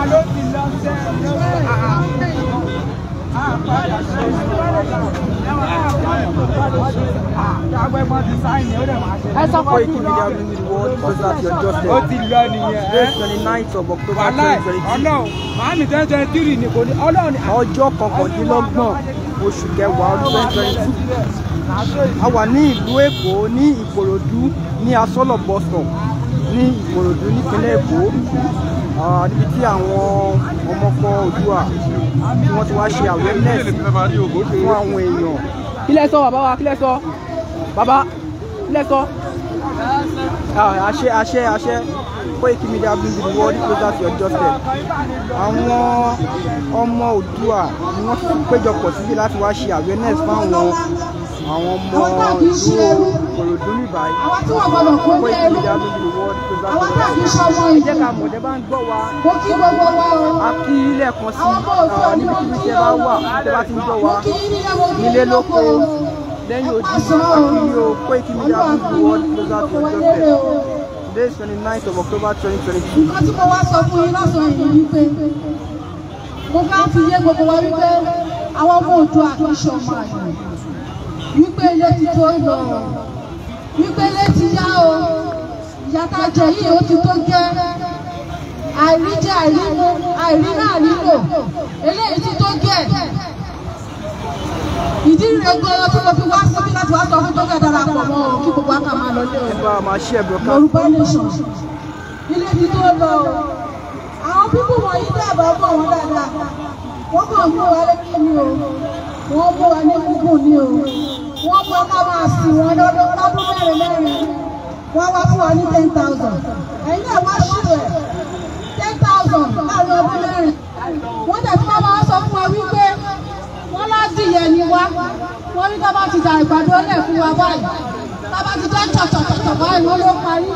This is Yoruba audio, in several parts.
Àló ti lọ sẹ́ àpàdà ṣe àgbẹ̀mọ̀ ti sáìnì ó dẹ̀ máa ṣe. Ẹ sọ fún mi. Koiki Media Limited World Concert your justice. Ó ti lọ nìyẹn. Today's twenty ninth of October twenty twenty three. Ọlọ́run Màámi twenty twenty three ni kò ní Ọlọ́run. Ọjọ́ kọkàndínlọ́gbọ̀n oṣù kẹwàá ọdún twenty twenty two a wà ní ìlú èkó ní ìkòròdú ní asọ́lọ̀ bus stop ní ìkòròdú nípínlẹ̀ èkó níbi tí àwọn ọmọkọ Oòduà tí wọ́n ti wá ṣe awareness fún àwọn èèyàn. kí lẹ sọ bàbá wa kí lẹ sọ bàbá kí lẹ sọ. àṣẹ àṣẹ àṣẹ Koiki Media bring the world closer to your doorstep. àwọn ọmọ Oòduà ni wọ́n ti péjọpọ̀ síbí láti wá ṣe awareness fún àwọn àwọn ọmọ ìlú òròdú níbàyí ọ̀pọ̀ ìjìyà mi ni wọ́n ti bá tó bá wọn. jẹ́ ká mọ̀dẹ́ bá ń gbọ́ wa. mo kí gbogbo wa o. a kí lẹ́ẹ̀kan sí i níbi tí ìṣẹ́ bá wà tó bá ti ń gbọ́ wa nílé lóko lẹ́yìn odi akíyí o pé kí mi dáa fún world closer to the today is twenty nine of october twenty twenty two. nǹkan tí mo wá sọ fún yín lọ́sàn-án yìí wípé mo fẹ́ fi yé gbogbo wa wípé àwọn ọmọ òjò àkíṣe ọmọ àgbà wípé ilé ti tó lọ wípé ilé ti yá o ìyàtàjẹ yìí ó ti tó gẹ́ àìríjẹ àìrímu àìrínà àìrílò eléyìí ti tó gẹ́ ìdí rẹ̀ gbọ́dọ̀ tí mo fi wá síbi láti wá sọ fún tó gẹ́ darapọ̀ mọ́ kí gbogbo àkà máa lọ lé o Yorùbá nation ilé ti tó lọ o àwọn pípọ̀ wọ̀nyí dábàá bọ̀ wọ́n dáadáa wọ́n kàn ń gbọ́ wa lẹ́yìn mi o wọ́n bó wa ní kúkú ní o wọ́n bó ká máa sì wọ́n lọ́dún lọ́dún mẹ́rin mẹ́rin wọ́n wá fún wa ní ten thousand ẹ̀yin náà wá ṣírò ẹ̀ ten thousand láàrin ọdún mẹ́rin wọ́n tẹ̀sí ká máa sọ fún wa wípé wọ́n ládìyẹ ni wá wọ́n ní ká bá ti dà ìgbàdo lẹ̀ fún wa báyìí ká bá ti dán tọ̀tọ̀tọ̀tọ̀ báyìí wọ́n ló parí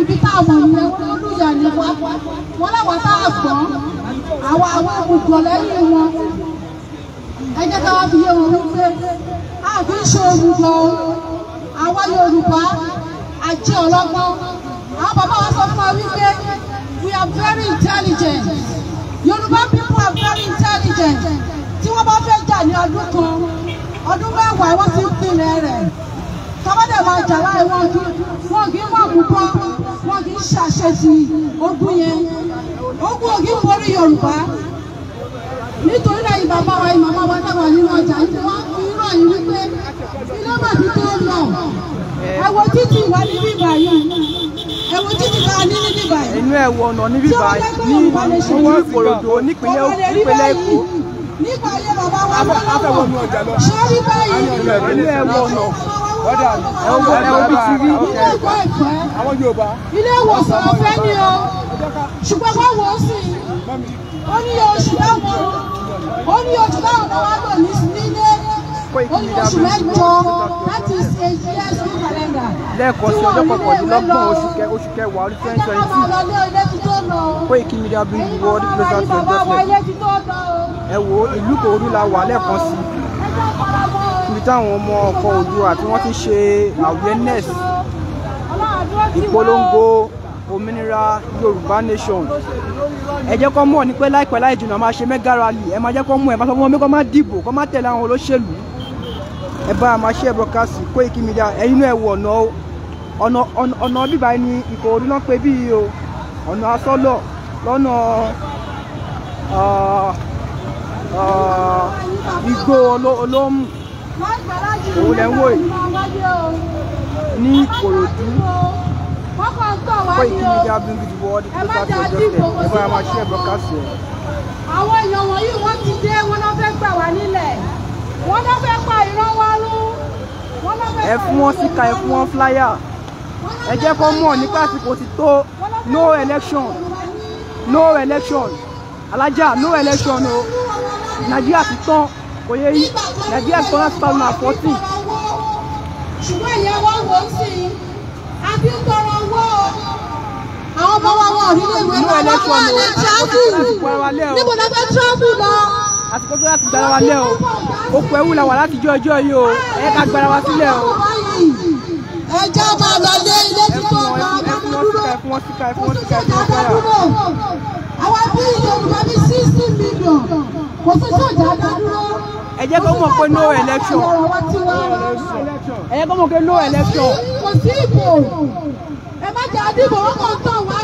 ibi táwọn ìyẹn wọ́n lùyà ni wá wọ́n láwọn tá àgbọ̀n àwọn àwọn àgùntàn lẹ́yìn wọn ẹ jẹ́ ká wá fi yé wọn wípé a kì í ṣe olùkọ́ àwa Yorùbá àjẹ ọlọ́gbọ́n àwọn bàbá wa sọ fún wa wípé we are very intelligent Yorùbá people are very intelligent tí wọ́n bá fẹ́ jà ní ọdún kan ọdún mẹ́wàá wọ́n ti ń pinnu rẹ̀ tọ́mọ́dé máa jà láì wọ́n kí wọ́n kì í mọ̀ púpọ̀ wọ́n kì í ṣàṣetì ogún yẹn ogún ògì borí Yorùbá nítorí ẹ̀yin bàbá wa ẹ̀yin màmá wa táwa nínú ọjà ń wá fi rọ̀ yín wípé iná mà ti tó lọ ẹ̀wọ̀ títì wà ní bíbà yìí ẹ̀wọ̀ títì wà ní bíbà yìí. inú ẹ̀wọ̀ ọ̀nà ní bíbà yìí ní owó ìkòròdú onípínlẹ̀ ìpínlẹ̀ èkó nípa ayé bàbá wa lọ́wọ́ ṣé báyìí inú ẹ̀wọ̀ ọ̀nà ilé ìwòsàn ọ̀fẹ́ ni o ṣùgbọ́n wọ́n sí i ó ní oṣù báwọn ó ní oṣù táwọn kan wá lò ní nílé ó ní oṣù mẹ́jọ láti ṣe year school calendar. lẹ́ẹ̀kan sí ọjọ́ kọkànlélọ́gbọ̀n oṣù kẹwàá ọdún twenty twenty two. ẹ̀ka máa lọ ilé ilé ti tó lọ. Koiki Media bring world closer to development. ẹ wo ìlú kòrú la wà lẹ́ẹ̀kan sí ibi táwọn ọmọ ọkọ̀ Oòduà tí wọ́n ti ṣe awareness ìpolongo òmìnira Yorùbá nation ẹ jẹ́ kó mọ̀ ní pé láìpẹ́ láì jìnnà máa ṣe mẹ́gà rally ẹ máa jẹ́ kó mọ̀ ẹ máa sọ fún wọn pé kó má dìbò kó má tẹ̀lé àwọn olóṣèlú ẹ bá a máa ṣe broadcast Koiki Media ẹ̀yin náà ẹ wo ọ̀nà ọ̀nà ọ̀nà bíbá ẹni Ìkòròdú náà pé bíi o ọ̀nà asọ́lọ̀ lọ́nà igbó olóhùn òun lẹ́ ní Ìkòròdú. Wọ́n ìkí mi ní Abdul Àwọn èèyàn wọ̀nyí wọ́n ti dé wọ́n náà fẹ́ gbà wá nílẹ̀. Wọ́n náà fẹ́ pa ìran wa rú. Ẹ fún wọn síka, ẹ fún wọn flyer. Ẹ jẹ́ kó mọ̀ nípa àsìkò ti tó no election no election alájà no election o Nàìjíríà ti tán kò yẹ yí Nàìjíríà ti tán láti two thousand and Ṣùgbọ́n ìyẹn wọ́n wò ó sí i, a fi ń tọrọ àwọn ọmọ wa wọ òrìlé ìwé náà lọ́wọ́ àlẹ́ tíráfù níbo la fẹ́ tíráfù lọ. àsìkò tó láti gbára wa lẹ́ o okò ẹ̀wù la wà láti jọ ọjọ́ yìí o ẹ ká gbára wa sílẹ̀ o. ẹ jẹ́ ọmọ àgbàdo ilé tí kò gbà ọmọ dúró kò tún ṣe dáadáa dúró àwa bí Yorùbá bí sixteen million kò tún ṣe dáadáa dúró ẹ jẹ́ kó mọ̀ pé no election ẹ jẹ́ kó mọ̀ pé no election. kò sí ìbò ẹ má jẹ́ àdìbò wọn kàn tán wá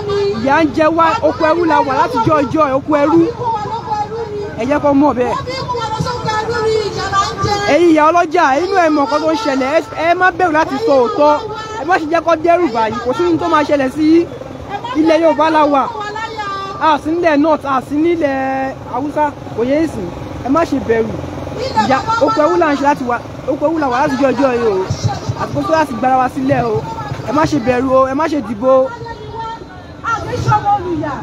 ìyá ń jẹ wá oko ẹrú la wà láti jọ ọjọ́ oko ẹrú ẹ jẹ́ kó mọ̀ bẹ́ẹ̀. ẹ̀yin ìyá ọlọ́jà inú ẹ̀ mọ̀ kó tó ń ṣẹlẹ̀ ẹ má bẹ̀rù láti sọ òótọ́ ẹ má sì jẹ́ kó dẹ́rù báyìí kò sí ní tó máa ṣẹlẹ̀ sí ilẹ̀ Yorùbá la wà àsí nílẹ̀ north àsí nílẹ̀ Haúsá kò yẹ ìsìn ẹ má ṣe bẹ̀rù ìyá oko ẹrú là ń ṣe láti wà oko ẹrú là wà láti jọ ọjọ́ yìí o àtúkò tó láti gbára wa sílẹ̀ o ẹ má ṣe bẹ̀rù o ẹ má ṣe dìbò. àbí ṣọmọ olùyà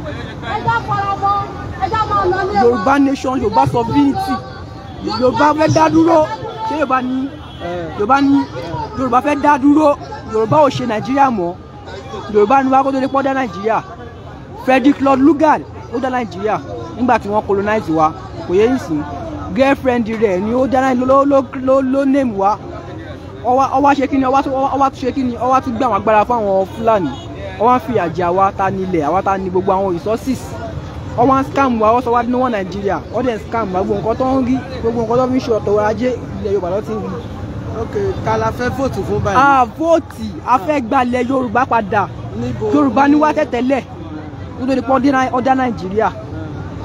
ẹjọ́ parapọ̀ ẹjọ́ máa lọ ní ẹ̀wọ̀n. yorùbá nation yorùbá sovereignty yorùbá fẹ́ dá dúró ṣé yorùbá ní yorùbá ní yorùbá fẹ́ dá dúró yorùbá ò ṣe nàìjíríà mọ́ yorùbá ní wàá tó lè pọ́ dá nàìjíríà frederick lord lugard ló dá nàìjíríà nígbà tí wọ́n colonize wa kò yẹ ìsìn girlfriend rẹ̀ ni ó dá ló ló ló ló name wa ọwá ṣe kíni ọwá tún ṣe kíni ọwá tún gbé àwọn agbára fún àwọn Fúlàní ọwá ń fi àjẹ àwa ta nílẹ̀ àwa ta ní gbogbo àwọn resources ọwá ń scam wa ọwọ́ sọ wá níwọ̀n Nàìjíríà wọ́n dẹ̀ scam wa gbogbo nǹkan tó ń rí gbogbo nǹkan tó fi ń ṣe ọ̀tọ̀ ajé ilẹ̀ Yorùbá ló ti ń rí. ok ká la fẹ́ fóòtù fún báyìí. a ah, fóòtì a fẹ́ gbalẹ̀ Yorùbá padà Yorùbá ni wá tẹ̀tẹ̀lẹ̀ nítorí pé ọdá Nàìjíríà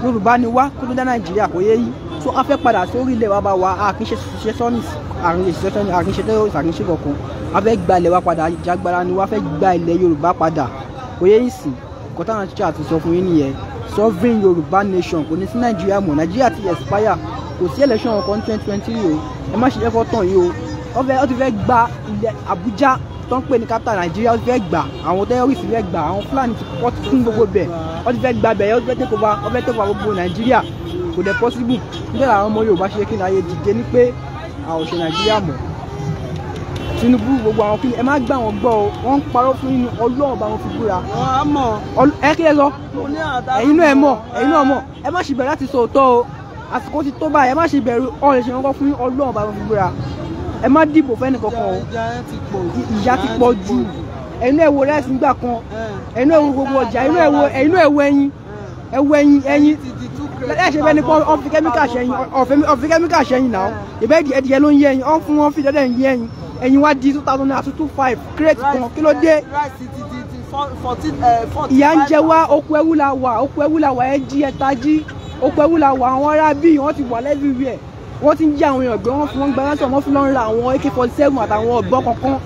Yorùbá ni wá kó tó dá Nàìjíríà kò yé yí so a fẹ́ padà sórí ilẹ̀ wa bá wa a kì í ṣe ṣe sọ́nìsì àrùn ìṣẹ́fẹ́ni àrùnṣẹ́tẹ́ àrùnṣẹ́ kọ̀ọ̀kan a fẹ́ gba ilẹ̀ wa padà ìjàgbara ni wa fẹ́ gba ilẹ̀ Yorùbá padà oyè ìsìn kọ́tà àwọn tíṣà ti sọ fún yín nìyẹn sovereign Yorùbá nation kò ní sí Nàìjíríà mọ́ Nàìjíríà ti expire kò sí election ọkàn twenty twenty three o ẹ má ṣe jẹ́ fọ́tàn yìí o wọ́n fẹ́ wọ́n ti fẹ́ gba ilẹ̀ Àbújá tó ń pè ní capital Nàìjíríà wọ́n ti fẹ́ gbà àwọn terrorist fẹ́ gbà àwọn Fúlàní ti kọ́ fún gbogbo bẹ̀ wọ́n ti fẹ́ gba bẹ̀ wọ́n ti fẹ́ take over wọ́n fẹ́ take over gbogbo Nàìjíríà kò dẹ̀ possible nígbà làwọn ọmọ Yorùbá ṣe kí ni ayé dìde ní pé àwọn òṣèlú nàìjíríà mọ̀ tinubu gbogbo àwọn kí ni ẹ má gbà wọn gbọ́ o wọ́n ń parọ́ fún yín ọlọ́run bá wọn fi búra. ẹ kí ẹ sọ ẹ̀yin náà ẹ mọ̀ ẹ̀yin náà mọ̀ ẹ má ṣì bẹ̀rù láti sọ òótọ́ o àsìkò ti tó báyìí ẹ má ṣì bẹ̀rù ọ̀rẹ́ ṣe wọ́n kọ́ fún yín ọlọ́run bá wọn fi búra ẹ má dìbò fẹ́ni kankan o ìyà ti pọ̀ jù ẹ̀yin náà ẹ wo rẹ́ẹ̀sì nígbà kan ẹ̀yin náà ẹ wo gbogbo ọjà ẹ̀yin náà ẹ wo ẹ̀yin ẹ wo ẹyin ẹyin ẹyin ẹ ṣe bẹ́ẹ̀ ni pé ọ̀fi kẹ́míkà ṣẹ́yìn ọ̀fi kẹ́míkà ṣẹ́yìn náà ìbẹ́ ẹ̀dìyẹ ló ń yé ẹyin ọ̀n fún wọn fi dẹ́dẹ̀ ń yé ẹyin ẹyin wá two thousand and two five crate kan kí ló dé eh, ìyá ń jẹ wá oko ẹwú la wà oko ẹwú la wà ẹ jí ẹ tají oko ẹwú la wà àwọn ará bíi wọn ti wà lẹ́bíwìẹ̀ wọ́n ti ń jẹ́ àwọn èèyàn gbé wọ́n fi wọ́n gba lásán wọ́n fi lọ́n ra àwọn ak forty seven àtàwọn ọ̀bọ kankan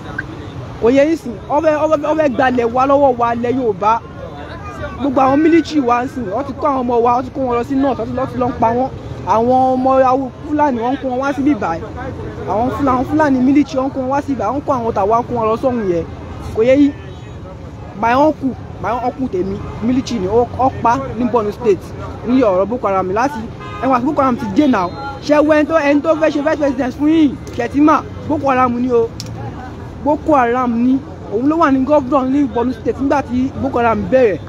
òye ìsìn ọbẹ̀ ọbẹ̀ gbalẹ̀ wa lọ́wọ́ wa lẹ́yìn òbá gbogbo àwọn mílítì wa ń sìn wọ́n ti kó àwọn ọmọ wa wọ́n ti kó wọn lọ sí north wọ́n ti lọ ń pa wọ́n àwọn ọmọ fúlàní wọ́n kó wọn wá síbí báyìí àwọn fúlàní mílítì wọ́n kó wọn wá síbí àwọn kó àwọn tàwa kó wọn lọ sọ́hùn yẹn kò yẹ yìí my uncle my uncle tèmi mílítì ni ó pa ní Borno state ní ọ̀rọ̀ Boko Haram láti ẹ̀wọ̀n àti Boko Haram ti dé náà ṣe wo ẹni tó ẹni tó fẹ́ ṣe first president fún yìí ṣètìmá Boko Haram ni o Boko Haram ni òun ló wà ní gọ́vdọ̀n ní Borno state nígbà tí Boko Haram bẹ̀rẹ̀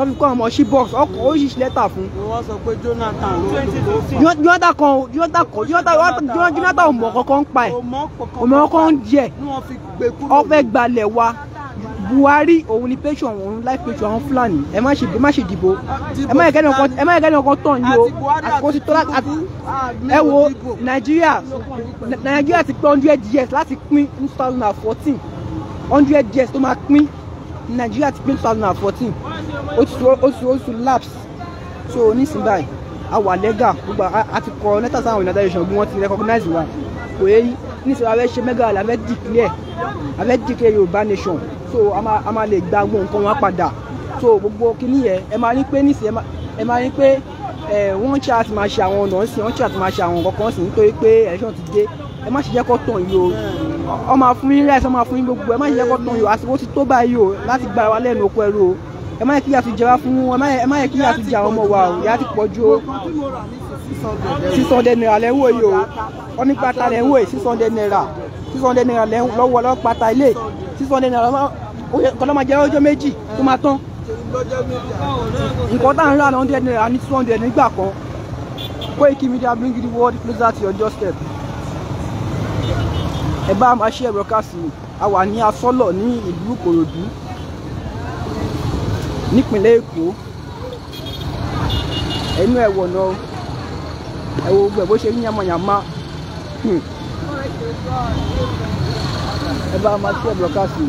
tó fi kó àwọn ọmọ Chibok ọkọ̀ oríṣiríṣi lẹ́tà fún. wọ́n sọ pé Jonathan ló ló fà. Jonathan kan Jonathan kan Jonathan ò mọ̀ kankan ń pa ẹ̀ ò mọ̀ kankan ń jẹ́ ó fẹ́ gbalẹ̀ wa Buhari òun ni pẹ́ṣọ òun láì pẹ́ṣọ àwọn Fúlàní ẹ má ṣe má ṣe dìbò ẹ má yẹ kẹ́ni ọkàn tán yìí o àsìkò ti tọ́lá ah, ẹ wo Nàìjíríà Nàìjíríà ti pé hundred years láti pín two thousand and fourteen hundred years tó máa pín Nàìjíríà ti pín two thousand and fourteen oṣù oṣù lapse so nísìnyí báyìí a wà lẹ́gà gbogbo a ti kọ lẹ́tà sáwọn ìlànà ìṣàn bí wọ́n ti recognize wa kò yẹ nísìnyí a fẹ́ ṣe mẹ́gà la fẹ́ declare a fẹ́ declare Yorùbá nation so a máa lè gba gbogbo nǹkan wọn padà so gbogbo kìíní yẹn ẹ máa ní pé nísìnyí ẹ máa ní pé wọ́n ṣe àti máa ṣe àwọn ọ̀nà sí wọ́n ṣe àti máa ṣe àwọn kankan sí nítorí pé election ti dé ẹ má ṣe jẹ́ kó tàn yìí o ọ máa fún yín rẹ́ẹ̀sì ọ máa fún yín gbogbo ẹ má ṣe jẹ́ kó tàn yìí o àsìkò ti tó báyìí o láti gbára wa lẹ́nu oko ẹrú o ẹ má yẹ kí ìyà tún jẹ wá fún ẹ má yẹ kí ìyà jẹ àwọn ọmọ wa o ìyà ti ju o six hundred naira lẹ́ ń wò yìí o wọ́n ní pátá yìí six hundred naira six hundred naira lẹ́ ń lọ́wọ́ lọ́wọ́ ilé six hundred naira kọ́lọ́ máa jẹ́ ọjọ́ méjì tó máa tán nǹkan tá à ń rà ní hundred naira ní two nígbà kan Koiki Media bring the world closer to your doorstep ẹ bá a máa ṣe ẹ̀rọ káàsì a ni ní asọ́lọ̀ ní ìlú Ìkòròdú nípínlẹ̀ èkó ẹnu ẹ̀ wọ̀nà ẹ wo gbẹ̀ bó ṣe ń yàmàyàmá hmm. ẹ bá máa tí ẹ̀ blọ́kà sí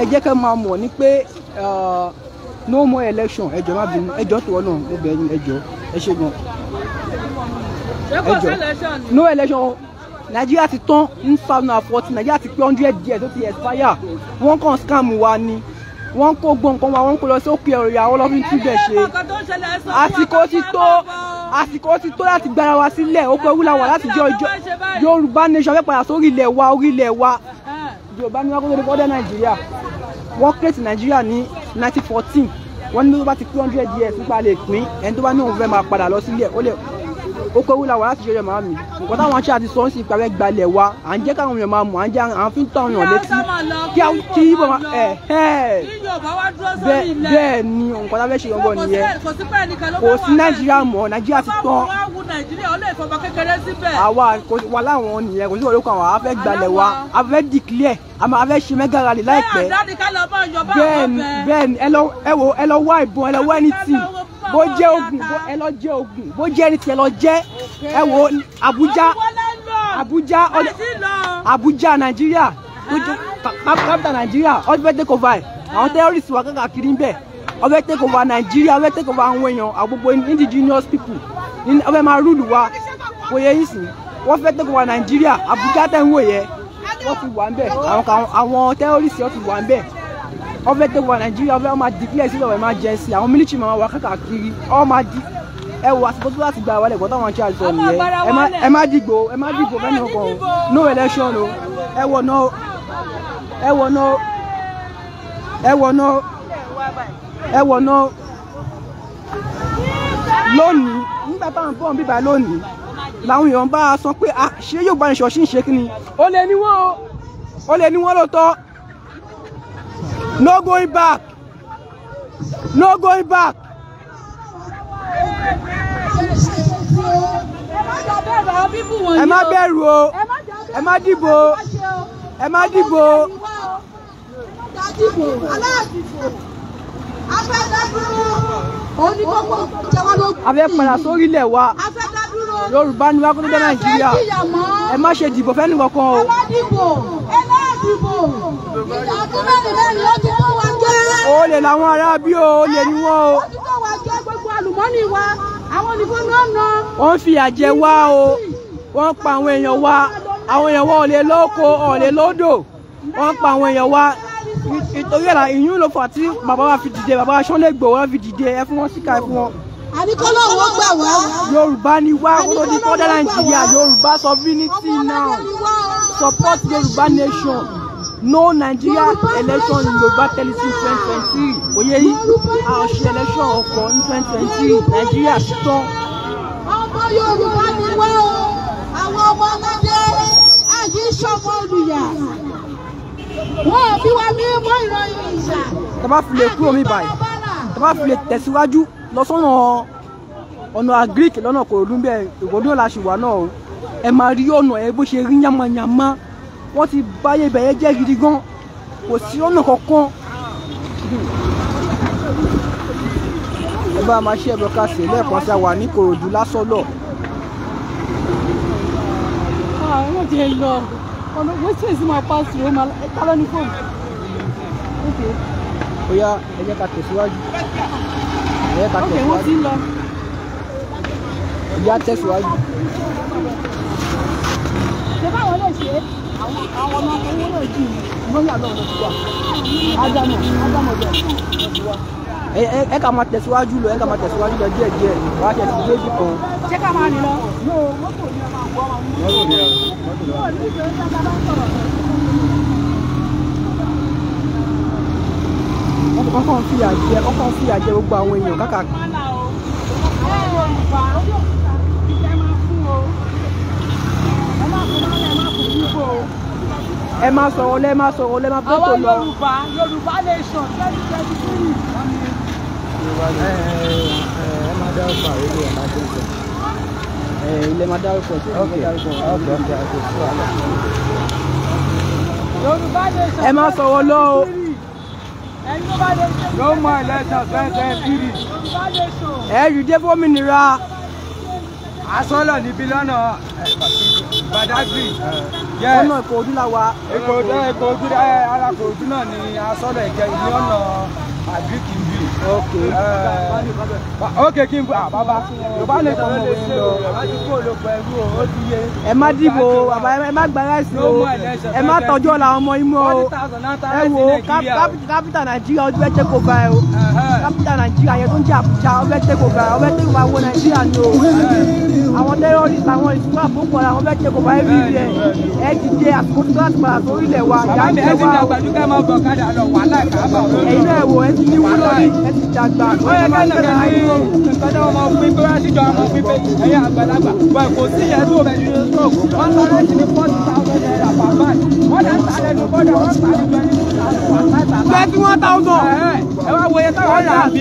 ẹ jẹ́ ká máa mọ̀ ní pé no more election ẹ jọ̀ọ́ má bínú ẹ jọ̀ọ́ tó ọlọ́run mo bẹ̀ ẹ jọ̀ọ́ ẹ ṣe gan. ẹ jọ̀ọ́ no election nàìjíríà ti tán ní two thousand and fourteen nàìjíríà ti pé hundred years ó ti expire wọ́n kàn scam wa ni wọ́n kó gbọ́n nǹkan wa wọ́n kó lọ sí òkè ọ̀rẹ́ àwọn ọlọ́fin tún bẹ̀ ṣe àsìkò ti tó àsìkò ti tó láti gbára wa sílẹ̀ ó pẹ́ wúlà wà láti jọ yorùbá nation fẹ́ padà sórí ilẹ̀ wa orí ilẹ̀ wa yorùbá ni wọ́n kó lórí bọ́dẹ̀ nàìjíríà wọ́n create nàìjíríà ní nineteen fourteen wọ́n ní tó bá ti pé hundred years nípa lè pín ẹni tó bá ní òun fẹ́ máa padà lọ sílé ó lè oko ewu la wà láti ṣeré màmí nǹkan táwọn aṣáá ti sọ ń sì pàrẹ gbalẹ̀ wa à ń jẹ́ káwọn èèyàn máa mọ̀ à ń jẹ́ à ń fi ń tọ́ àwọn èèyàn létí kí kí ibo máa ẹ ẹ bẹ́ẹ̀ ni nǹkan tá a fẹ́ ṣe gbọ́ngàn nìyẹn kò sí nàìjíríà mọ̀ nàìjíríà ti tán àwa kò wà láwọn nìyẹn kò sí olóko àwọn afẹ́ gbalẹ̀ wa afẹ́ dìklẹ̀ àmọ́ afẹ́ ṣe mẹ́gà rally láìpẹ́ bẹ́ẹ̀ ni bẹ́ẹ̀ ni ẹ lọ ẹ wo ẹ lọ wá ìbọn ẹ lọ wá ẹni tì bó jẹ́ ogun ẹ lọ jẹ́ ogun bó jẹ́ ẹni tí ẹ lọ jẹ́ ẹ wo Abuja Abuja Abuja Nàìjíríà ah. capital Nàìjíríà ah. ọdún fẹ́ take over àwọn terrorists wà Nàìjíríà àwọn èèyàn àgbogbo indigenous people ọdún máa rúlù wa kò yẹ sìn Abuja ń wò yẹ wọ́n wà ń bẹ̀ àwọn wọ́n wọ́n fẹ́ tẹ́wọ́ nàìjíríà wọ́n fẹ́ máa declare sílẹ̀ wọ́n máa jẹ́ sí àwọn mílítì máa wà káàkiri wọ́n máa di ẹ wo àsìkò tó láti gba àwálẹ̀ gbọ́dọ̀ àwọn charles ọ̀ nìyẹn ẹ má dìgbò ẹ má dìgbò mẹ́nu kan no election o ẹ wọ̀ náà ẹ wọ̀ náà ẹ wọ̀ náà ẹ wọ̀ náà lónìí nígbà táwọn bọ́ọ̀ bíbá lónìí làwọn èèyàn bá a sọ pé ah, ṣé yóò gbani ṣọ̀ṣì ń ṣe kí ni ó lè ní wọ́n ó lè ní wọ́n lóòótọ́. No going back. No going back. Ẹ má bẹ̀rù o. Ẹ má dìbò. Ẹ má dìbò. wa. Yorùbá ni wá kó tó dé Nàìjíríà. Ẹ má ṣe dìbò fẹ́ni kankan o. Ẹ má dìbò olè làwọn ará bí o olè ni wọn o. wọ́n fi àjẹ wá o wọ́n pa àwọn èèyàn wa àwọn èèyàn wa olè lóko olè lódò wọ́n pa àwọn èèyàn wa nítorí ẹ̀ la ìyún ló fà tí bàbá wa fi dìde bàbá wa Sunday Igboho wa fi dìde ẹ fún wọn síkà ẹ fún wọn àníkọ́lọ́ owó gbà wá. yorùbá ni wá kó tó di fọ́dá nàìjíríà yorùbá sovereignty now support Yorùbá nation no Nigeria election in Yorùbá television twenty twenty oyè yìí a ṣe election ọkọ ní twenty twenty Nigeria tán. ọmọ Yorùbá ni wá o àwọn ọmọ ọmọdé àyè sọmọ olùyà wọn ò bí wa ní mọ ìròyìn ìjà. tàbá fi lè kúrò báyìí tàbá fi tẹ̀síwájú lọ ọ̀nà agric lọ́nà kòròdú bẹ́ẹ̀ ìwọ́dún ọ̀la ṣì wà náà o ẹ máa rí ọ̀nà ẹ bó ṣe rí yàmàyàmà wọ́n ti báyé bẹ̀yẹ jẹ́ gidi gan kò sí ọ̀nà kankan. ẹ bá máa ṣe ẹ̀rọ kásẹ̀ lẹ́ẹ̀kan sí àwa ní Ìkòròdú lásọ̀lọ̀. àwọn ti lọ ọ̀nà wẹ́sẹ̀ sí máa pass through ma ẹ ta lọ́ni fóònù. ó yá ẹ jẹ́ ká tẹ̀síwájú. ẹ jẹ́ ká tẹ̀síwájú. ok wọ́n ti ń lọ ìyá tẹ̀síwájú. ṣé báwọn lè ṣe àwọn ọmọ ẹni náà lóyún àlọ́ ọ̀rọ̀ tiwa ádámù ádámù ọ̀dọ̀ tiwa. ẹ ká máa tẹ̀síwájú lọ ẹ ká máa tẹ̀síwájú lọ díẹ̀ díẹ̀ wà á tẹ̀sí méjì ṣé ká máa rìn lọ. yóò mọ́tò ni ọmọ àwọn ọmọ mi. mọ́tò ni ọmọ mi. yóò ní ìṣòro sábà bá ọkọ̀ fìyà jẹ gbogbo àwọn èèyàn káàkiri. ẹ máa sọ̀rọ̀ lẹ́ máa sọ̀rọ̀ lẹ́ máa bẹ́ẹ̀ tó lọ. àwa yorùbá yorùbá nation twenty twenty three. ẹ ẹ máa ilé ẹ máa dé ilé máa dá ọkọ ilé máa dá ọkọ ọkọ yorùbá nation ẹ máa sọ̀rọ̀ lọ o. no more letter twenty twenty three. ẹ yù dé fómìnira asọ́lọ̀ níbi lọ́nà ẹ̀fà sí. Badagry. ọ̀nà Ìkòròdú la wa. Ìkòròdú Ìkòròdú ara Ìkòròdú náà ni asọ́dọ̀ ìkẹyìn ní ọ̀nà àbíkì ń bì. ok kí n bọ ah, àbábá yorùbá lè tọ́ ọmọ yẹn lọ. ẹ má dìbò bàbá ẹ má gba ráìsì o ẹ má tọ́jú ọ̀la ọmọ imú o ẹ wo kápítà nàìjíríà ọdún ẹ̀jẹ̀ kò bá ẹ o kápítà nàìjíríà yẹn tó ń jẹ́ àbújá ọbẹ̀ tẹ́kọ̀ọ́ bá ọbẹ̀ tẹ́kọ̀ọ́ bá wọ nàìjíríà ni o àwọn terrorist àwọn ìṣúná àbúkọ làwọn fẹ́ jẹ́ kó bá ẹbí rẹ̀ ẹ ti jẹ́ àkókò láti padà sórí ilẹ̀ wa ìyá ń jẹ́ wa ẹ̀yin náà wò ẹ ti ní wúlò ní ẹ ti dàgbà ó yẹ ká nàkẹ́ ayé nǹkan náà wọ́n pín pé wọ́n ti jọ àwọn pín pé ẹ̀yà àgbàlagbà wọ́n kò sí ẹ̀ tó bẹ̀ ju stroke wọ́n lọ láti ní forty thousand naira per man wọ́n dẹ̀ ń ta lẹ́nu bọ́dọ̀ wọ́n ta ní twenty one thousand. ẹ wá wòye táwọn ọ̀rẹ́ àbí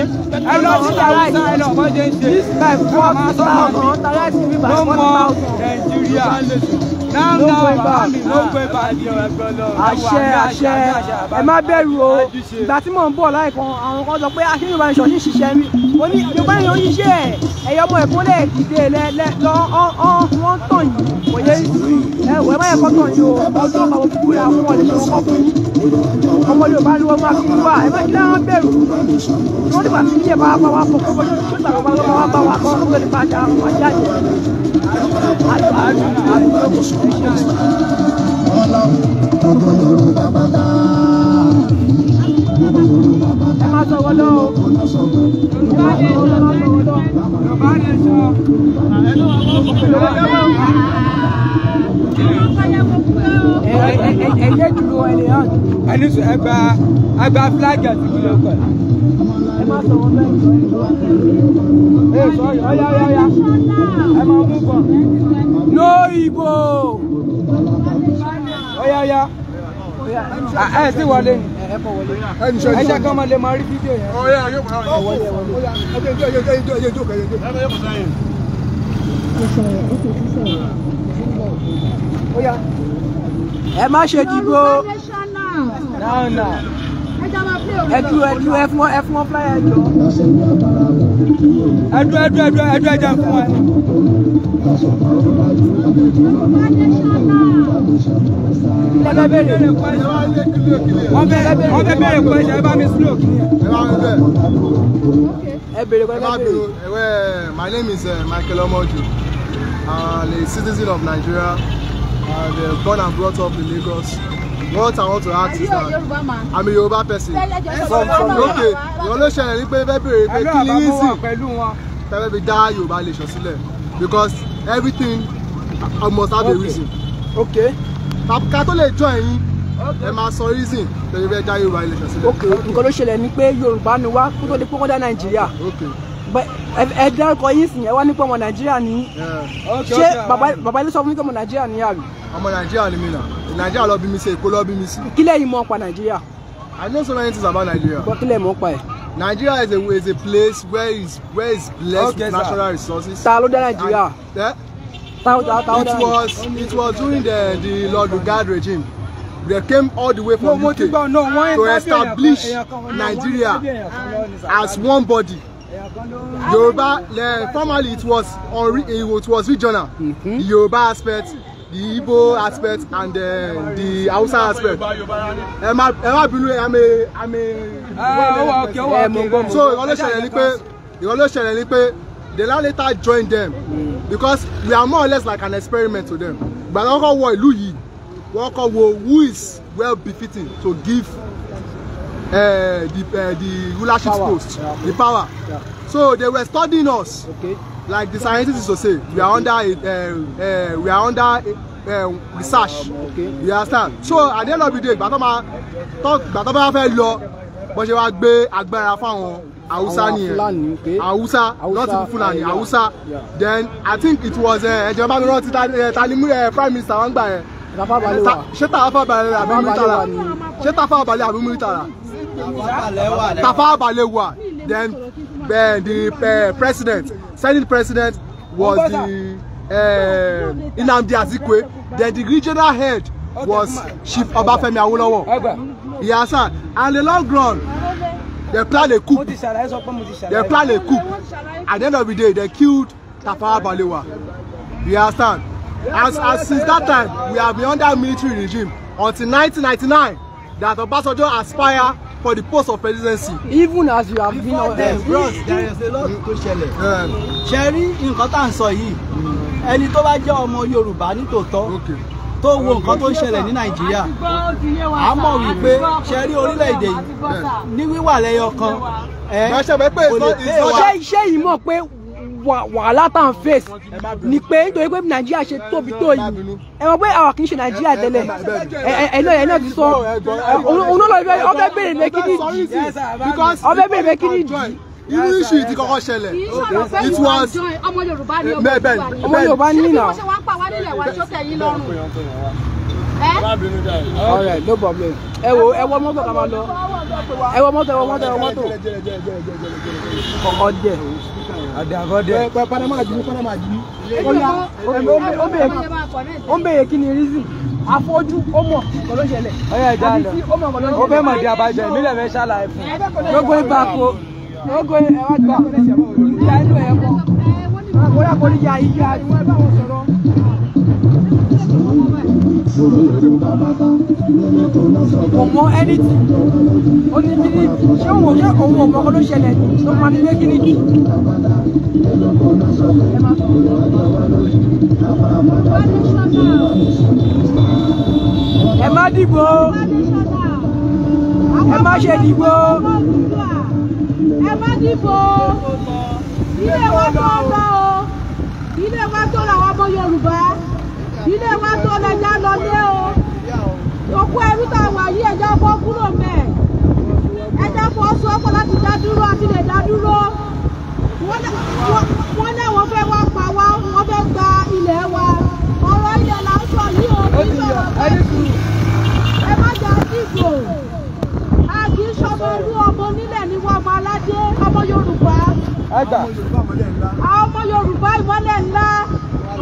ẹ lọ sí àwọn ọ̀sán ẹ lọ ọmọdé ń ṣe. this time four thousand no more Nigeria ló ń gbé bá àṣẹ àṣẹ ẹ má bẹ̀rù o ìgbà tí mò ń bọ̀ láìkan àwọn kan sọ pé akíní yorùbá nìṣọ́ ní ṣiṣẹ́ mi mo ní yorùbá nìṣọ́ ní ṣiṣẹ́ ẹ̀ ẹ̀yọ́ ọmọ ẹ̀kọ́ lè dìde lẹ́ lọ wọ́n tàn yìí kò yẹ ẹ wọ́n má yẹ kọ́ tàn yìí o ọjọ́ àwọn òkú rẹ̀ àwọn ọmọ ìṣòro kọ́ fún ọmọ yorùbá ni wọ́n máa fi wá ẹ má kílá wọn bẹ̀rù wọ́n ti bá fi yẹ bá wá ọlọ́run gbogbo yorùbá bàbá ẹ má sọ wọlé o yorùbá lè sọ yorùbá lè sọ. ẹ jẹ́ dúró ẹni hàn. ẹni sọ ẹ gba ẹ gba flag àti ìpínlẹ̀ ọkọ̀ ẹ ya ẹ ti wọlé ẹ kọ wọlé ẹ jẹ́ kán máa lè máa rí fídíò yẹn. ọ̀rẹ́ ayé kò náà wọlé wọlé. ẹjọ́ ẹjọ́ ẹjọ́ ẹjọ́ ẹjọ́ ẹjọ́ ẹjọ́ ẹjọ́ ẹjọ́ ẹjọ́ ẹ má ṣe dìbò náà náà ẹdúró ẹdúró ẹ fún ẹ fún wọn fúláyà ẹjọ ẹdúró ẹdúró ẹdúró ẹdúró ẹjọ fún wọn. wọ́n bẹ bẹ̀rẹ̀ wọ́n bẹ wọ́n bẹ bẹ̀rẹ̀ kọ́ ẹ̀ṣẹ̀ ẹ bá mi slow kí ni. ẹ bá mi bẹ̀. ẹ bèrè kọ́ ẹ bá bèrè. well my name is uh, Michael Omoju i'm uh, a citizen of Nigeria i uh, was born and brought up in Lagos. What I want to ask is that I'm a Yoruba person. From from okay, ìwọ ló ṣẹlẹ̀ ní pé fẹ́ bèrè pé kí ni reason fẹ́ fi dá Yorùbá nation sílẹ̀ because everything almost have a reason. Okay. Ká tó lè join yín ẹ máa sọ reason lórí bẹ́ẹ̀ Yoruba Yorùbá nation sílẹ̀. Okay, nǹkan ló ṣẹlẹ̀ ni pé Yorùbá ni wá kó tó di pé wọ́n dá Nàìjíríà ẹ dárúkọ yín sì yẹn wá nípa ọmọ nàìjíríà ní ṣé bàbá ilé sọ fún mi pé ọmọ nàìjíríà ní àrí. ọmọ nàìjíríà ni mí nà nàìjíríà lọ bí mi sí èkó lọ bí mi sí. kí lẹ́yìn mọ̀ pa nàìjíríà. i know so many things about nigeria. gbọ́ kí lẹ́yìn mọ̀ pa ẹ̀. nigeria is a is a place where is where is blessed okay, with natural resources. ta ló dá nàìjíríà. Eh? ta ló dá nàìjíríà. it was it was during the the Lord Lugard regime they came all the way from no, UK no, to establish Nigeria as one body. Yoruba le, formerly it was on it was regional. Mm -hmm. Yoruba aspect, the Igbo aspect, and uh, the Hausa aspect. Ẹ má Ẹ má I'm a I'm a. Ah, so ìrọ̀lẹ́ ṣẹlẹ̀ ni pé ìrọ̀lẹ́ ṣẹlẹ̀ ni pé Dela later joined them mm. because we are more or less like an experiment to them. But kọ́kọ́ wọ ìlú yìí wọ́n who is well befitting to give uh, the, uh, the rulership power. post, yeah. the power. Yeah. So they were studying us. Okay. Like the scientists used to say, we are under, uh, uh, we are under um, research. Um, okay. You understand? So at the end of the day, gbàtọ́ máa tọ́ gbàtọ́ bá fẹ́ lọ, bó ṣe wá gbé agbára fáwọn Hausa nìyẹn. Hausa, not even Fulani, Hausa. Then I think it was ẹ̀jẹ̀ bá mi rántí Tanimu Prime Minister wọn gbà yẹn. Ṣé Tafawa Balewa àbí Muritara? Ṣé Tafawa Balewa àbí Muritara? Tafawa Balewa, then uh, the uh, president, Senate president was the uh, Nnamdi Azikwe. Then the regional head was Chief Obafemi Awolowo. Yes, sir. And the long run, they planned a coup. They planned a coup. At the end of the day, they killed Tafawa Balewa. You understand? As, as since that time, we have been under military regime until 1999 that Obasanjo aspire for the post of presidency. even as you have Before been on earth. there is a lot mm. tó ṣẹlẹ̀. Mm. ṣe rí nǹkan tá à ń sọ yìí mm. ẹni tó bá jẹ́ ọmọ yorùbá nítòótọ́ tó wo nǹkan tó ń ṣẹlẹ̀ ní nàìjíríà a mọ̀ wípé ṣe rí orílẹ̀-èdè yìí ní wíwà lẹ́yọ kan ẹ kò lè pè wá. ṣé iṣẹ́ yìí mọ̀ pé wàhálà tá à ń face ni pé nítorí pé nàìjíríà ṣe tóbi tó yìí ẹ mọ̀ pé àwọn kì í ṣe nàìjíríà tẹ́lẹ̀ ẹ̀nà ẹ̀nà ti sọ òun ló lọ ọbẹ̀ bèrè mẹ́kínì jì ọbẹ̀ bèrè mẹ́kínì jì irú iṣu ti kọ́kọ́ ṣẹlẹ̀ it was ọmọ yorùbá ni ọmọ yorùbá ni ìnà ṣé wọ́n pa wá nílẹ̀ wá sókè yín lọ́rùn all right no problem ẹ wo ẹ wọ mọ́tò ká máa lọ ẹ wọ mọ́tò ẹ wọ mọ́tò ẹ wọ mọ́tò ọdẹ àdàgọ́dẹ. pẹ padà máa jù mí padà máa jù mí. lọ ó fẹ́ mọ̀ di àbájọ ìmílẹ̀ ṣàlàyé fún un. lógo ibà kó lógo ẹwà gbà ìyá inú ẹ̀ kọ́ àkórà kò ní ya iye àdúgbò ẹ bá wọn sọ̀rọ̀ kò mọ ẹnìtì ó ní bíi ṣé òun ṣé òun ò mọ ọkọ ló ṣẹlẹ̀ ló máa ní méjì nìkì. ẹ má dìbò ẹ má ṣe dìbò. ẹ má dìbò ilé wa tó ń lọ o ilé wa tó làwọn ọmọ Yorùbá ilé wa tó lẹjà lọ lé o òkú ẹrú tá a wà yí ẹjọ́ bọ́ kúrò mẹ́ ẹjọ́ fọ́ sọ fọ́ láti dá dúró àti lè dá dúró wọ́n ní àwọn fẹ́ wá pa wá wọ́n fẹ́ gba ilẹ̀ wa ọ̀rọ̀ ilẹ̀ là ń sọ yìí o kì í sọ̀rọ̀ bẹ́ẹ̀ ẹ má jà dìbò a kì í sọmọ orú ọmọ onílẹ̀ ni wọ́n ọmọ aládé ọmọ Yorùbá ọmọ Yorùbá ìmọ́lẹ̀ ńlá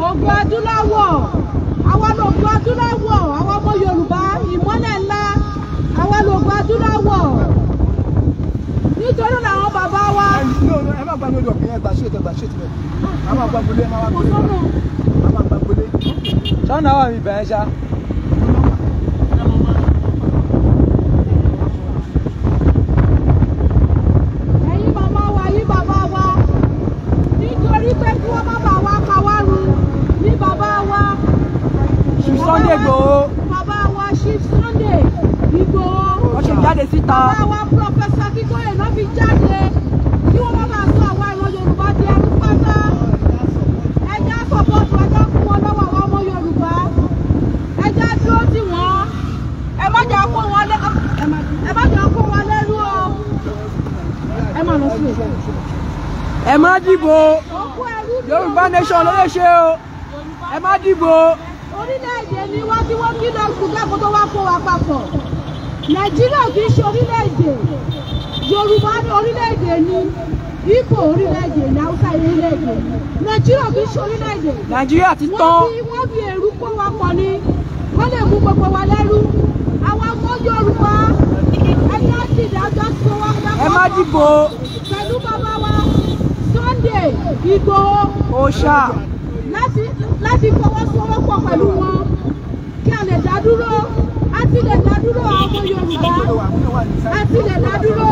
ògùn adúláwọ̀ àwọn ológun adúláwọ̀ àwọn ọmọ Yorùbá ìmọ́lẹ̀ ńlá àwọn ológun adúláwọ̀ nítorí làwọn bàbá wa. ẹ má gba lórí ọkùnrin ẹ gbà ṣètò gbà ṣètò ẹ má gba gbolé ẹ má wá gbolé ẹ má wá gbolé. sọ́nà wà mí bẹ̀rẹ̀ ṣá. lóòótọ́. bàbá wa pọfẹsọ Akíntóyè náà fi jáde kí wọ́n má bàa sọ àwa ìran Yorùbá di ẹrú pátá ẹjẹ́ àfọ̀bọ́dù ẹjẹ́ fún wọn lọ́wọ́ àwọn ọmọ Yorùbá ẹjẹ́ dúró tì wọ́n ẹ má jẹ́ kó wọn lẹ́rú ẹ má jẹ́ kó wọn lẹ́rú o. ẹ má lọ sí ìjọ ẹ má dìbò Yorùbá nation ló lè ṣe o ẹ má dìbò. orílẹ̀-èdè ni wá tí wọ́n kí lọ́ọ́ kú kẹ́kọ̀ọ́ tó wá kó wa papọ̀ nàìjíríà kì í ṣe orílẹ̀-èdè yorùbá ní orílẹ̀-èdè ni ibo orílẹ̀-èdè ní haúsá orílẹ̀-èdè nàìjíríà kì í ṣe orílẹ̀-èdè. nàìjíríà ti tán. wọ́n fi èrú kó wa pọ̀ ni wọ́n lè mú gbogbo wa lẹ́rú àwọn ọmọ yorùbá ẹni á ti dájọ́ tó wá ẹ má dìbò. pẹ̀lú bàbá wa Sunday Igboho. ó ṣá. láti fọwọ́sowọ́pọ̀ pẹ̀lú wọn kí a lè dá dúró àtìlẹ̀ ládúró àwọn Yorùbá àtìlẹ̀ ládúró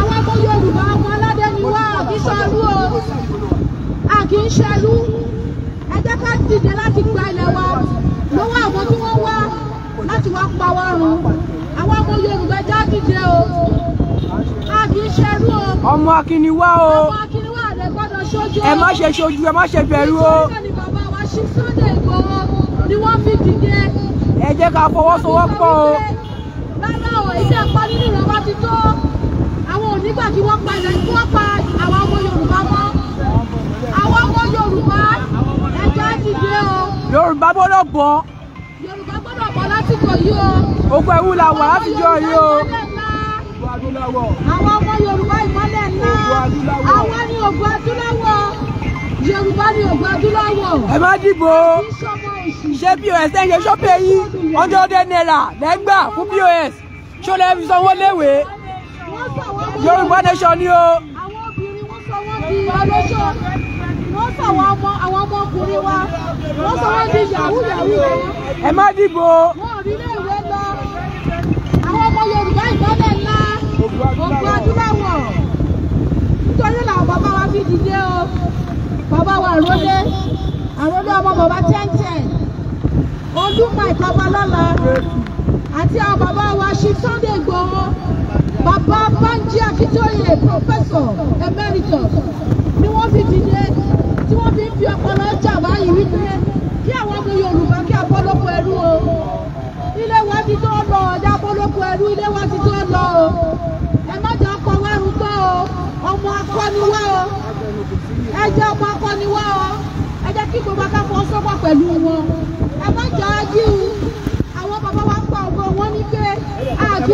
àwọn ọmọ Yorùbá ọmọ aládé ni wá àbí ṣọlú o a kì ṣẹlú ẹ ká dìde láti gba ilẹ̀ wa lọ́wọ́ àwọn tí wọ́n wá láti wá pa wá run àwọn ọmọ Yorùbá já dìde o a kì ṣẹlú o ọmọ akíniwá o ẹ má ṣe ṣojú ẹ má ṣe bẹ̀rù o nítorí náà bàbá wa ṣí Sunday Igboho ni wọ́n fi dìde ẹ jẹ́ ká fọwọ́sowọ́pọ̀ o. lára ọ̀rọ̀ iṣẹ́ pa nínú ìrànwá ti tó àwọn onígbà kí wọ́n pa ilẹ̀ kí wọ́n pa àwọn ọmọ Yorùbá mọ́ àwọn ọmọ Yorùbá ẹjọ́ ti dé o. Yorùbá gbọ́dọ̀ bọ̀. Yorùbá gbọ́dọ̀ bọ̀ lásìkò yìí o. ogun ẹ̀wù la wà láti jọ yìí o. àwọn ọmọ Yorùbá ìmọ́lẹ̀ ńlá àwọn ni ògùn adúláwọ̀ Yorùbá ni ògùn adúláwọ̀. ẹ má dìbò. ìṣọ ṣe pos ẹ ń ṣe ṣọ́pẹ́ yín ọ̀dọ́dẹ náírà lẹ́gbà fún pos ṣọlẹ̀ fi sanwó léwé yorùbá nation ni o. ẹ má dìbò. wọn wa fi dìde ọmọ bàbá tẹ́ńtẹ́ń. Olúmọ Ìfọwọ́lọ́lá àti àwọn bàbá wa ṣí Sunday Igboho bàbá Banji Akíntóyè professor emeritus ni wọ́n fi dìde tí wọ́n fi ń fi ọpọlọ jà báyìí wípé kí àwọn ọmọ Yorùbá kí abọ́lọ́kọ ẹrú o ilé wa ti tó lọ ọ̀dà abọ́lọ́kọ ẹrú ilé wa ti tó lọ o ẹ má jẹ́ ọkọ̀ wa rúgbọ́ o ọmọ akọni o ẹ jẹ́ ọmọ akọni o kí gbogbo ká fọ sọ́pọ̀ pẹ̀lú wọn ẹ má jọ ajú àwọn bàbá wa ń pa ọgbọ wọn ní pé àbí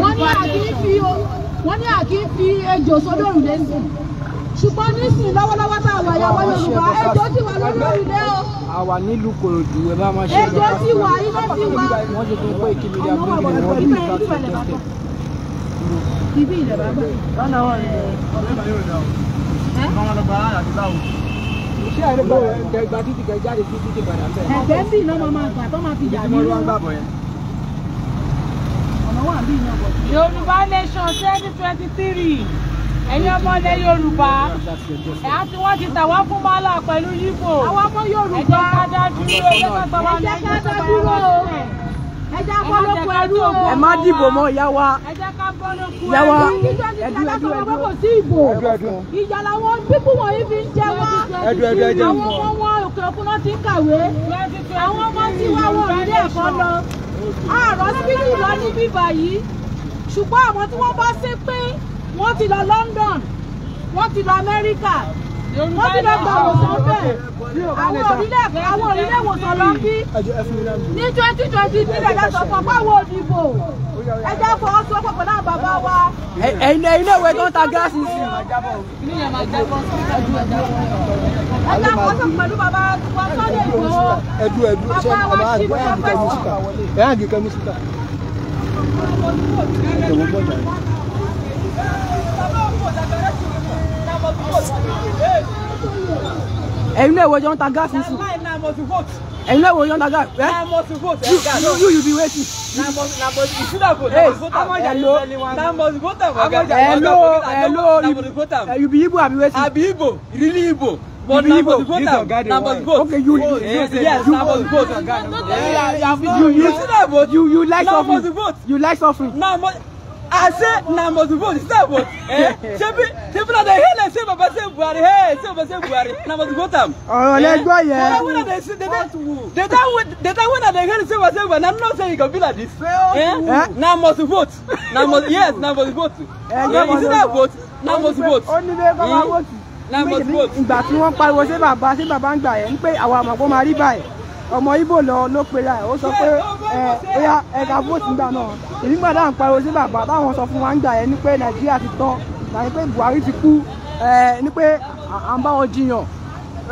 wọ́n ní àkí fi wọ́n ní àkí fi ejò sódò òrùlé ń sìn ṣùgbọ́n nísìnyí lọ́wọ́lọ́wọ́ tá a wà Yorùbá ejò ti wà lórí òrùlé o. àwa nílùú Kòròdú ẹ bá máa ṣe é. ejò ti wà ilé ti wà. wọ́n ti tún pé ìkíni dàbí ìrìn wọn ní ìta tó tẹ̀sẹ̀ ibi ilẹ̀ bàbá. Yorùbá Nation twenty twenty three ẹ̀yin ọmọ ilẹ̀ Yorùbá ẹ̀ á ti wọ́n ti tà wá fún mọ́là pẹ̀lú yíbo ẹ̀jẹ̀ ká dá dúró ẹ̀jẹ̀ ká dá dúró ẹ má dìbò mọ́ ìyá wa ìyá wa ẹdú ẹdú ẹdú ẹdú ẹdú ìjà làwọn pípù wọ̀nyí fi ń jẹ wá àwọn ọmọ wọn òkè òkun náà ti ń kàwé àwọn ọmọ tí wá wọ ilé ẹ̀kọ́ lọ àárọ̀ síbí lọ níbí báyìí ṣùgbọ́n àwọn tí wọ́n bá ṣe pé wọ́n ti lọ London wọ́n ti lọ Amẹ́ríkà wọ́n ti lọ gba òwòsàn bẹ́ẹ̀ àwọn orílẹ̀ àwọn orílẹ̀ ìwòsàn lọ bí ní twenty twenty three ẹ̀dá sọ fún ọgbà wo òdìbò ẹ̀dá fọwọ́sowọ́pọ̀ pẹ̀lú àwọn bàbá wa. ẹ̀yin ilé ìwé tó ń ta gíláàsì sí. ẹ̀dá fọwọ́sowọ́pọ̀ pẹ̀lú bàbá wa sọ́dẹ̀ ìgbòho bàbá wa ṣì ń sọ́kọ̀ ẹ̀yin náà ìwòye ọ̀ntà gáàsì ń sùn ẹ̀yin náà ìwòye ọ̀ntà gáàsì ẹ́ you you you be waiting. hello hello hello eh, you be Igbo abi waiting. abi Igbo really Igbo. But you vote. Vote. Vote. Vote. Okay, you vote. Oh, yes, yes, vote. Vote. You, you, you, you like suffering. You like suffering. I say eh, na must vote. Is that vote? Eh? Shebi shebi na dey hear like say Baba say Buhari. Hey, say Baba say Buhari. Na must vote am. Ọ̀rọ̀ lẹ eh, gbọ́ yẹn. Ọ̀rọ̀ wọn na dey say dey dey dey dey wọn na dey hear say Baba say Buhari. Na know say e go be like this. Eh? Na must vote. Na must yes, na must vote. Eh, is that vote? Na must vote. Ó ní bẹ́ẹ̀ kọ́ máa vote. Na must vote. Ìgbà tí wọ́n pariwo sí bàbá sí bàbá ń gbà yẹn ń pé àwọn àmọ̀kó máa rí báyìí ọmọ Ìgbò lọ ló pera ẹ̀ ó sọ pé ẹ óyá ẹ̀ka vote nígbà náà èmi gbàdá ń pariwo sí bàbá táwọn sọ fún wa ń gbà ẹ ní pé Nàìjíríà ti tán tàbí pé Buhari ti kú ẹ ní pé à ń bá wọn jiyàn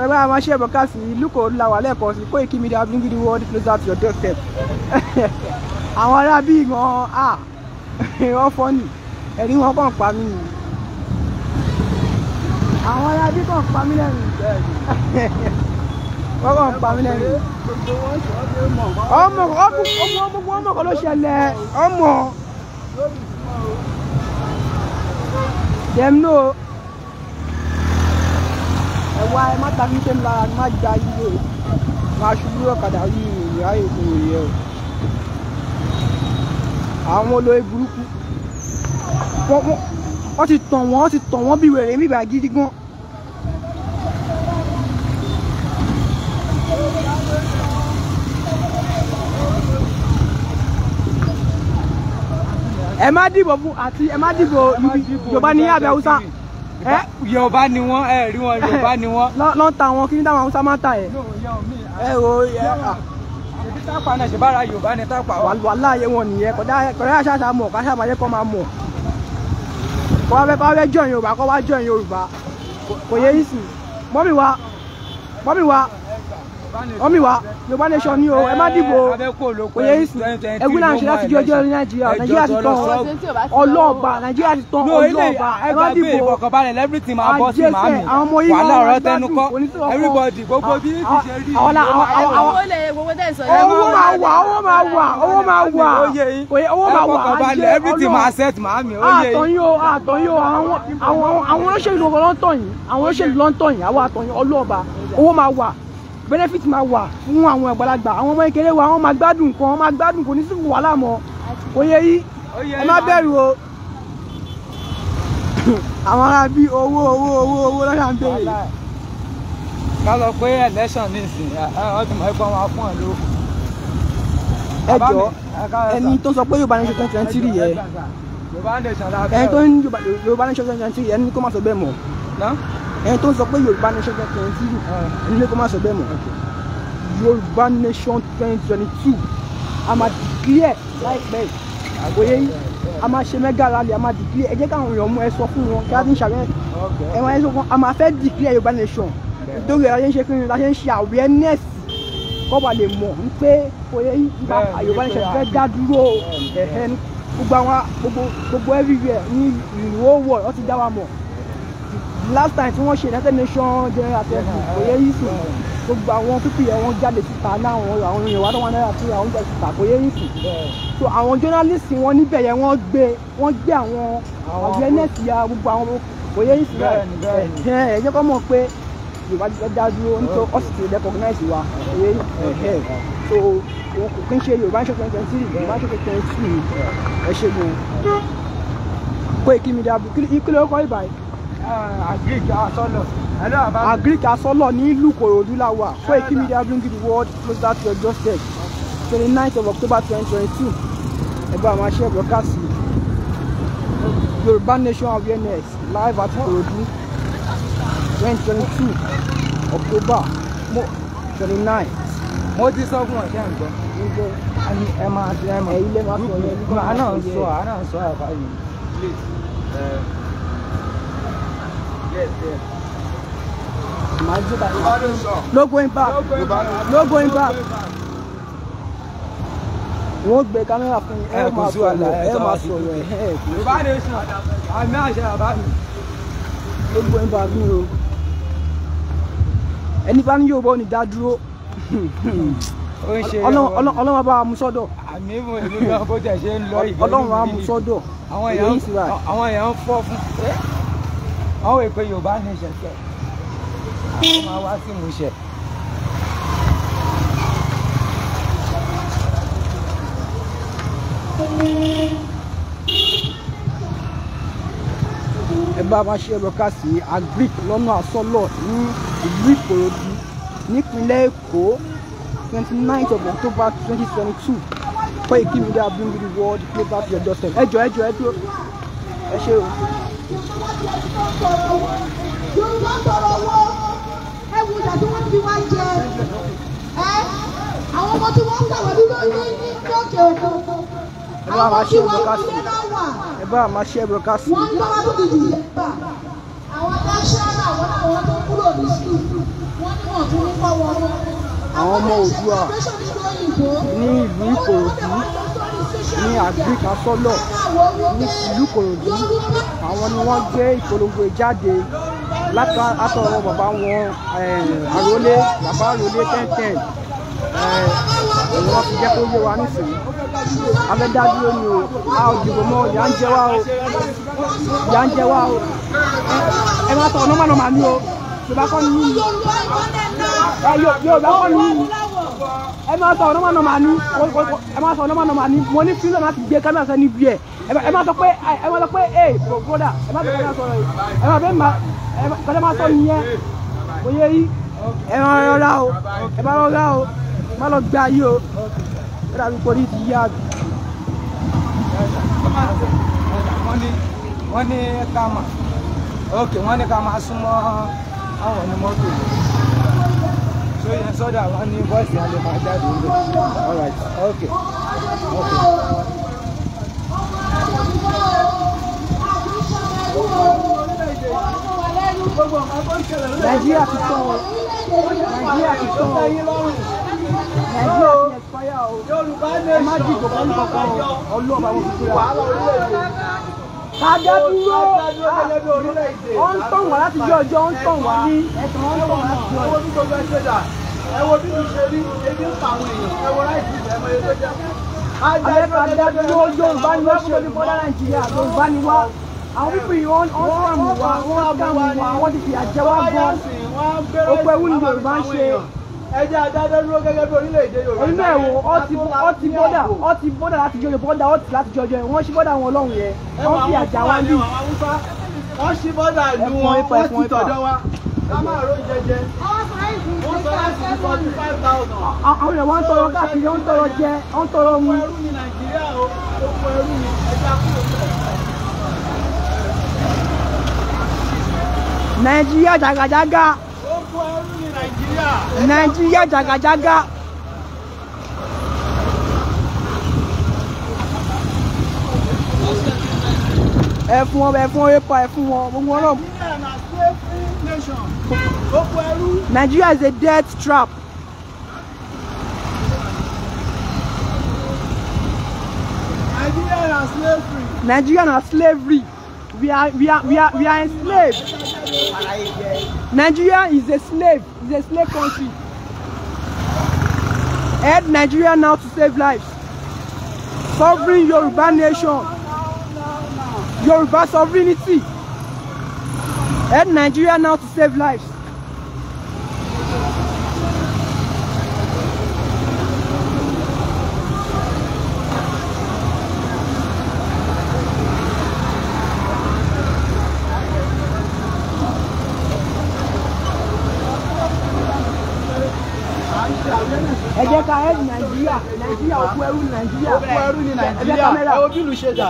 ẹ bá máa ṣe bọ́kásì ìlú kò la wà lẹ́ẹ̀kan sí Koiki Media bringing the world closer to your doorstep àwọn ará bíi gan a wọ́n fọ́ nì ẹ̀rí wọn kàn pa mí ni àwọn ará bíi kàn pa mí lẹ́nu wọ́n kàn ń pa mí lẹ́yìn. ọmọ ọmọ ọmọ kan ló ṣẹlẹ̀ ọmọ. dem no ẹ̀wà ẹ má ta mí ṣe ń lára má ja yíyó máa ṣubú ọ̀kadà yìí ìyá èkó yẹ o. àwọn olóyè burúkú wọ́n ti tàn wọ́n ti tàn wọ́n bí wèrè mi bá gidi gan. ẹ má dìbò fún àti ẹ má dìbò yorùbá ní àbí haúsá. yorùbá ni wọn ẹ rí wọn yorùbá ni wọn. lọ ń ta wọn kí ní táwọn haúsá máa ń ta ẹ. ẹ o ẹ à. èmi tápà náà ṣe bára yorùbá ni tápà wa. wàhálà yẹ wọn nìyẹn kọjá kọjá ṣáṣá mọ kọjá ṣàmáyé kọ máa mọ. kọ́ wá fẹ́ jọ̀yìn yorùbá kọ́ wá jọ̀yìn yorùbá kò yẹ yìí sì mọ́mì wa mọ́mì wa ọmọ wa yorùbá nation ni o ẹ má dìbò oyè ìsìn ẹgbẹ́ náà ṣe láti jẹ́ ọjọ́ ní nàìjíríà nàìjíríà ti tán ọlọ́ọ̀gbà nàìjíríà ti tán ọlọ́ọ̀gbà ẹ má dìbò àjẹsẹ̀ àwọn ọmọ yìí wà lọ́rọ̀ tẹnu kọ́ everybody gbogbo bí kì ah, í ṣe rí owó máa wà owó máa wà owó máa wà owó máa wà àjẹ ọlọ́ọ̀ àtọ̀yìn o àtọ̀yìn o àwọn olóṣèlú lọ́ntọ̀yìn àwọn olóṣèlú lọ́ntọ̀yìn àwọn àtọ̀yìn ọlọ́ọ̀bà owó máa wà benefit máa wà fún àwọn àgbàlagbà àwọn ọmọ kékeré wa wọ́n máa gbádùn kan wọ́n máa gbádùn kò ní sí wàhálà mọ́ oyè yìí ẹ má bẹ̀rù o àwọn ará bí owó owó owó owó lọ́jà ń béèrè. ká lọ pé election nísìnyí ọdún ẹgbẹ́ wọn fún ọ ló. ẹ jọ ẹni tó sọ pé Yorùbá Nation twenty twenty three yẹ ẹni tó ń Yorùbá Nation twenty twenty three yẹ ẹni kó má sọ bẹ́ẹ̀ mọ́ ẹni tó ń sọ pé yorùbá nation twenty twenty two nílé kó má sọ bẹ́ẹ̀ mọ́ yorùbá nation twenty twenty two a máa declare láìpẹ́ àgbóyé a máa ṣe mẹ́gà rally a máa declare ẹ jẹ́ káwọn èèyàn mú ẹ sọ fún wọn kí á ti ń ṣàbẹ̀ ẹ máa sọ fún a máa fẹ́ declare yorùbá nation nítorí ẹ̀ la ṣe ń ṣe kí ni la ṣe ń ṣe awareness kọ́ba lè mọ̀ ń pé oyè ibà yorùbá nation fẹ́ dá dúró ẹ̀hẹ́n gbogbo àwọn gbogbo everywhere ní ìlú ó wọ̀ ọ́ ti dá wa mọ̀ last time tí wọ́n ṣe united nations jẹ́ àtẹ̀kùn kò yẹ yìí sùn gbogbo àwọn pípì yẹn wọ́n jáde síta láwọn àwọn èèyàn wà lọ́wọ́ náírà síra wọ́n jáde síta kò yẹ yìí sùn so àwọn journalist wọn níbẹ̀ yẹn wọ́n gbé wọ́n gbé àwọn awareness ya gbogbo àwọn kò yẹ yìí sùn ẹ̀ ẹ̀ jẹ́ kọ́ mọ̀ pé yorùbá ti dá dúró nítorí ọ̀sìtì recognize wa kò yẹ yìí so wọn kò kí n ṣe yorùbá ṣe twenty twenty yorùbá ṣe twenty twenty ẹ ṣe gan-an kó ìkí mi dábò kí ló kọ́ ìbàyìí agric asolo ní ìlú korodu lawa Koiki Media bringing the world closer to your doorstep twenty nine of october twenty twenty two ẹgbẹ́ àwọn aṣẹ́ broadcast yorùbá nation awareness live at korodu twenty twenty two october twenty nine mo ti sọ fún ọ̀ṣẹ́ ǹgbọ́n wípé ẹ máa ti ẹ máa ilé máa sọ yẹn nígbà náà sọ àná sọ àbáyé. No going back. No going back. Wọ́n gbé kámẹ́rà fún eh, ẹ máa sọ̀rọ̀ ẹ máa sọ̀rọ̀ ẹ̀ ẹ̀. Yorùbá nation àmì àṣẹ àbá No going back mi o. Ẹni bá ní Yorùbá Ọlọ́run bá mú sọ́dọ̀. Àmì ìmọ̀ ìlú náà bó tẹ̀ ṣe ń lọ ìgbẹ́. Ọlọ́run bá mú sọ́dọ̀. Àwọn èèyàn fọ́ fún wọ́n wèé pé Yorùbá ní ìṣẹ̀ṣẹ̀ àwọn máa wá sí ìmúṣẹ. ẹ bá wa ṣe lọ ká sí agric lọ́nà àsọ́lọ̀ ní ìlú Ìkòròdú nípínlẹ̀ Èkó twenty nine of October twenty twenty two Koiki Media bring the world closer to your doorstep ẹ jọ ẹ jọ ẹ ẹ ṣe o tọrọ owó yorùbá tọrọ owó ẹwù dàbí wọn fi wá jẹ ẹ àwọn ọmọ tí wọn ń gbà wọlé lórí ní lókè òkun àwọn ọmọ tí wọn ń gbé náà wà wọn ń lọ́wọ́ tó dìdì yẹpa àwọn lẹ́ṣẹ́rẹ́ àwọn àwọn tó kúrò ní sùkúl wọn ní wọn tún ń kọ́ wọn. àwọn ọmọ òdua ní ìlú ìkòròdú ní agric asọ́lọ̀ ní ìlú Ìkòròdú àwọn ni wọ́n gbé ìpolongo jáde látọwọ́ bàbá wọn eh, àrólé bàbá àrólé ten ten eh, wọ́n fi jẹ́ kó yé wa nísìnyí abẹ́dádúró ni o a ò dìbò mọ́ ìyá ń jẹ wá o ìyá ń jẹ wá o ẹ má tọ̀ ọ́ nọ́mà nọ́mà ni o Yorùbá kọ́ ni yìí Yorùbá kọ́ ni yìí ẹ máa sọ ọ̀nà mọ̀nà màá ní ẹ máa sọ ọ̀nà mọ̀nà màá ní mo ní freedom láti gbé kámẹ́rà sẹ́ni bí ẹ ẹ máa sọ pé ẹ máa sọ pé ẹ broda ẹ máa sọ pé ẹ sọ̀rọ̀ yìí ẹ máa fẹ́ máa ẹ máa sọ nìyẹn oyè yìí ẹ máa rọra o ẹ máa rọra o má lọ gbé ayé o ẹ dàbí poli ti yá bi. wọ́n ní ká máa ok wọ́n ní ká máa súnmọ́ àwọn onímọ́tò yìí so yẹn sọ́dà wá ní bọ́ọ̀sì alẹ́ máa jáde níbẹ̀ all right okay okay. nàìjíríà ti tọ́ wọn nàìjíríà ti tọ́ wọn nàìjíríà ti ẹ̀fọ́ yà o yorùbá ní ẹ̀ má dìbò fún ọkọ̀ ọlọ́ọ̀bá wọn fi kúrẹ́. Kájá dúró. Ah. Ó ń tàn wá láti bí ọjọ́ ó ń tàn wá. Ẹ̀sìn wọn ń tàn wá láti bí ọjọ́. Ẹ wo bí mi ṣe rí ebi ń pa àwọn èèyàn. Ẹ wo láìsí ìfẹ́ ẹmọ yẹn tó jẹ́. Àyẹ̀fẹ́ adájọ́ ló Yorùbá ni wọ́n ṣe ní bọ́dá Nàìjíríà Yorùbá ni wá. Àwọn pípì yìí wọ́n sàmù wá, wọ́n sàmù wá, wọ́n ti fìyà jẹ wá gan. Ó pẹ́ wù ní Yorùbá ń ṣe ẹ jẹ́ adájọ́ dúró gẹ́gẹ́ bí orílẹ̀-èdè Yorùbá. orí náà wo ọ ti bọ́dà ọ ti bọ́dà láti jọjọ bọ́dà ọ ti láti jọjọ wọ́n ṣí bọ́dà wọn lọ́hùn yẹn wọ́n fi àjà wá bí. wọ́n ṣí bọ́dà ìlú wọn wọ́n ti tọ̀dọ̀ wa ká máa ró jẹjẹ. wọ́n sọ láti fi forty five thousand. àwọn èèyàn wọ́n ń tọrọ káàkiri wọ́n ń tọrọ jẹ wọ́n ń tọrọ mu. ẹrú ni Nàìjíríà o gbogbo ẹrú ni ẹja kúrò Nàìjíríà jàgàjàgà nàìjíríà jaga ẹ fún wọn ẹ fún wọn epa ẹ fún wọn gbogbo wọn náà. Nigeria is a death trap. Nigeria na slavery. We are we are we are we are a slave. Nigeria is a slave is a slave country. Help Nigeria now to save lives. Sovereign Yoruba nation. Yoruba sovereignty. Help Nigeria now to save lives. nàìjíríà òkú ẹrú ní nàìjíríà òkú ẹrú ní nàìjíríà ẹ wo bí ìlú ṣe dà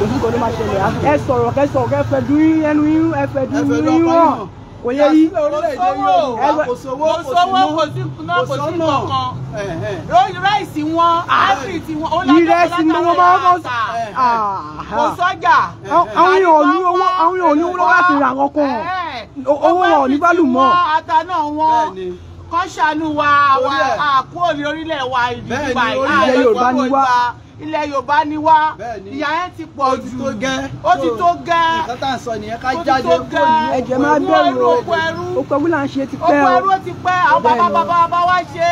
òkú kan ló máa ṣẹlẹ̀ ẹ sọ̀rọ̀ kẹ sọ̀rọ̀ kẹ fẹ́ dún ẹnu yín ẹ fẹ́ dún yín hàn kò yẹ yí kò sówó kò sí náà kò sí kankan ráìsì wọn áfì tí wọn ó lájọ tó látàrí àtà kò sọ́jà àwọn èèyàn ò ní owó láti ra ọkọ̀ owó wọn ò ní bá lù mọ́. owó àtà náà wọn kọ́ ṣàánú wa àkúrò ní orílẹ̀ wa ìdí Dubai àlọ́ gbogbo ìgbà ilẹ̀ yorùbá ni wá ìyà yẹn ti pọ̀ jù ó ti tó gẹ́ nǹkan tá à ń sọ nìyẹn ká jáde ẹ̀jẹ̀ máa bẹ̀rù oko ẹrú oko ẹrú ti pẹ́ o àwọn bàbá bàbá bàbá wa ṣe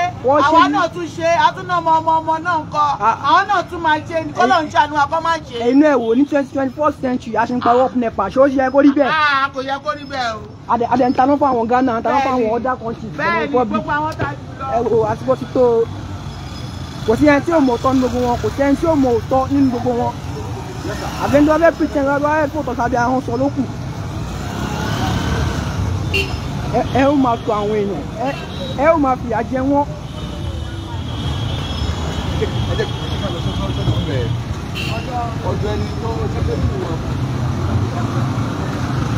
àwa náà tún ṣe àtúnà ọmọ ọmọ ọmọ náà kọ ah. àwọn náà tún máa ṣe ní kọ́lọ̀ ń ṣàánú wa kọ́ máa ṣe. inú ẹ̀ wò ní twenty twenty first century a ṣe ń pawọ́ nepa ṣó yẹ kó rí bẹ́ẹ̀. Ah, kò yẹ kó rí bẹ́ẹ̀ o. adẹ̀ ń taná fún àwọn Ghana ń taná fún àwọn other countries. bẹ́ẹ̀ ni gbogbo àwọn tá ti lọ. ẹ wo àsìkò ti tó o kò sí ẹni tí yóò mọ òótọ́ nínú gbogbo wọn kò sí ẹni tí yóò mọ òótọ́ nínú gbogbo wọn àbẹ̀ndọ́ bẹ́ẹ̀ pìtẹ́ ńlá bá ẹ̀fọ́ tọ́ sábẹ́ ahọ́n sọ lókù ẹ ó máa tọ àwọn èèyàn ẹ ó máa fìyà jẹ wọ́n.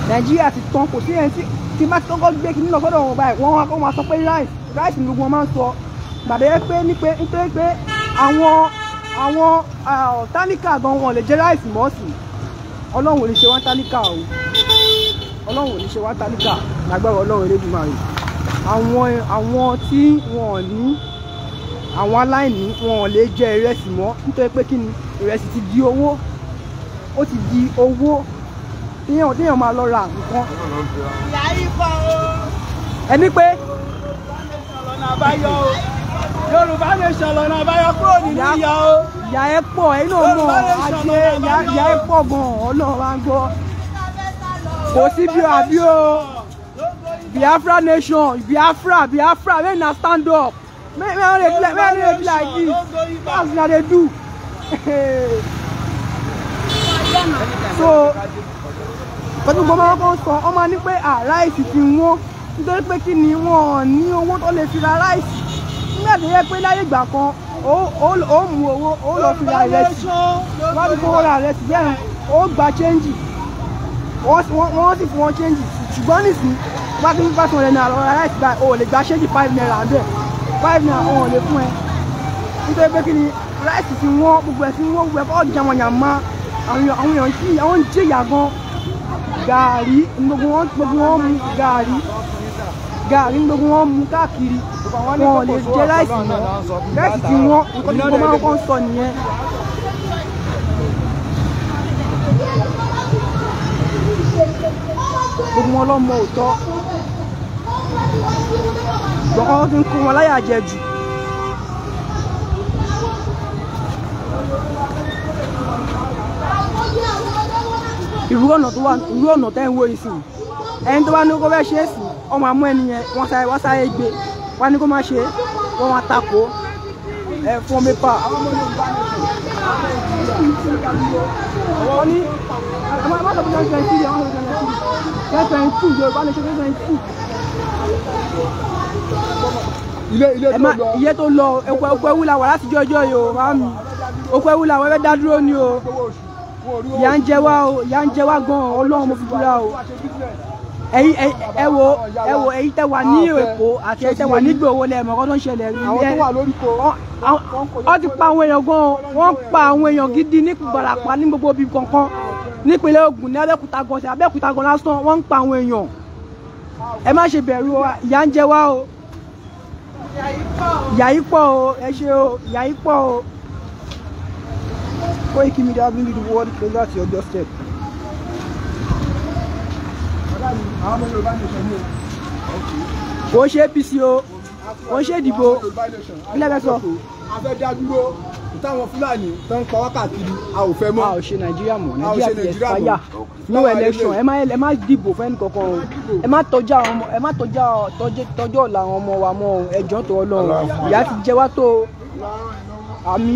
nàìjíríà ti tán kò sí ẹni tí má ti tán kọ́ gbé kí nínú ọ̀sọ́dọ̀ wọn báyìí wọ́n wá sọ pé rice rice ni gbogbo wọn máa ń sọ gbàdé pé ní pé nítorí pé àwọn àwọn táníkà gan wọn lè jẹ ráìsì mọ́ sí ọlọ́run ò ní ṣe wá táníkà o ọlọ́run ò ní ṣe wá táníkà lágbára ọlọ́run Elédùmarè àwọn àwọn tí wọn ò ní àwọn aláìní wọn ò lè jẹ ìrẹsì mọ́ nítorí pé kí ni ìrẹsì ti di owó ó ti di owó téèyàn téèyàn máa lọ ra nǹkan. ìyá yìí kọ́ o. ẹni pé. ọ̀nà àbáyọ o yorùbá lè ṣàlọ́nà àbáyọ kúrò nínú ìyà o. ìyà ẹ pọ̀ ẹ náà mọ̀ àṣẹ ìyà ẹ pọ̀ gan-an ọlọ́run wa ń gbọ́. kò sí bí àbí o biafra nation biafra biafra wey na stand up wey no dey play wey dey play like this pass na dey do. so pẹ̀lú gbogbo ọkọ̀ sọ ọmọ ní pé àráìsì ah, ti wọ́n nítorí pé kí ni wọ́n ní owó tó lè fi ra ráìsì nígbà tó yẹ pé láyé ìgbà kan ó mú owó ó lọ fi ra ìrẹsì wọ́n ti kó ra ìrẹsì bẹ́ẹ̀ ó gba chẹ́ńjì wọ́n sì fún wọn chẹ́ńjì ṣùgbọ́n nísìnyí wọ́n ti fi five hundred naira ọ̀rọ̀ láìsí báyìí o ò lè gba chẹ́ńjì five naira bẹ́ẹ̀ five naira wọn ò lè fún ẹ nítorí pé kí ni ráìsì ti wọ́n gbogbo ẹ̀ ti wọ́n gbogbo ẹ̀ fọ́ọ̀dì jáwọn yàmá àwọn èèyàn tí àwọn ń jìyà gan gàárì gbogbo wọn mu gàárì gàárì gbogbo wọn mu káàkiri wọn ò lè jẹ láìsí wọn láìsí tí wọn nǹkan tí mo máa ń kọ́ sọ nìyẹn. gbogbo wọn lọmọ òótọ́ gbọ́kọ́ tó ń kó wọn láyà jẹ jù. irú ọ̀nà tó wà irú ọ̀nà tẹ́ ń wo ìsìn ẹni tó bá ní kó fẹ́ ṣe é sìn ọmọ amú ẹni yẹn wọ́n sáré gbé wọ́n il kó má ṣe wọ́n wá takò ẹ̀ fún mẹ́pà wọ́n ní Il est tó bí ten twenty three ẹ̀ma tó bí ten twenty three ten twenty two yorùbá lè ṣe ten twenty two. ilé tó lọ ẹ̀kọ́ ẹ̀kọ́ ẹ̀wù la wà láti jọjọ́ yìí o bá mi òkú ẹ̀wù la wà ẹ̀fẹ́ dá dúró ni o ìyà ń jẹ wá o ìyà ń jẹ wá gan-an ọlọ́run mo fi dúra o ẹ̀yin ẹ wo ẹ wo ẹ̀yin tẹ́ wà ní ah, Èkó àti ẹ̀yin tẹ́ wà nígbà owó lẹ mọ̀ kọ́tọ́ ń ṣẹlẹ̀ rí ẹ wọ́n ti pa àwọn èèyàn gan wọ́n pa àwọn èèyàn gidi ní Ìbàràpá ní gbogbo ibi kankan nípínlẹ̀ Ògùn ní Abẹ́òkúta gan ṣe Abẹ́òkúta lásán wọ́n ń pa àwọn èèyàn ẹ má ṣe bẹ̀rù ìyà ń jẹ wá o ìyà yìí pọ̀ o ẹ ṣe o ìyà yìí pọ̀ o. Koiki Media bring you the world closer to your doorstep. àwọn ọmọ yorùbá nation ni o. kò ṣe apc o kò ṣe ìdìbò bílẹ̀kẹ́ a fẹ́ dá dúró táwọn fúlàní tó ń pa wákàtí a ò fẹ́ mọ́. a ò ṣe nàìjíríà mọ́ nàìjíríà ti ẹ̀fáyà no election ẹ ẹ má dìbò fẹ́ni kankan o ẹ má tọ́jà ọ̀la àwọn ọmọ wa mọ́ ẹjọ́ tó ọlọ́run ìyà ti jẹ wá tó àmì.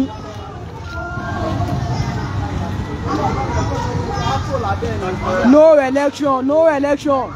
No election, no election.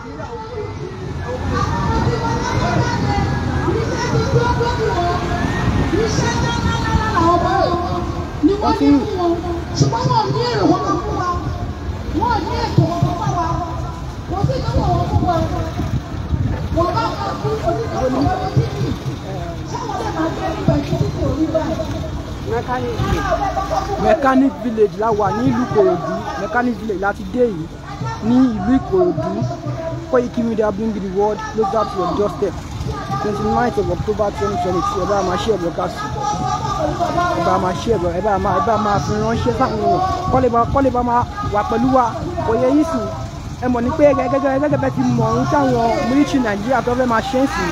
wọ́n mechanic village la wà ní ìlú Ìkòròdú mechanic village láti dé yìí ní ìlú ìkòròdú Koiki Media bring the world closer to your doorstep twenty nine of october twenty twenty two ẹ bá máa ṣe ẹ̀bùn káṣù ẹ bá máa ṣe ẹ̀bùn ẹ bá máa ẹ bá máa fi ránṣẹ́ sáwọn èèyàn kọ́lé bá kọ́lé bá máa wà pẹ̀lú wa kò yẹ yín sùn ẹ mọ̀ ní pé gẹ́gẹ́ gẹ́gẹ́ bẹ́ẹ̀ ti mọ̀ ohun táwọn mílítì nàìjíríà tó fẹ́ máa ṣe é sìn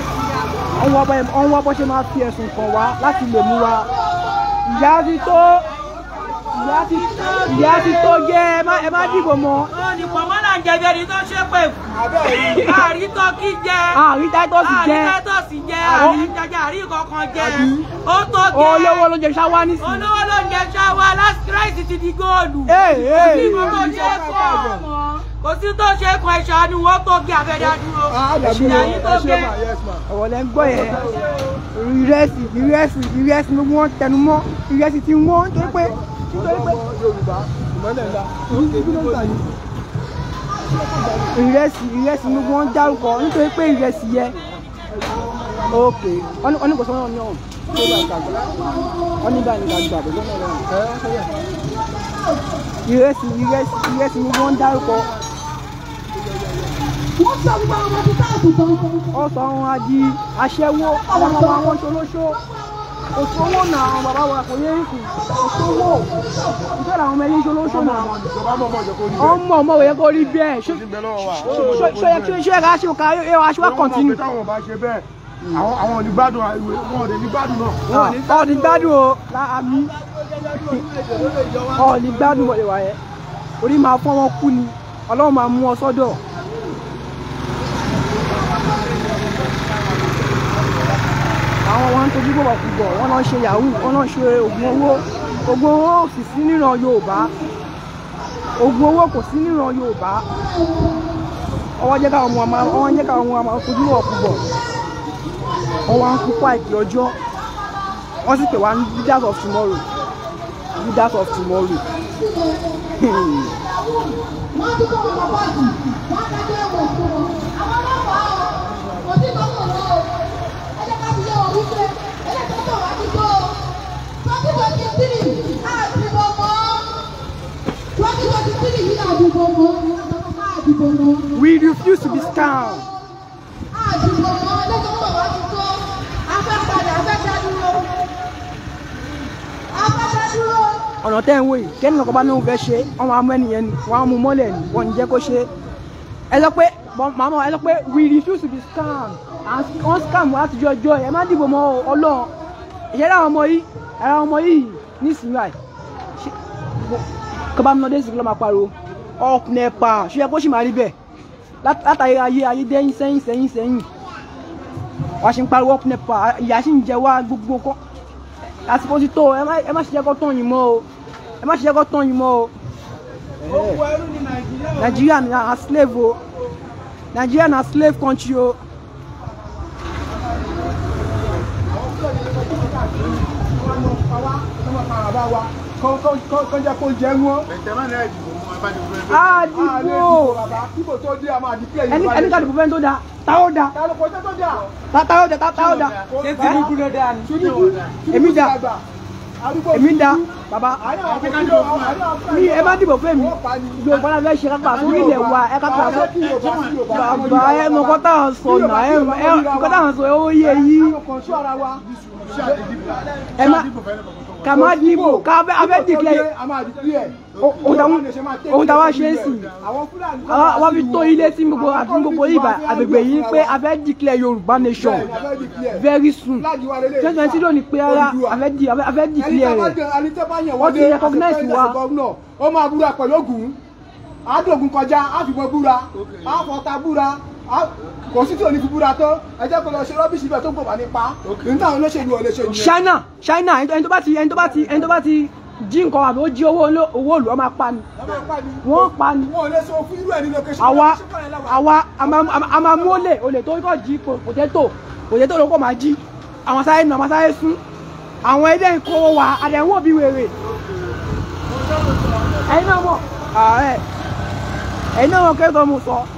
ọ̀hún wá bọ́ ṣe máa fi ẹ̀sùn kàn wá láti lè mú wa ìyá rí tó ìyá ti tó jẹ́ ẹ má dìbò mọ́. olùkọ́ mọ́ náà jẹ̀bi ẹni tó ṣe pé àrítọ́kì jẹ́ àrítọ́sì jẹ́ àrítọ́sì jẹ́ àríjájá àríkọ̀kan jẹ́ ó tó jẹ́ olówó ló jẹ ṣáwá nísìnyí. olówó ló jẹ ṣáwá last christ ti di góòlù kí kò tó ṣe é kọ́ kò sí tó ṣe é kan ẹ̀ṣọ́ ni wọ́n tó gé abẹ́dá dúró ìṣìyàyí tó gé. ọ̀wọ̀ lẹ́ ń gbọ́ yẹn ìrẹsì ìrẹsì ìrẹsì ló wọ́n tẹnu mọ́ ìrẹsì ti wọ́n nítorí pé nítorí pé Yorùbá ìmọ̀lẹ̀ ńlá kí ló ń tà ìrẹsì ìrẹsì ni wọ́n dárúkọ nítorí pé ìrẹsì yẹ ok wọ́n ní kò sọ́wọ́n náà wọ́n ní báyìí gbàgbà àbẹ̀lẹ́ ìrẹsì ìrẹsì ìrẹsì ni wọ́n dárúkọ wọ́n sọ gbogbo àwọn ọmọ tó tá àgùntàn. ọ̀sán wọn á di aṣẹ́wó àwọn ọmọ àwọn ṣolóṣó kò sówó náà àwọn bàbá wa kò yé ìkù kò sówó ìfẹ́ làwọn ọmọ ẹni jolóṣó náà ọmọ ọmọ òye kò rí bẹ́ẹ̀ ṣọyẹ kí ṣọyẹ ká ṣe òkà ẹ wá ṣe wá kọ̀ntínú. àwọn onígbádùn wọn ò lè ní gbádùn náà. wọn ah, ò ní gbádùn o láàmì wọn ò ní gbádùn wọlé wáyé orí máa fọ́ wọn kú ni ọlọ́run máa mú ọ sọ́dọ̀. àwọn wọn ń tojú bọ̀bọ̀ púpọ̀ wọn lọ ṣe yahoo wọn lọ ṣe oògùn owó oògùn owó ò sì sí níran yorùbá oògùn owó kò sí níran yorùbá ọwọ́ jẹ́ káwọn ọmọ ọwọ́ jẹ́ káwọn ọmọ tojú bọ̀bọ̀ púpọ̀ wọn wá ń kú pàìkì ọjọ́ wọn sì pè wá ní leaders of tomorrow leaders of tomorrow. Hmm. We refuse to be scammed. ọ̀nà tẹ́ ń wò yìí kẹ́ni kankan bá ní òun fẹ́ ṣe ọmọ amú ẹnìyẹn ni wọ́n á mọ́lẹ̀ ni wọ́n ń jẹ́ kó ṣe ẹ lọ pé màmá ẹ lọ pé we refuse to be scammed wọ́n scam wá àtijọ́ ọjọ́ ẹ má dìbò mọ́ ọlọ́run ìṣẹ́ láwọn ọmọ yìí ara ọmọ yìí nísìnyí báyìí kọ́ bá mi lọ dé ìsìnkú lọ́ máa pariwo up nepa ṣe yẹ kó sì máa rí bẹ́ẹ̀ látàrí ayé ayé dẹ́yìn sẹ́yìn sẹ́yìn sẹ́yìn wàá ṣe ń pariwo up nepa ìyá sì ń jẹ wá gbogbo kọ́ àsìkò ti tó ẹ má ṣiṣẹ́ kọ́ tán yìí mọ́ o ẹ má ṣiṣẹ́ kọ́ tán yìí mọ́ o. Nàìjíríà ni a slave o Nàìjíríà na slave country o. kọ́ máa para bá wa kọjá kó jẹ wọn. àdìbò àdìbò tó dé a máa di ẹni ká dìbò fẹ́ni tó da ta ó da. ta ló kọjá tó da. ta ta ó da ta ta ó da. ṣé Tinubu ló da ni. Tinubu èmi da èmi da baba mi ẹ bá dìbò fún mi yorùbá la fẹ́ ṣe kápá fún ilẹ̀ wa ẹ kápá fún baba ẹ mọ kọ́tà sọ nà ẹ kọ́tà sọ ẹ ó yẹ yí. ẹ má kà má dìbò ká abẹ́ dìklẹ̀ ohun tá wá ṣe é sì wọ́n fi tó ilé sí gbogbo àti gbogbo ìbà àgbègbè yìí pé abẹ́ dìklẹ̀ Yorùbá nation very soon twenty twenty lónìí pé ara abẹ́ dìklẹ̀ rẹ̀ wọ́n ti recognize wa. ó máa búra pẹ̀lú Ògún àádọ́gùn kọjá àfìbọn búra àfọ̀tà búra kò sí tí ò ní fi búra tán ẹ jẹ́ kó lọ ṣe rọ́bìṣì bẹ́ẹ̀ tó gbòbá nípa níta àwọn olóṣèlú ò lè ṣe nìyẹn. China China ẹni tó bá ti ẹni tó bá ti ẹni tó bá ti jí nǹkan àbí ó jí owó owó òlù ọmọ apá ni wọ́n pa ni àwa àwa a máa mú olè olè tó kọ̀ jí pòtẹ́tò pòtẹ́tò ló kọ̀ máa jí àwọn sáré nù àwọn sáré sún àwọn ilé ìkówó wa àdẹ̀wò bí wèrè ẹ̀yin náà mọ̀ ààrẹ ẹ̀yin náà mọ̀ kẹ́kọ̀ọ́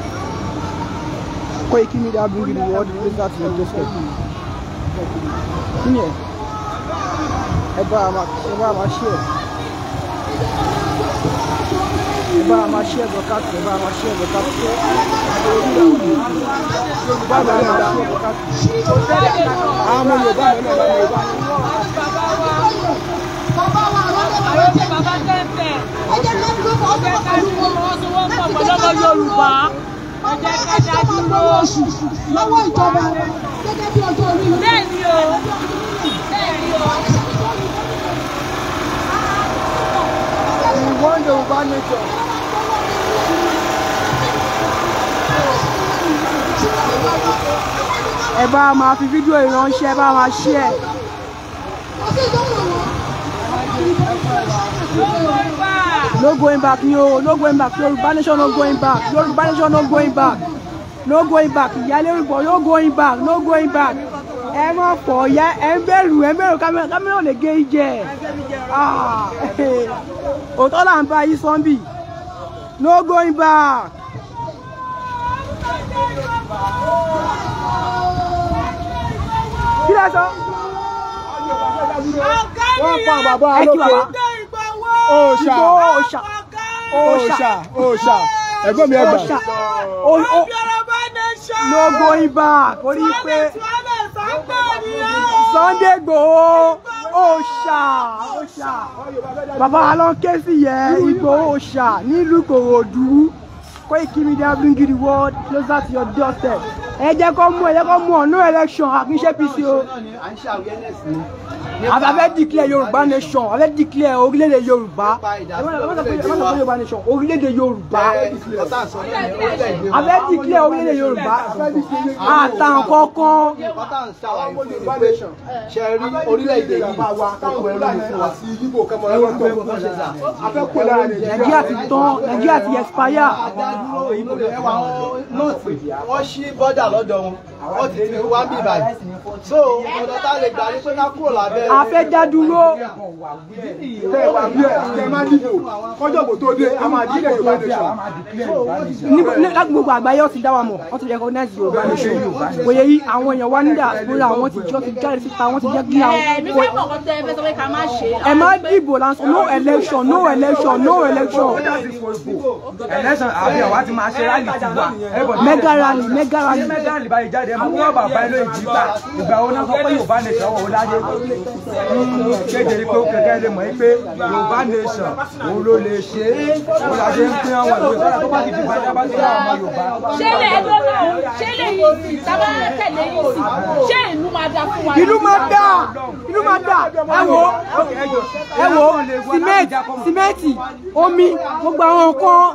Quake Media bringing the world blizzard to the Senior, ẹ bá a máa ṣe ẹ̀. Ẹ bá a máa ṣe ẹ̀gbọ́n káàkiri, ẹ bá a máa ṣe ẹ̀gbọ́n káàkiri. Yorùbá bá a máa ṣe ẹ̀gbọ́n káàkiri. Àwọn ọmọ Yorùbá mi náà bá mi Yorùbá. Bàbá wa lọ́dọ̀ bàbá tẹ̀ bàbá tẹ̀ ń bẹ̀. Ẹ jẹ́ ká dúró fún ọgbẹ́ ká dúró fún ọgbẹ́ ká dúró fún ọgbẹ́ Yorùbá ẹjẹ ká lówó oṣù lọ́wọ́ ìjọba gẹ́gẹ́ bí ọjọ́ orí rẹ. bẹ́ẹ̀ ni o bẹ́ẹ̀ o. ẹ bá a máa fi fídíò ìránṣẹ́ ẹ bá a máa ṣí ẹ. ọ̀sẹ̀ ìdánwò wọn no going back ni o no going back Yorùbá nation no going back Yorùbá nation no going back no going back ìyáálé Òyìnbó no going back no going back ẹ má fọ ya ẹ ń bẹ̀rù ẹ ń bẹ̀rù kámẹ́rà kámẹ́rà ò lè gé ijẹ ah. òótọ́ là ń bá yí sọ́ńbì no going back. kí lásán. wọ́n pa bàbá alóko. Osha, Osha, Osha. òòṣà ẹ̀gbọ́n mi ẹgbà. no going back orí pé Sunday Igboho òòṣà òòṣà bàbá alọ́ńké sì yẹ Igboho òòṣà nílùú Ìkòròdú Koiki Media bringing the world closer to your doorstep ẹ jẹ́ kó mú ẹ jẹ́ kó mú ọ̀nà election àkínṣe pc o àfẹ́ declare yorùbá nation àfẹ́ declare orílẹ̀-èdè yorùbá orílẹ̀-èdè yorùbá àfẹ́ declare orílẹ̀-èdè yorùbá àtàn kankan. ṣe rí orílẹ̀-èdè yìí kò ẹrú ní fún wa nàìjíríà ti tán nàìjíríà ti expire. wọ́n bọ́dà lọ́dọ̀ wọn wọ́n ti ti wá bí báyìí so ọ̀dọ̀ tá a lè gbà ní pé ká kúrò lábẹ́. a fẹ́ dá dúró. tẹ wà bí ẹ tẹ má dìde o kọjọ kò tó dé a máa dílé yorùbá nation. láti gbogbo àgbáyé ọtí dá wa mọ̀ wọ́n ti recognize yorùbá nation òye yìí àwọn èèyàn wá ní diaspora àwọn ti jọ ti jáde síta wọ́n ti jẹ́ kí àwọn. èmi fẹ́ mọ̀ kọ́tẹ́ ẹ fẹ́ sọ pé ká má ṣe. ẹ má dìbò lásán no election no election no election. election àbí àwa ti máa ṣe rally tiwa. mega rally mega rally dáàlì báyìí jáde mú wọn bàbá ilé ìjìgbà ìgbà wo náà sọ pé Yorùbá nation wò láyé kéde pé ó kẹkẹ lè mọ̀ pé Yorùbá nation òun ló lè ṣe é wọn láti ń pín àwọn ìwé sọ́dọ̀ tó bá ti dìgbà tó bá ọmọ Yorùbá. ṣé lè náà ṣé yìí sí tábà tẹ̀lé yìí sí ṣé ìlú máa dá fún wa. ìlú máa dá ìlú máa dá ẹ wo ẹ wo simenti simenti omi gbogbo àwọn nǹkan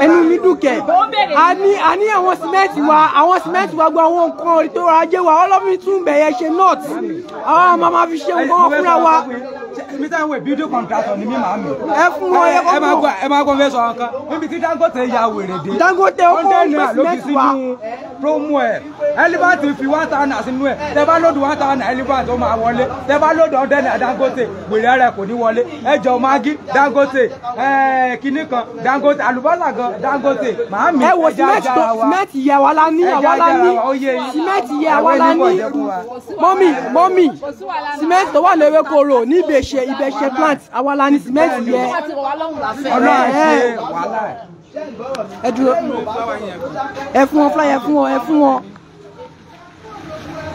ẹnu mi dùn kẹ a ní àwọn sìmẹ́ǹtì wa àwọn sìmẹ́ǹtì wa gba àwọn nǹkan orí tó rọra jẹ́ wa ọlọ́fin tún bẹ̀yẹ ṣe nọ́ọ̀tì àwọn máa ma fi ṣe nǹkan fúnra wa. èmi táwọn wẹ̀ bídíò kọ̀ǹtrátọ̀ ni mí màá mi. ẹ fún wọn yẹ kọ́kọ́. ẹ máa gbọ́ ẹ máa Dangote ya promo elibati fi elibati Dangote magi Dangote kan Dangote gan Dangote ṣe ibẹ̀ ṣe plant àwa la ní sìmẹ́ǹtì yẹn ọ̀nà ẹ̀ ẹ dúró ẹ fún wọn fúláyà ẹ fún wọn ẹ fún wọn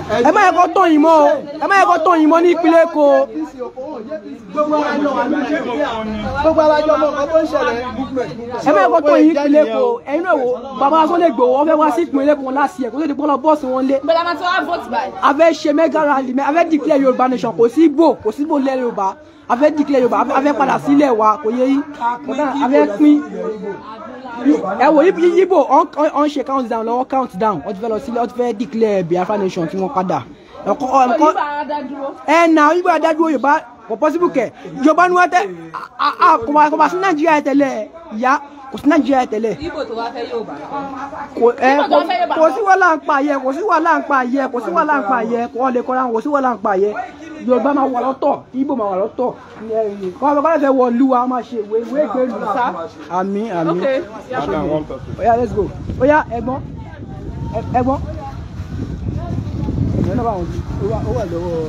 ẹ má yẹ kó tán yìí mọ́ o ẹ má yẹ kó tán yìí mọ́ ní ìpínlẹ̀ Èkó. gbogbo alájọ mọ nǹkan tó ń ṣẹlẹ̀. ẹ má yẹ kó tán yìí ìpínlẹ̀ Èkó ẹ̀yin náà wò bàbá Sunday Igboho wọ́n fẹ́ wá sí ìpínlẹ̀ Èkó láti ẹ̀kọ́ tó ti pọ́nlọ bọ́ọ̀sì wọn lé. a fẹ́ ṣe mega rally a fẹ́ declare Yorùbá nation kò sí Ìgbò kò sí Ìgbò lẹ́ Yorùbá a fẹ́ declare Yorùbá a fẹ́ padà sílẹ̀ wa kò yẹ yí a fẹ́ pín ẹ wò yíbò ọ̀n ṣe count down lọ́wọ́ count down wọ́n ti fẹ́ lọ sílẹ̀ wọ́n ti fẹ́ declare Biafra nation tí wọ́n padà ẹ nà yíbò adájúwò Yorùbá kò possible kẹ Yorùbá ni wọ́n tẹ kò bá sí Nàìjíríà tẹ́lẹ̀ yá kò sí nàìjíríà tẹ́lẹ̀. ibo tó wá fẹ́ yóò bá. kò ẹ kò sí wàhálà ń pa ayẹ kò sí wàhálà ń pa ayẹ kò sí wàhálà ń pa ayẹ kò lè kọ́ra kò sí wàhálà ń pa ayẹ yorùbá máa wà lọ́tọ̀ ibo máa wà lọ́tọ̀ kọ́ ọ kọ́lẹ̀ fẹ́ wọ lu wa máa ṣe ìwé ìwé ìgbé lu sa. àmín oya let's go oya ẹ̀gbọ́n ẹ̀gbọ́n ẹ̀gbọ́n náà wà lọ́wọ́.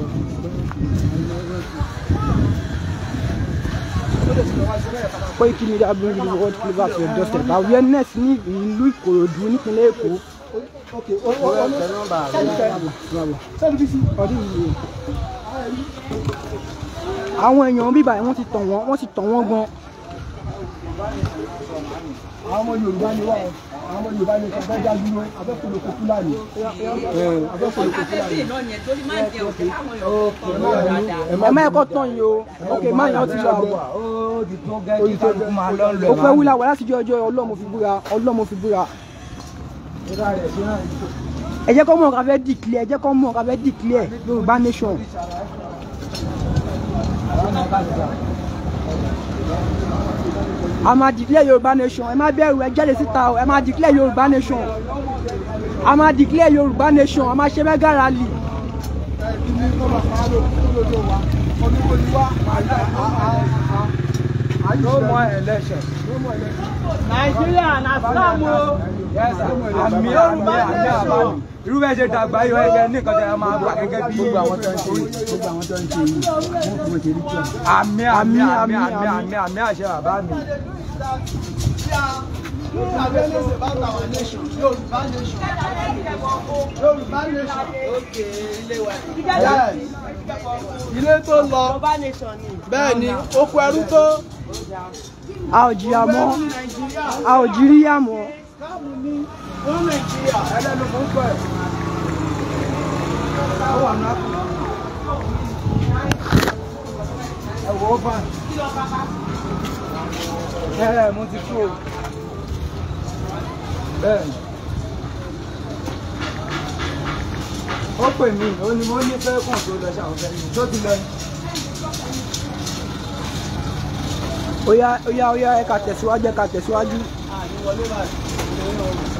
Koiki Media bring the world flavor to your doorstep awareness ní ìlú Ìkòròdú nípínlẹ̀ Èkó. àwọn èèyàn bíbá yìí wọ́n ti tàn wọ́n wọ́n ti tàn wọ́n gan àwọn ọmọ Yorùbá ni wá àwọn ọmọ Yorùbá ni sọ fẹ́ẹ́ dájú ló abẹ́kọ̀lọ́kọ̀ Fúlàní. abẹ́kọ̀lọ́kọ̀ Fúlàní. ẹ má ẹkọ tán yìí o ok má yàn ti lọ bẹ. ó fẹ́ wúlà wà láti jẹ́ ọjọ́ ọlọ́mọ fi búra ọlọ́mọ fi búra. ẹ jẹ́ kó mọ̀ ká fẹ́ dìklẹ̀ ẹ jẹ́ kó mọ̀ ká fẹ́ dìklẹ̀ Yorùbá nation. Thank you a máa declare yorùbá nation ẹ má bẹ̀rù ẹ jáde síta o ẹ máa declare yorùbá nation a máa declare yorùbá nation a máa ṣe mega rally. No more election. Nigeria na Islam o. Yorùbá nation irú bẹ́ẹ̀ ṣe dàgbà yọ ẹgẹ nìkan tẹ máa gbà gẹ́gẹ́ bí gbogbo àwọn tó ń ṣe gbogbo àwọn tó ń ṣe yìí wọ́n kúrò ṣe rí tíọ́. àmì àmì àmì àmì àmì àmì àṣẹ bàbá mi. Yorùbá ilé tó lọ. Yorùbá ni. Bẹ́ẹ̀ni, oko ẹrú tó. A ò jìyà mọ́. A ò jìríyà mọ́ fún ó pè mí ó ní mo ní fẹ́ kàn tó lọ ṣàwọn fẹ́ mi tó ti lọ ó yá ó yá ẹ ká tẹ̀síwájú ẹ ká tẹ̀síwájú. àyẹ̀wò ah, ló bá a ṣe é lọ́wọ́.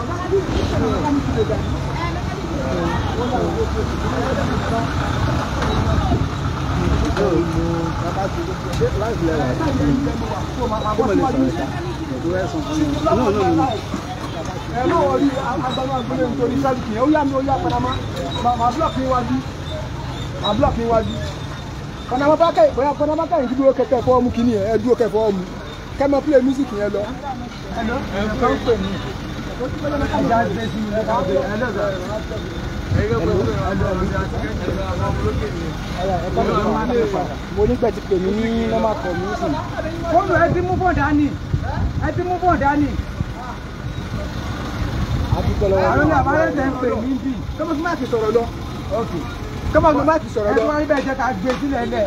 ẹ má wọlé agbára agbélé nítorí sálùkì yẹn ó yá mi ó yá panama màá búlọ̀kì iwájú màá búlọ̀kì iwájú panama bá kẹ́yìn bóyá panama kẹ́yìn kí dúró kẹ́kẹ́ fọ́ ọmú kìíní yẹn ẹ dúró kẹ́ fọ́ ọmú kẹ́mọ́ pílẹ̀ mísìkì yẹn lọ. ẹ ló ń pè mí mo nígbà tí pè mí ní normal call mi sìn. fóònù ẹ ti mú bọ̀ dání ẹ ti mú bọ̀ dání. àwọn ní àbárẹ́ tẹ̀ ń pè mí bì. kọ́mọ́tún má ti sọ̀rọ̀ lọ. kọ́mọ́tún má ti sọ̀rọ̀ lọ. ẹ tún wá níbẹ̀ jẹ́ ká gbé sílẹ̀ lẹ̀.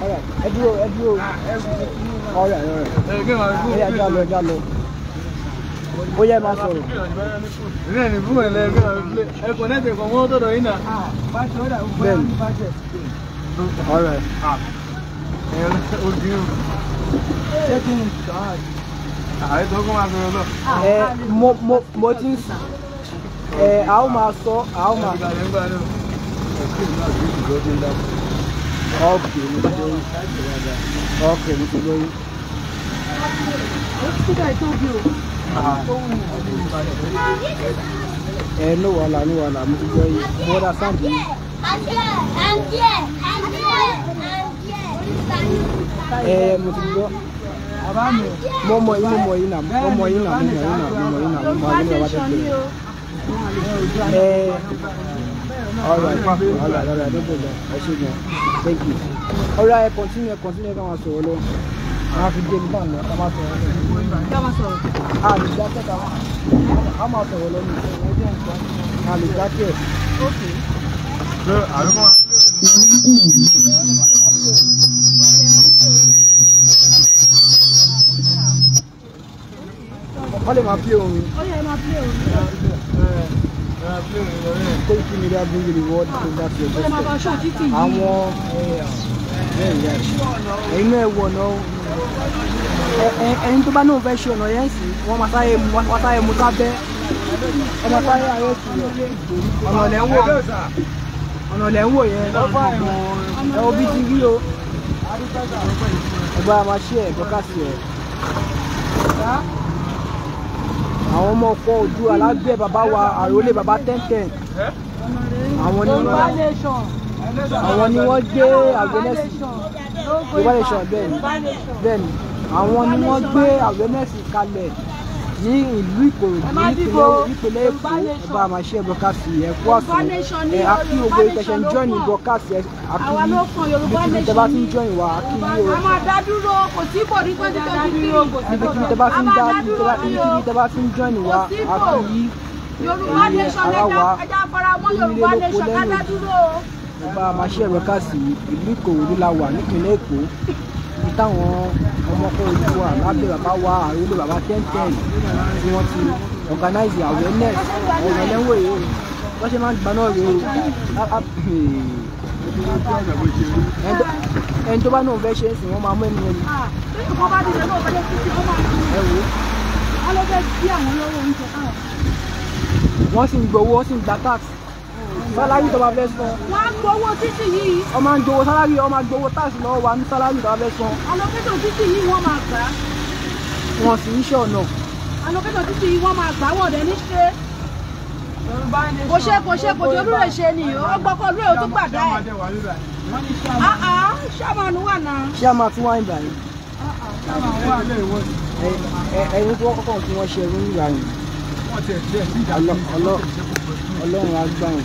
ẹ dúró ẹ ilé ẹni fún ẹ̀lẹ́ ẹgbẹ́ ọ̀rẹ́ ẹ kò nẹ́ẹ̀tì kan wọ́n tọ̀dọ̀ yín náà. bẹ́ẹ̀ni ọ̀rẹ́ ẹ ojú o. ṣé kí n ààrẹ tó kọ́ máa sọ̀rọ̀ lọ. ẹ mo mo mo ti ń sàn ẹ a ó máa sọ a ó máa ọ̀kẹ́ mo ti lóyún ọ̀kẹ́ mo ti lóyún. ẹ ní wàhálà ní wàhálà mo ti lóyún bọ́dà sáǹdì yìí. ẹ mo ti lọ mo mọ yín mo mọ yín nà mo mọ yín nà mo mọ yín nà mo mọ yín nà mo mọ yín nà mo mọ yín nà mo mọ yín nà all right all right all right don't go down ẹ ṣe gan thank you all right continue continue Come on, solo. lọ máa fi dé nígbà náà Come on, solo. lọ. ká máa sọ̀rọ̀. a lè Come on, solo. máa sọ̀rọ̀ lọ nìkan a lè dákẹ́. ok. ṣé àlùkò máa wọ́n lè máa Koiki Media bring you the world program to your doorstep. Àwọn eh, ẹ̀yin náà wọ̀ náà ẹni tó bá náà fẹ́ ṣe ọ̀nà yẹn sí wọ́n máa sáré wọ́n sáré mú sábẹ́ wọ́n máa sáré ayé sí ọ̀nà lẹ́ ń wò ọ̀nà lẹ́ ń wò yẹn ẹ wo bí ti rí o ẹgbẹ́ a máa ṣe ẹ̀ ẹ̀ àwọn ọmọ ọkọ ojú alágbẹ̀ bàbá wa àròlé bàbá tẹ́ntẹ́n àwọn ni wọ́n àwọn ni wọ́n gbé àgbẹ̀nẹ́sì yorùbá nation bẹ́ẹ̀ ni bẹ́ẹ̀ ni àwọn ni wọ́n gbé àgbẹ̀nẹ́sì kalẹ̀ ní ìlú ìkòròdú nípínlẹ̀ èkó ọba àmàṣe bọ́kásì ẹ̀kọ́ ọ̀sán ẹ̀ akí ogbó ìtẹ̀sẹ̀ ń jọ́ ní bọ́kásì akí níbi tí bá ti ń jọ́ ìwà akí yìí o. a máa kò sí bò ní pé nítorí kí níbi tí bá ti ń dá níbi tí bá ti ń jọ́ ìwà akí yìí Yorùbá nation ẹja fara mọ́ Yorùbá nation ká dá dúró. ọba àmàṣe bọ́kásì ìlú ìkòròdú la wà nípínlẹ̀ èkó táwọn ọmọkùnrin Oòduà lábẹ́ bàbá wa àròlé bàbá ten ten tí wọ́n ti organize awareness ọ̀rọ̀ ẹlẹ́wọ̀ èyí wọ́n ṣe máa ń gba náà rèé o ah, ah, hmm. ẹni tó bá náà fẹ́ ṣe é sìn wọ́n máa mú ẹni ẹni. Ah, wọ́n sì ń gbowó wọ́n sì ń gba tax sálárì tó bá fẹ́ san. wọ́n á gbowó títì yìí. wọ́n máa ń gbowó sálárì wọ́n máa gbowó táàsì lọ́wọ́ wa ní sálárì tó bá fẹ́ san. alọ́kẹ́tọ̀ títì yìí wọ́n máa gbà. wọn sì ń ṣe ọ̀nà. alọ́kẹ́tọ̀ títì yìí wọ́n máa gbà wọ̀ dẹ́ ní ṣe. kò ṣe kò ṣe kò ṣe olúre ṣe ni ó gbọ́kọ̀ olúre ó tún gbàdá ẹ̀. ṣáàmù ah, ah, wà náà. ṣáàmù àti wáìn báyìí. ẹ̀yin ah, tó kọ́kọ́ tí wọ́n ṣe ẹ̀rú ń gbà yìí. ọlọ́run á gbà yìí.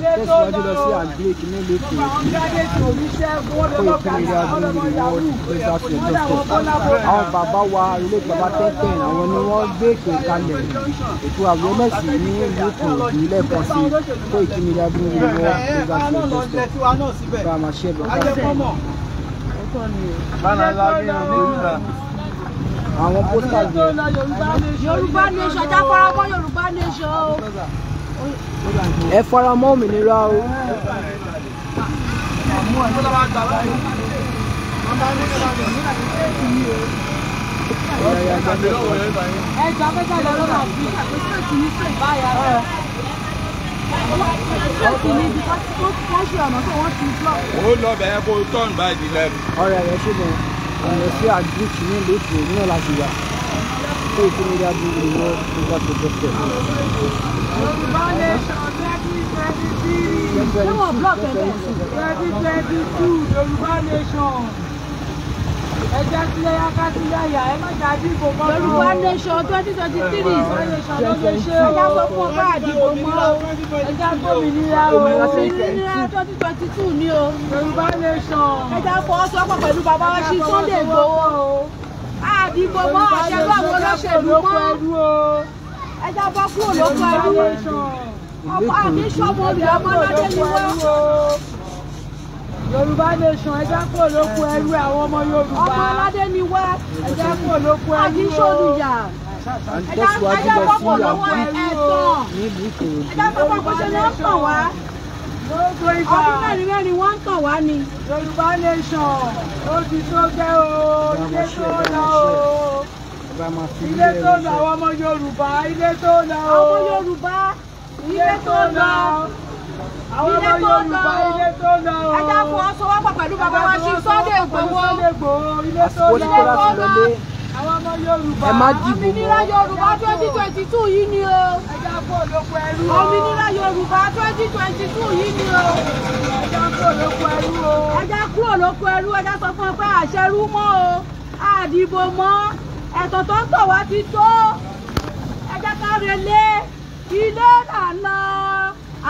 tẹ̀síwájú lọ sí àgbẹ̀ kìíní lẹ́kọ̀ọ́ àwọn bàbá wa ilé bàbá tẹ́tẹ̀ àwọn ni wọ́n gbé ètò ìkalẹ̀ ètò àwọmẹ̀sì ní lẹ́kọ̀ọ́ ìpínlẹ̀ kan sí fún ìpínlẹ̀ abúlé world disaster justice bá máa ṣe bàbá àwọn pósítà yorùbá nation jáfara mọ́ yorùbá nation ẹ fara mọ́ òmìnira o. ẹ rẹ̀ ó bẹ̀rẹ̀ ọ̀rẹ́ rẹ̀ ṣe bẹ̀rẹ̀ ọ̀rẹ́ sí àdúgbò náà láti wà po półmiliardu było w 2020. Yorùbá nation ẹ jẹ́ sílẹ̀ yáká sílẹ̀ yà ẹ má jà dìbò mọ́. Yorùbá nation twenty twenty three Yorùbá nation ló lè ṣe o. ẹ já sọ fún ọba àdìbò mọ́ o ẹ já gómìnira o. òmìnira twenty twenty two ni o. Yorùbá nation. ẹ já fọwọ́sowọ́pọ̀ pẹ̀lú bàbá wa ṣí Sunday Igboho o àdìgbò mọ́ àṣẹlú àwọn olóṣèlú mọ́ ẹja bọ́ kúrò lóko ẹrú ọkọ àmì ṣọ́mọ obì ọmọ lọ́dẹ ni wọ́n. Yorùbá nation ẹja kúrò lóko ẹrú àwọn ọmọ Yorùbá ọmọ aládé ni wá ẹja kúrò lóko ẹrú àmì ṣọ́nìyà ẹja bọ́ kúrò lọ́wọ́ ẹ̀tọ́ ẹja bọ́ kúrò lọ́wọ́ ẹ̀tọ́ wá ọdún mẹ́rin mẹ́rin wọ́n ń tàn wá ni. yorùbá nation ó ti tó gẹ́ o ilé tó lọ o ilé tó lọ àwọn ọmọ yorùbá ilé tó lọ o àwọn yorùbá ilé tó lọ àwọn ọmọ yorùbá ilé tó lọ o ẹja fún ọ sọ wọ́pọ̀ pẹ̀lú bàbá wa ṣí sọ́dẹ̀ gbowó ilé tó lọ àwọn ọmọ Yorùbá ẹ má dìbò mọ́ òmìnira Yorùbá twenty twenty two yìí ni o ẹja kó olóko ẹrú o òmìnira Yorùbá twenty twenty two yìí ni o ẹja kó olóko ẹrú o ẹja kó olóko ẹrú ẹja sọ fún ọ pé àṣẹrú mọ́ o àdìbò mọ́ ẹ̀tàn tó ń tọ̀ wá ti tó ẹja ká relé ilé là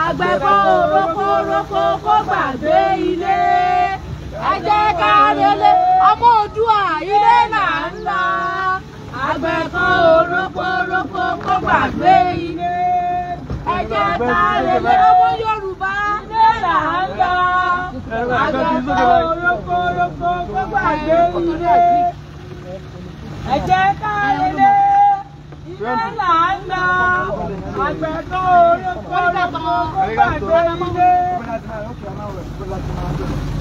àgbẹ̀bọ̀ òrókó kó gbàgbé ilé ẹ jẹ́ ká relé ọmọ Oòduà ilé là ń lọ àgbẹ̀ kan orókó orókó kó gbàgbé ilé ẹ jẹ́ ká relé ọmọ Yorùbá ilé là ń lọ àgbẹ̀ kan orókó orókó kó gbàgbé ilé ẹ jẹ́ ká relé ilé là ń lọ àgbẹ̀ kan orókó orókó kó gbàgbé ilé.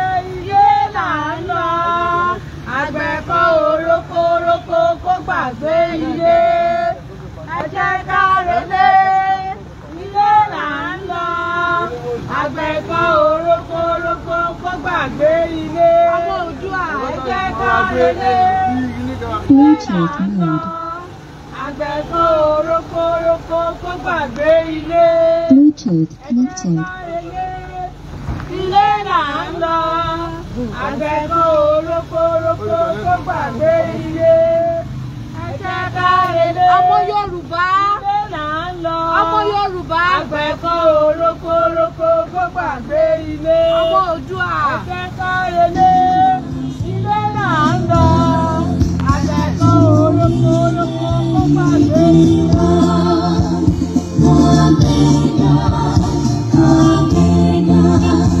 là ń lọ àgbẹ̀ kọ́ orókó rókó kó gbàgbé ilé ẹ jẹ́ ilé là ń lọ àgbẹ̀ kọ́ orókó rókó kó gbàgbé ilé ẹ jẹ́ ilé là ń lọ àgbẹ̀ kọ́ orókó rókó kó gbàgbé ilé ẹ jẹ́ ilé là ń lọ àgbẹ̀kan orókórókó tó gbàgbé ilé ẹ̀jẹ̀ kárelé ọmọ Yorùbá ilé là ń lọ ọmọ Yorùbá àgbẹ̀kan orókórókó tó gbàgbé ilé ọmọ Oòduà ẹ̀jẹ̀ kárelé ilé là ń lọ àgbẹ̀kan orókórókó tó gbàgbé ilé. Omega, Omega.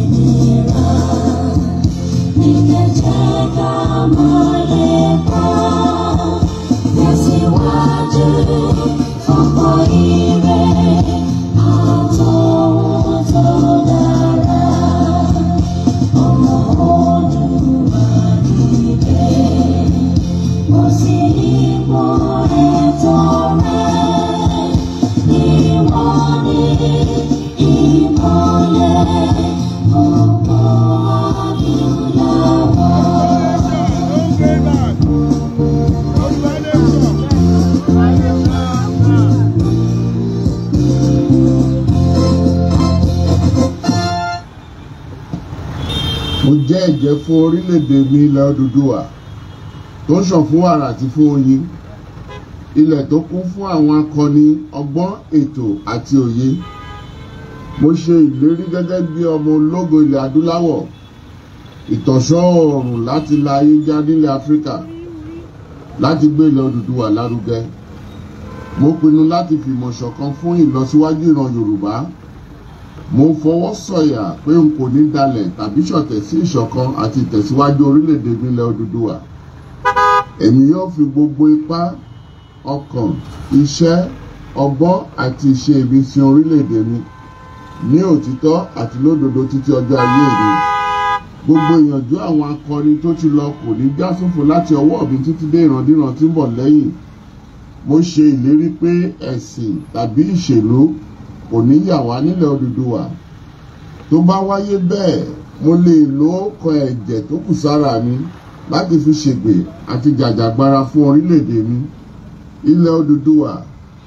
Ooh. jẹ́ fún orílẹ̀-èdè mi ilẹ̀ Odùduwà tó ṣàn fún wàrà àti fún oyin ilẹ̀ tó kún fún àwọn akọni ọgbọ́n ètò àti òye mo ṣe ìlérí gẹ́gẹ́ bí ọmọ ológo ilẹ̀ adúláwọ̀ ìtọ̀ṣọ́ oòrùn láti la ayé já nílẹ̀ Áfíríkà láti gbé ilẹ̀ Odùduwà lárugẹ mo pinnu láti fìmọ̀ ṣọ̀kan fún ìlọsíwájú ìran Yorùbá mo fọwọ́ sọ̀yà pé n kò ní dalẹ̀ tàbí ṣọ̀tẹ̀ sí ìṣọ̀kan àti ìtẹ̀síwájú orílẹ̀-èdè nílẹ̀ Odùduwà èmi yóò fi gbogbo ipá ọkàn iṣẹ́ ọgbọ́n àti ìṣe mi sin orílẹ̀-èdè mi ní òtítọ́ àti lódodo títí ọjọ́ ayé mi gbogbo ìyànjú àwọn akọni tó ti lọ kò ní já sófo láti ọwọ́ mi títí dé ìrandíran tí ń bọ̀ lẹ́yìn mo ṣe ìlérí pé ẹ̀sìn tàbí ìṣèlú kò ní yà wá nílẹ̀ Odùduwà tó bá wáyé bẹ́ẹ̀ mo lè lo ọkàn ẹ̀jẹ̀ tó kù sára mi láti fi ṣègbè àti jàjàgbara fún orílẹ̀-èdè mi ilẹ̀ Odùduwà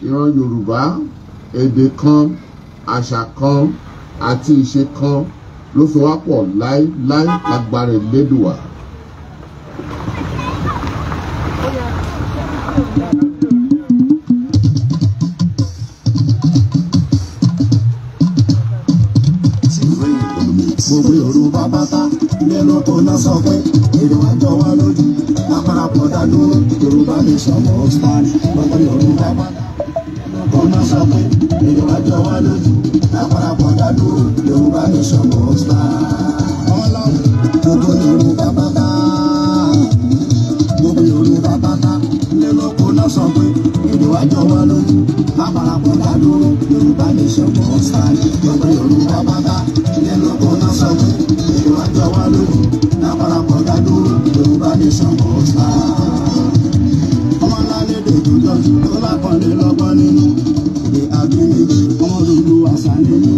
ìran Yorùbá èdè kan àṣà kan àti ìṣe kan ló fi wá láéláé lágbára Elédùwà. gbogbo Yorùbá pátá ilé lóko náà sọ pé èrò àjọ wa lójú lápárapọ̀ dádúró Yorùbá lè sọ̀rọ̀ ọ̀sán gbogbo Yorùbá pátá lóko náà sọ pé èrò àjọ wa lójú lápárapọ̀ dádúró Yorùbá lè sọ̀rọ̀ ọ̀sán gbogbo Yorùbá pátá gbogbo Yorùbá pátá ilé lóko náà sọ pé èrò àjọ wa lójú lápárapọ̀ dádúró Yorùbá lè sọ̀rọ̀ ọ̀sán gbogbo Yorùbá pátá ilé lóko náà lò lápárapọ̀ dádó yorùbá ní sango sá. ọmọ ńlá ní dòdò jọjú tó lápọ̀lé lọ́gbọ́n nínú èdè abínibí ọmọ lulu àṣàlẹ̀ ní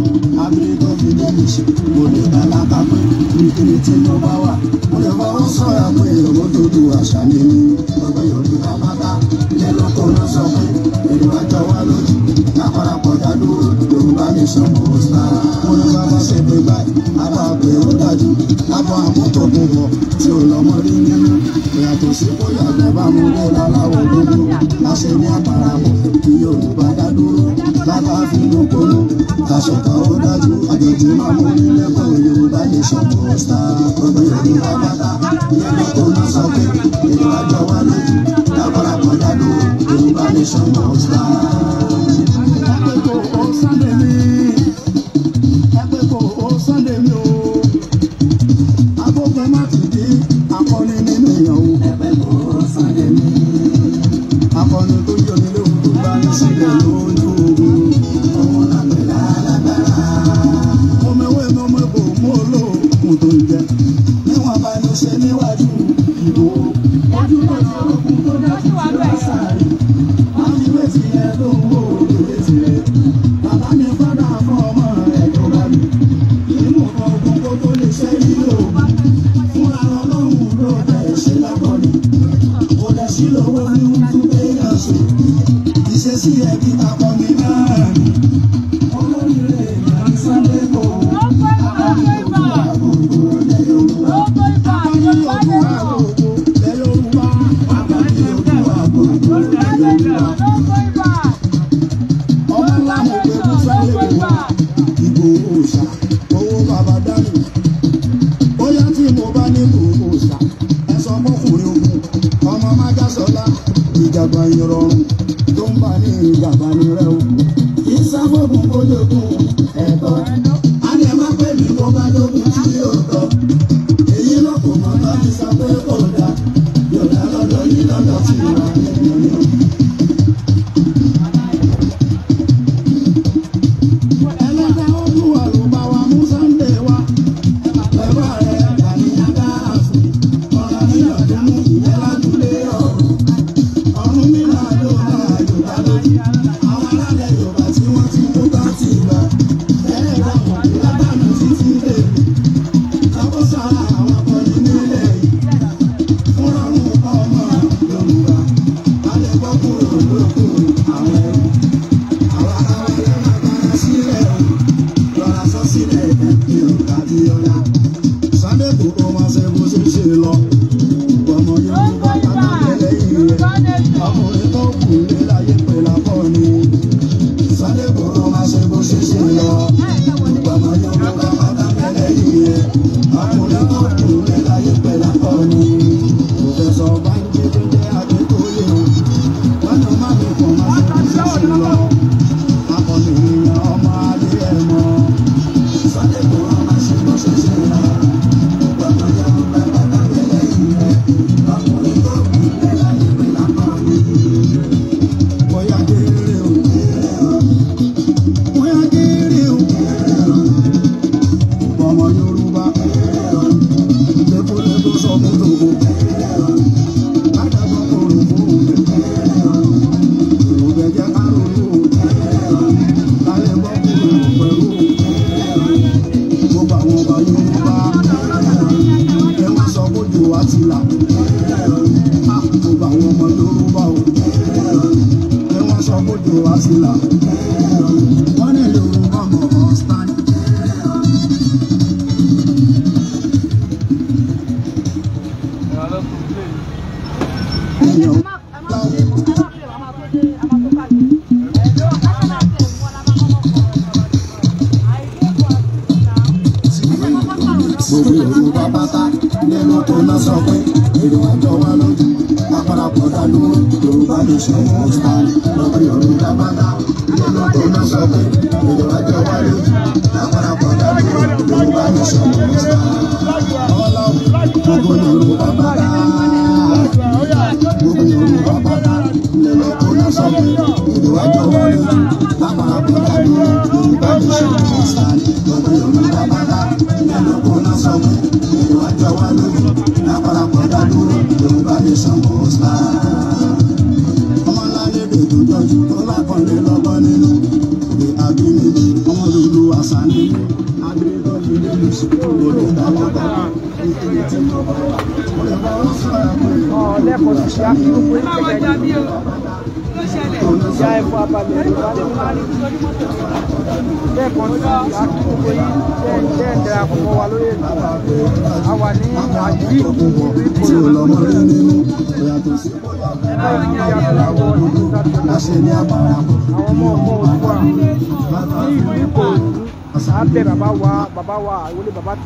mo bá wà mo lè fọwọ́ sọ̀rọ̀ pé èrò dòdò àṣàlẹ̀ ní ọgbẹ́ yorùbá bàtà ilé lóko lọ́sọ̀ọ́ pé èrò àjọwá nation must stand. wọ́n ní wàá ṣe pé báyìí àwọn àgbẹ̀ ó dájú àwọn àmútọ̀kùn bọ̀ tí ò lọ́mọ rí nínú. ìyàtọ̀ sí bóyá ọ̀gbẹ́ bá mú lé láláwọ̀ gbogbo àṣẹ ní àpárapọ̀ kí Yorùbá dá dúró lábá fi lókòrò kàṣọ̀tà ó dájú àjọjú máa mú ní lẹ́kọ̀ọ́ Yorùbá nation must stand. ọ̀gbẹ́ Yorùbá bàtà ìyàtọ̀ tó ń sọ pé ìlú àjọ wa lójú lápárapọ̀ dá dúró Yorùbá nation must stand. algo de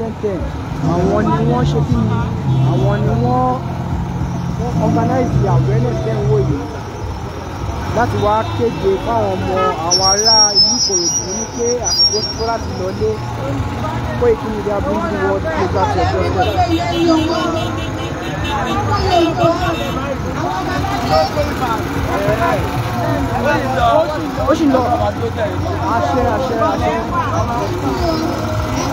ten ten àwọn ni wọ́n ṣe kí ni àwọn ni wọ́n wọ́n organize awareness ten wo yìí láti wá kéde fáwọn ọmọ àwọn ará ìlú Ìkòròdú ní pé àsìkò tó láti lọlé kó ìkíni ìdá bíi world program for government ó sì lọ àṣẹ àṣẹ àṣẹ.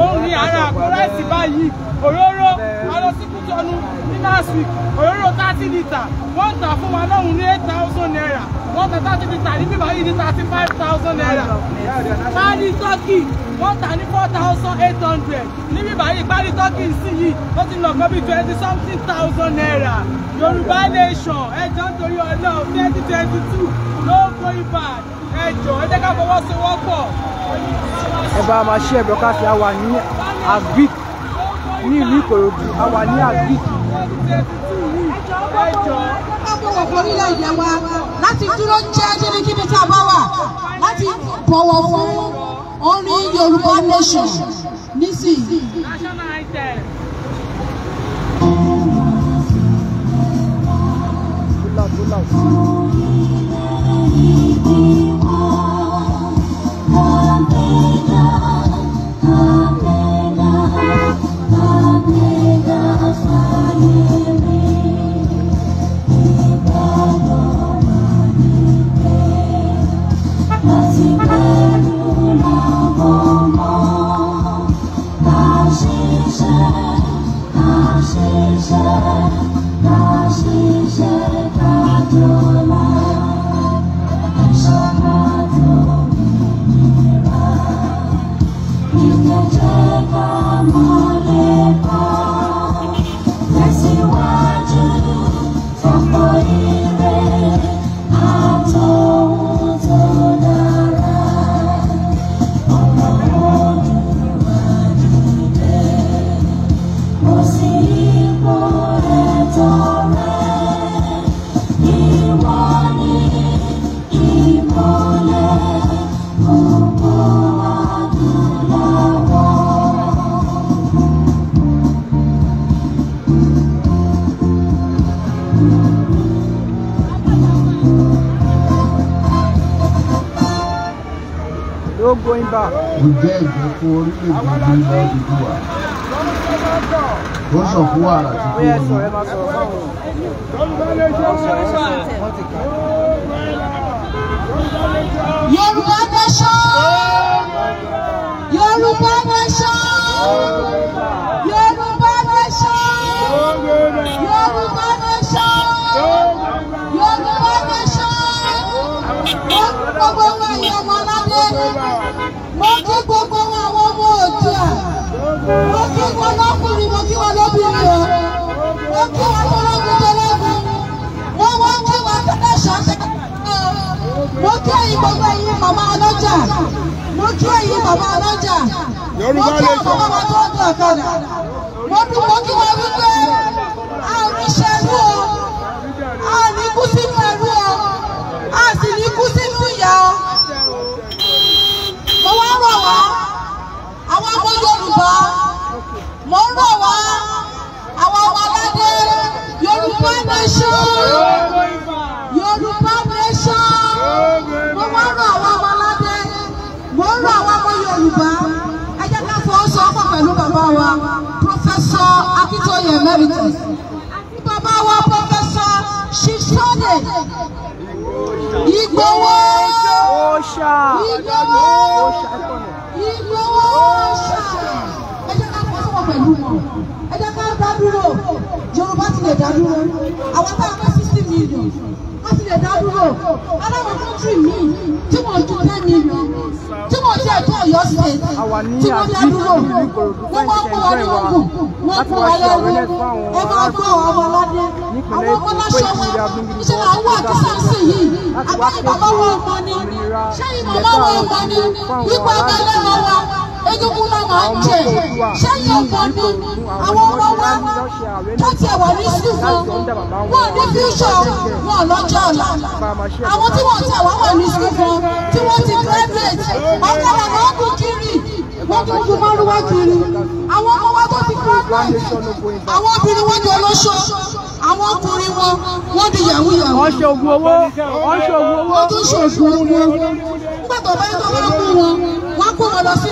òun ni ara àkúrẹ́sì báyìí òróró alọ́síkútọ́nu ní last week òróró thirty litre wọ́n tà fún wa lọ́hùn ní eight thousand naira wọ́n tà thirty litre ní bíbá yìí ní thirty five thousand naira páálí tọ́kì wọ́n tà ní four thousand eight hundred ní bíbá yìí páálí tọ́kì sí yìí ó ti lọ kọ́ bí twenty something thousand naira Yorùbá nation ẹjọ́ nítorí ọlọ́ọ̀ twenty twenty two ló ń kó ibà ẹ jọ̀ọ́ ẹ jẹ́ ká fọwọ́sowọ́pọ̀. ẹ bá máa ṣe ẹ̀bùrọ̀ ká fi àwa ní avic ní ìlú ìkòròdú àwa ní avic. ẹ jọ̀ọ́ bọ̀wọ̀ fún èdè wa láti dúró jẹ́ níbikíbi tá a bá wà láti bọ̀wọ̀ fún orin Yorùbá nation nísìnyí. Thank you. be the going back. we Mo jẹ́ ìgbẹ́ fún orílẹ̀-èdè ní Lọ́dúnrún wa. Ó sàn fún wàrà tí kò ní. Yorùbá nation! Yorùbá nation! Yorùbá nation! Yorùbá nation! Yorùbá nation! Gbogbo wa ni ọmọ aládé mo kí gbogbo wọn àwọn ọmọ Oòduà mo kí wọn lọ́kùnrin mo kí wọn lóbìnrin o mo kí wọn lọ́kùnrin lọ́kùnrin mo wá kí wọn tẹ́lẹ̀ ṣàtẹ́ mo kí ẹ̀yin gbogbo ẹ̀yin màmá ọlọ́jà mo kí ẹ̀yin màmá ọlọ́jà mo kí àwọn bàbá wa tó ń gbọ́ ọ̀kadà mo kí wọn wí. Yorùbá nation mo wá rọ àwọn ọmọ aládé mo rọ àwọn ọmọ Yorùbá ẹ jẹ́ ká fọwọ́sowọ́pọ̀ pẹ̀lú bàbá wa Prọfẹsọ Akíntóyè emeritus àti bàbá wa Prọfẹsọ Ṣìṣọ́dè Ìgbòho Ìgbòho Ìgbòho ṣá ẹ jẹ́ ká fọwọ́sowọ́pọ̀ pẹ̀lú wọn ẹ jẹ́ ká dá dúró Yorùbá lè dá dúró àwọn táwọn bá sixty million wọ́n ti lè dá dúró aláwọ̀ kọ́ńtì mi tí wọ́n ju ten million tí wọ́n ti ẹ̀tọ́ ọ̀yọ́ state tí wọ́n dá dúró wọ́n wá kó wa ní ogun wọ́n kó wa lẹ́rú ẹ bá gbọ́ àwọn ọmọ aládé àwọn ọmọ aláṣọ wa iṣẹ́ náà wà tó sàn sí yìí àbá ìbàlọ́wọ́ ọmọ ni ṣé ìbàlọ́wọ́ ọmọ ni ipò ẹgbẹ́ lọ́wọ́ wa egungun la máa ń jẹ sẹ́yìn ọ̀pọ̀ ni àwọn ọmọ wa tó tiẹ̀ wà ní sùn fún wọn ní fíúṣọ wọn lọ́jọ́ ọ̀la àwọn tí wọ́n tiẹ̀ wá wà ní sùn fún tí wọ́n ti graduate ọ̀kadà náà kú kiri wọ́n tún kú mọ́rúwá kiri àwọn ọmọ wa tó ti graduate àwọn obìnrin wọn di olóṣó àwọn ọkùnrin wọn wọ́n di yàwó yàwó. wọ́n ṣògùn owó wọ́n ṣògùn owó. wọ́n tún ṣògùn owó nígbà tó bá yẹ kó wọ́n kó wọn wọ́n kó wọn lọ sí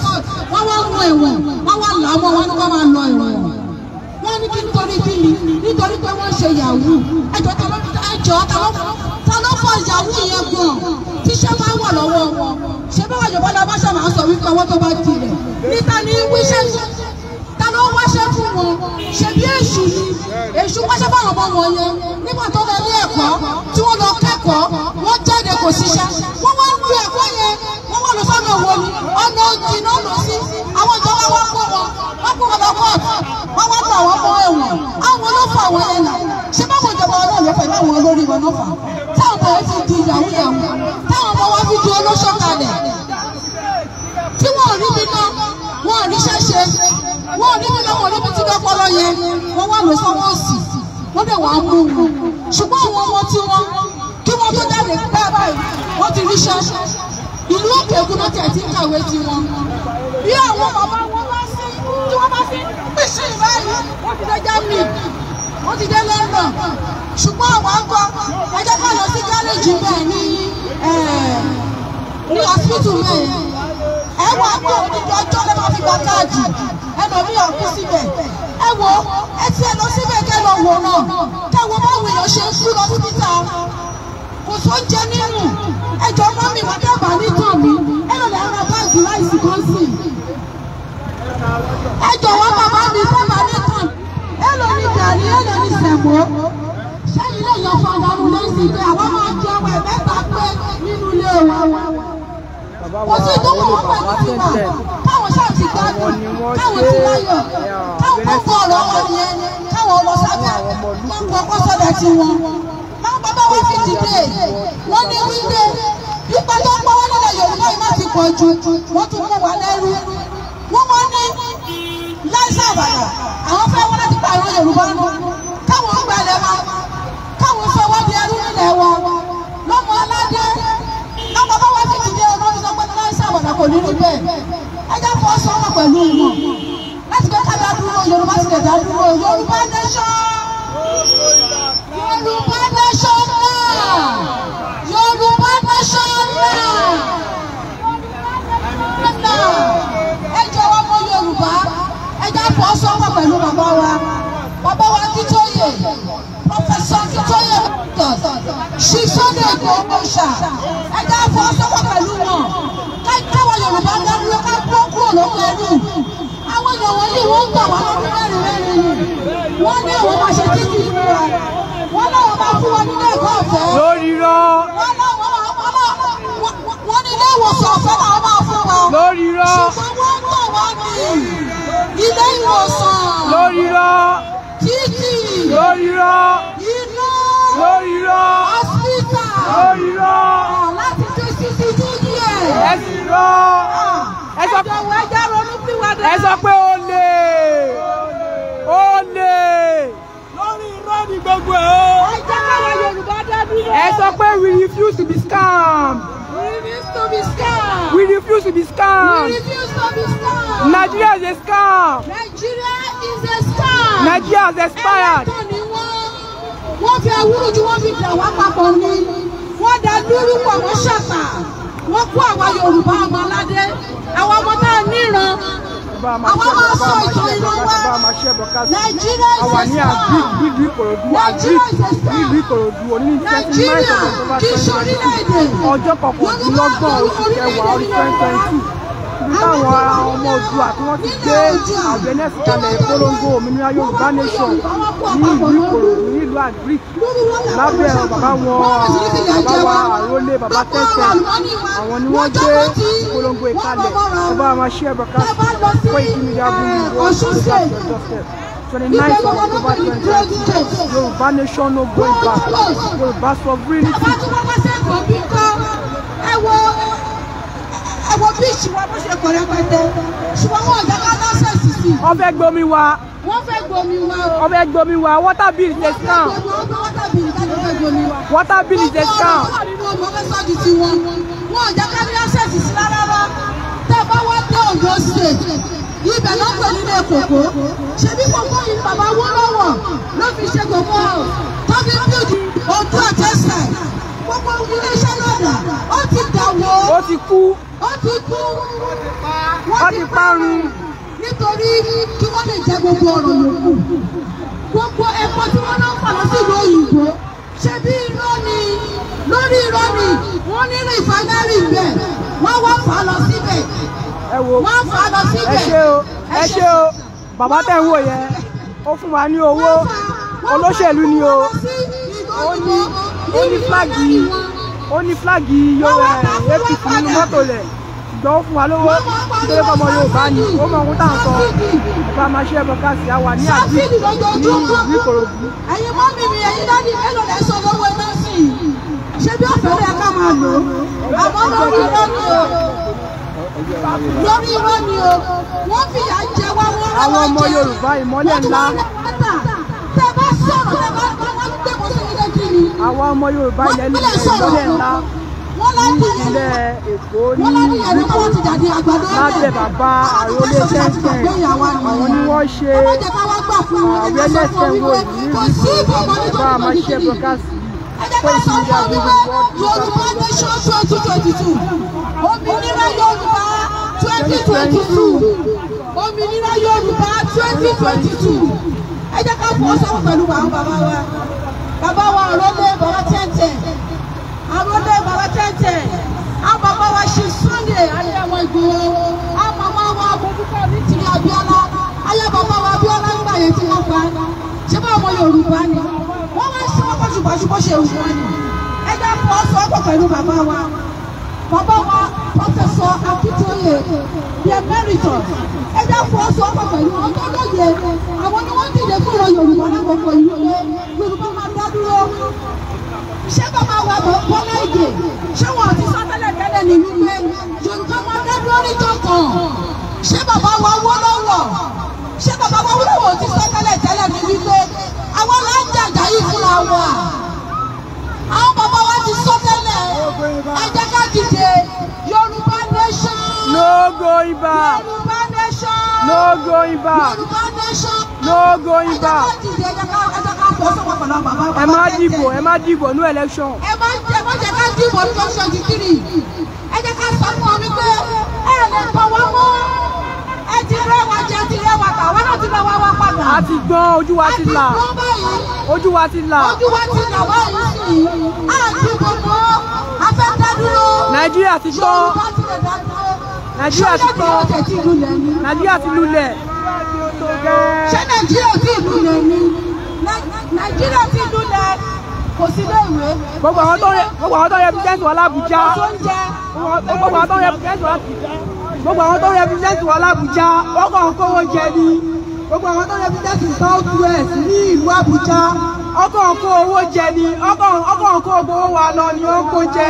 court wọ́n wá mú ẹ̀wọ̀n wọ́n wá là á mọ́ wọn kó máa lọ ẹ̀wọ̀n wọ́n ní kí n torí kí ni nítorí pé wọ́n ṣe yahoo ẹjọ́ ta ló ẹjọ́ ta ló ta ló fọ yahoo yẹn gan tíṣẹ́ máa wà lọ́wọ́ wọn ṣé báwọn yorùbá lọ bá ṣàmà sọ wípé ọwọ́ tó bá tilẹ̀ níta ni wíṣẹ́ ta ló wáṣẹ́ fún wọn ṣe bí èṣù ni èṣù wáṣẹ́ fáwọn ọmọ wọn yẹn nígbà tó lọ ilé ẹ̀kọ́ tí wọ́n lọ kẹ́kọ̀ọ́ wọ́n jáde kò síṣẹ́ wọ́n wá ń gbé ẹ̀kọ́ wo ni ọ̀nà òjì náà lọ sí àwọn ìjọba wá kó wọn wọ́n kó wọn lọ kóòtù wọ́n wá tà wọ́n bọ́ ẹ̀wọ̀n àwọn ló fà wọ́n ẹ̀là ṣé báwọn ìjọba wọn náà ló pẹ̀lú àwọn olórí wọn náà fà táwọn ọmọ wọn fi di ìyàwó ìyàwó táwọn ọmọ wọn fi di olóṣó kalẹ̀ tí wọn ò rí mi náà wọn ò ríṣẹ́ ṣe wọn ò rí mi náà wọn ò rí mi tí lọ́pọ̀lọ́ yẹn wọ́n wà lọ sọ́wọ́ sí wọ́n dẹ̀ wá mú wọn ṣùgbọ́n àwọn ọmọ tí wọ́n kí wọ́n tó jáde pẹ́ẹ́pẹ́ wọ́n ti ríṣẹ́ ìlú òkè ogun ló tẹ̀ tí ń kàwé ti wọn. bí àwọn bàbá wọn bá sí tí wọ́n bá sí pèsè ìbáyìí wọ́n ti dé Germany wọ́n ti dé London ṣùgbọ́n àwọn akọ ẹjẹ́ ká lọ sí gáréjì bẹ́ẹ̀ ní eh, ní hospital bẹ́ẹ̀ ẹ wọ akọ òdìdí ọjọ́ lẹ́ máa fi gba káàdì ẹ lọ rí ọ̀kú síbẹ̀ ẹ wo ẹ ti ẹ lọ síbẹ̀ kẹ́ lọ wò náà kẹ́ wo báwo èèyàn ṣe ń kú lọ sí títà kò tó ń jẹ nínú ẹjọ mọ mi wọn dábàá nítorí mi ẹnu lè ra báàgì láìsí kan sí i ẹjọ wọn bàbá mi dábàá nítorí ẹnu ní gàrí ẹnu ní sẹ̀mó sẹ́yìn lè yan fún ọ̀daràn lẹ́sìn pé àwọn máa ń jẹun ẹ̀ mẹ́ta pé nínú ilé wa kò sí ìdókòwò wọn pẹ̀lú tiwa káwọn ṣáàtì gbádùn káwọn ti láyọ̀ káwọn kọ́kọ́ ọ̀rọ̀ wọn nìyẹn káwọn ọmọ sábẹ́ kọ́kọ́ sọ́dọ̀ tiwọn bàbá wa fi dìde wọ́n ní wípé pípa tó ń pọ́wọ́ nílẹ̀ Yorùbá yìí má ti pọ̀ jù wọ́n tún mú wa lẹ́rú wọ́n wọ́n ní láìsí àbàdà àwọn fẹ́ wọ́n láti pa àwọn Yorùbá mọ́ káwọn gbalẹ̀ wa káwọn fẹ́ wọ́n di ẹrú nílẹ̀ wa lọ́mọ aládé àwọn bàbá wa fi dìde ọmọ tó sọ pé láìsí àbàdà kò ní rí bẹ́ẹ̀ ẹ jẹ́ fọ́ sọ́wọ́ pẹ̀lú ìmọ̀ láti gbé kábíyá dúró Yorùbá ti dẹ̀ dá dúró Yorùbá nation. Yorùbá nation náà Yorùbá nation náà Yorùbá nation náà ẹ jẹ́ wọ́n mọ Yorùbá ẹ jẹ́ àpò ọ̀sọ́wọ́ pẹ̀lú bàbá wa bàbá wa Akíntóyè Prọfẹsọ Akíntóyè Ṣìṣọ́dẹ̀ Ìgbòho ṣà ẹ jẹ́ àpò ọ̀sọ́wọ́ pẹ̀lú wọn káwọn Yorùbá ń dárúkọ ká kó kúrò lóko ẹrú àwọn èèyàn wọlé wọn ń tọ̀ wá lọ́dún mẹ́rin mẹ́rin ni wọ́n ní àwọn máa ṣe títí fún wọn nílé ẹ̀kọ́ lórí rọ. wọ́n ní ilé ìwòsàn ọ̀fẹ́ làwọn máa fún wa. lórí rọ. ṣùgbọ́n wọ́n ń ní ilé ìwòsàn. lórí rọ. títì. lórí rọ. iná. lórí rọ. hospital. lórí rọ. láti ṣe ṣíṣí dídíẹ̀. ẹ sì rọ. ẹ sọ ronú bí wàá dá. ẹ sọ pé ó lè ó lè lórí irọ́ ni gbogbo ẹ̀ o ẹ sọ pé we refuse to be scammed. We refuse to be scammed. We refuse to be scammed. Nigeria is a scam. Nigeria is a scam. Nigeria has expired. Ẹlẹ́tàn ni wọ́n. Wọ́n fi ewúro ju wọ́n fi dà wá papọ̀ ni. Wọ́n da dúró pọ̀ wọ́n ṣàtà. Wọ́n kó àwa Yorùbá ọmọ aládé àwa máa sọ ìtàn ìran wa nàìjíríà is a star nàìjíríà is a star nàìjíríà kì í ṣe orílẹ̀-èdè yorùbá lórúkọ orílẹ̀-èdè yorùbá táwọn ọmọ Oòduà tí wọ́n ti gbé àgbẹ̀nẹ́sì kalẹ̀ ìpolongo òmìnira Yorùbá nation ní ìlú Ìkòròdú ní ìlú àgbírí lábẹ́ bàbá wọn bàbá wa àrólé bàbá tẹ́tẹ́ àwọn ni wọ́n gbé polongo ìkàlẹ̀ bàbá wa máa ṣe ẹ̀bọ̀ká fún ìkíni abu ìwọ̀n ìgbà ìjọ́sẹ̀. 29th of October 2020, Yorùbá nation no going back, Yorùbá sovereignty. Ẹ wo ẹ wo bí ìṣìwọ́ bó ṣe kọ̀ rẹpẹtẹ, ṣùgbọ́n wọn ò jẹ́ ká lọ́sẹ̀ sí sí. Wọ́n gbomi wa wọ́n fẹ́ gbomi wa o. wọ́n gbomi wa water bill is a wọ́n fẹ́ gbomi wa water bill is a wọ́n fẹ́ gbomi wa water bill is a wọ́n jẹ́ ká access sí rárá tẹ́ bá wá dé Ondo state ibẹ̀ ló ń pè nílé kòkó ṣebí kòkó yìí bàbá wó lọ́wọ́ ló fi ṣe kòkó o tó fi build Ondo àtẹ́sẹ̀ gbogbo iléeṣẹ́ lọ́dà ó ti dà wó. ó ti kú. ó ti kú. wọ́n ti parun nítorí kí wọ́n lè jẹ gbogbo ọ̀rọ̀ yòókù gbogbo epo tí wọ́n náà pàrọ̀ sílùú òyìnbó ṣe bí irọ́ ni lórí irọ́ ni wọ́n ní rìfánárì bẹ́ẹ̀ wọ́n wá fà á lọ síbẹ̀ wọ́n fà á lọ síbẹ̀. ẹ ṣé o ẹ ṣé o bàbá tẹ̀ ń wò yẹn ó fún wa ní owó olóṣèlú ni o ó ní ó ní fúláàgì ó ní fúláàgì yóò rẹ̀ APC nínú mọ́tò rẹ̀ jọ fún wa lówó nítorí ọmọ Yorùbá ni ó mọ ohun tá sọ bá máa ṣe àwa ní àbí ní ìlú Ìkòròdú. ẹ̀yin mọ́ mi mi ẹ̀yin dádì mélòó lẹ́ sọ lọ́wọ́ iná sí i ṣé bí ọ̀fẹ́ rẹ̀ ká máa lò ó lórí irọ́ ni o lórí irọ́ ni o wọ́n fìyà jẹ wá wọ́n rọ́ wọ́n jẹ ọmọ Yorùbá ìmọ́lẹ̀ ńlá tẹ bá sọ̀rọ̀ tẹ bá wọ́n gbé kó sí ilé kiri àwọn ọmọ Yorùbá ilẹ̀ ńlá ìpínlẹ̀ Èkó ní ìlúkọ lábẹ́ bàbá àròlé tẹ́ńtẹ́ń àwọn ni wọ́n ṣe àwẹ́lẹ́sẹ̀ wo yìí bá a máa ṣe broadcast òmìnira Yorùbá twenty twenty two òmìnira Yorùbá twenty twenty two ẹ jẹ́ ká fọwọ́sowọ́ pẹ̀lú àwọn bàbá wa bàbá wa àròlé bàbá tẹ́ńtẹ́ń àròlé bàbá tẹ́tẹ́ àbàbà wa ṣe Sunday Adéyẹmọ Ìgbòho àmàmà wa àbójútó mi ti Abíọ́lá ayébàbà wa Abíọ́lá nígbà yẹn tí wọ́n pa ṣé bá ọmọ Yorùbá ni wọ́n wá sí wọ́n kọ́jú bàjú bó ṣe wù wọ́n ni ẹ jẹ́ kó sọ ọ́ pọ̀ pẹ̀lú bàbá wa bàbá wa pọ́fẹ́sọ Akíntóyè the emeritus ẹ jẹ́ kó sọ ọ́ pọ̀ pẹ̀lú ọjọ́ lóye àwọn ni wọ́n dìde kúrò Yorùbá lágbàpọ̀ ìlú Yorùbá máa dá dúró ṣé tó máa wà bọ̀ Bọ́lá Ìgè ṣé wọn ti sọ tẹ́lẹ̀ tẹ́lẹ̀ ní Yorùbá máa dá dúró níjọ́ kan ṣé bàbá wa wó lọ́wọ́ ṣé bàbá wa wó lọ́wọ́ ti sọ tẹ́lẹ̀ tẹ́lẹ̀ ní àwọn là yìí fúnra wa àwọn bàbá wa ti sọ tẹ́lẹ̀ ká dìde Yorùbá nation. no going back. Yorùbá nation. no going Yorùbá nation. no going back. ká bọ́ sọ́wọ́ pẹ̀lú àwọn bàbá wọn. ẹ má dìbò ẹ má dìbò ní election. ẹ má jẹ má jẹ ká dìbò ní oṣù tìtìrì ẹ jẹ ká sọ fún ọ ní pé ẹ lè kọ wọn mọ ẹ ti rẹ wa jẹ ti rẹ wa tà wọn náà ti rẹ wa wa padà. a ti gbọ́n ojú wa ti là ojú wa ti là ojú wa ti là wá yìí a dìbò mọ́ a fẹ́ dá dúró. nàìjíríà ti gbọ́ nàìjíríà ti gbọ́ nàìjíríà ti lulẹ̀. ṣé nàìjíríà ti lulẹ̀ ni nàìjíríà ti dúlẹ̀ kò sí ilé ìwé. gbogbo àwọn tó rẹ gbogbo àwọn tó rẹ bíjẹ́sì wọn lábùjá. gbogbo àwọn tó rẹ bíjẹ́sì wọn lábùjá. gbogbo àwọn tó rẹ bíjẹ́sì wọn lábùjá wọ́n kàn kówó jẹ ni. gbogbo àwọn tó rẹ bíjẹ́sì south west ní ìlú àbújá ọkọ̀ ọkọ̀ owó jẹ ni ọkọ̀ ọkọ̀ owó wa lọ ni ó jẹ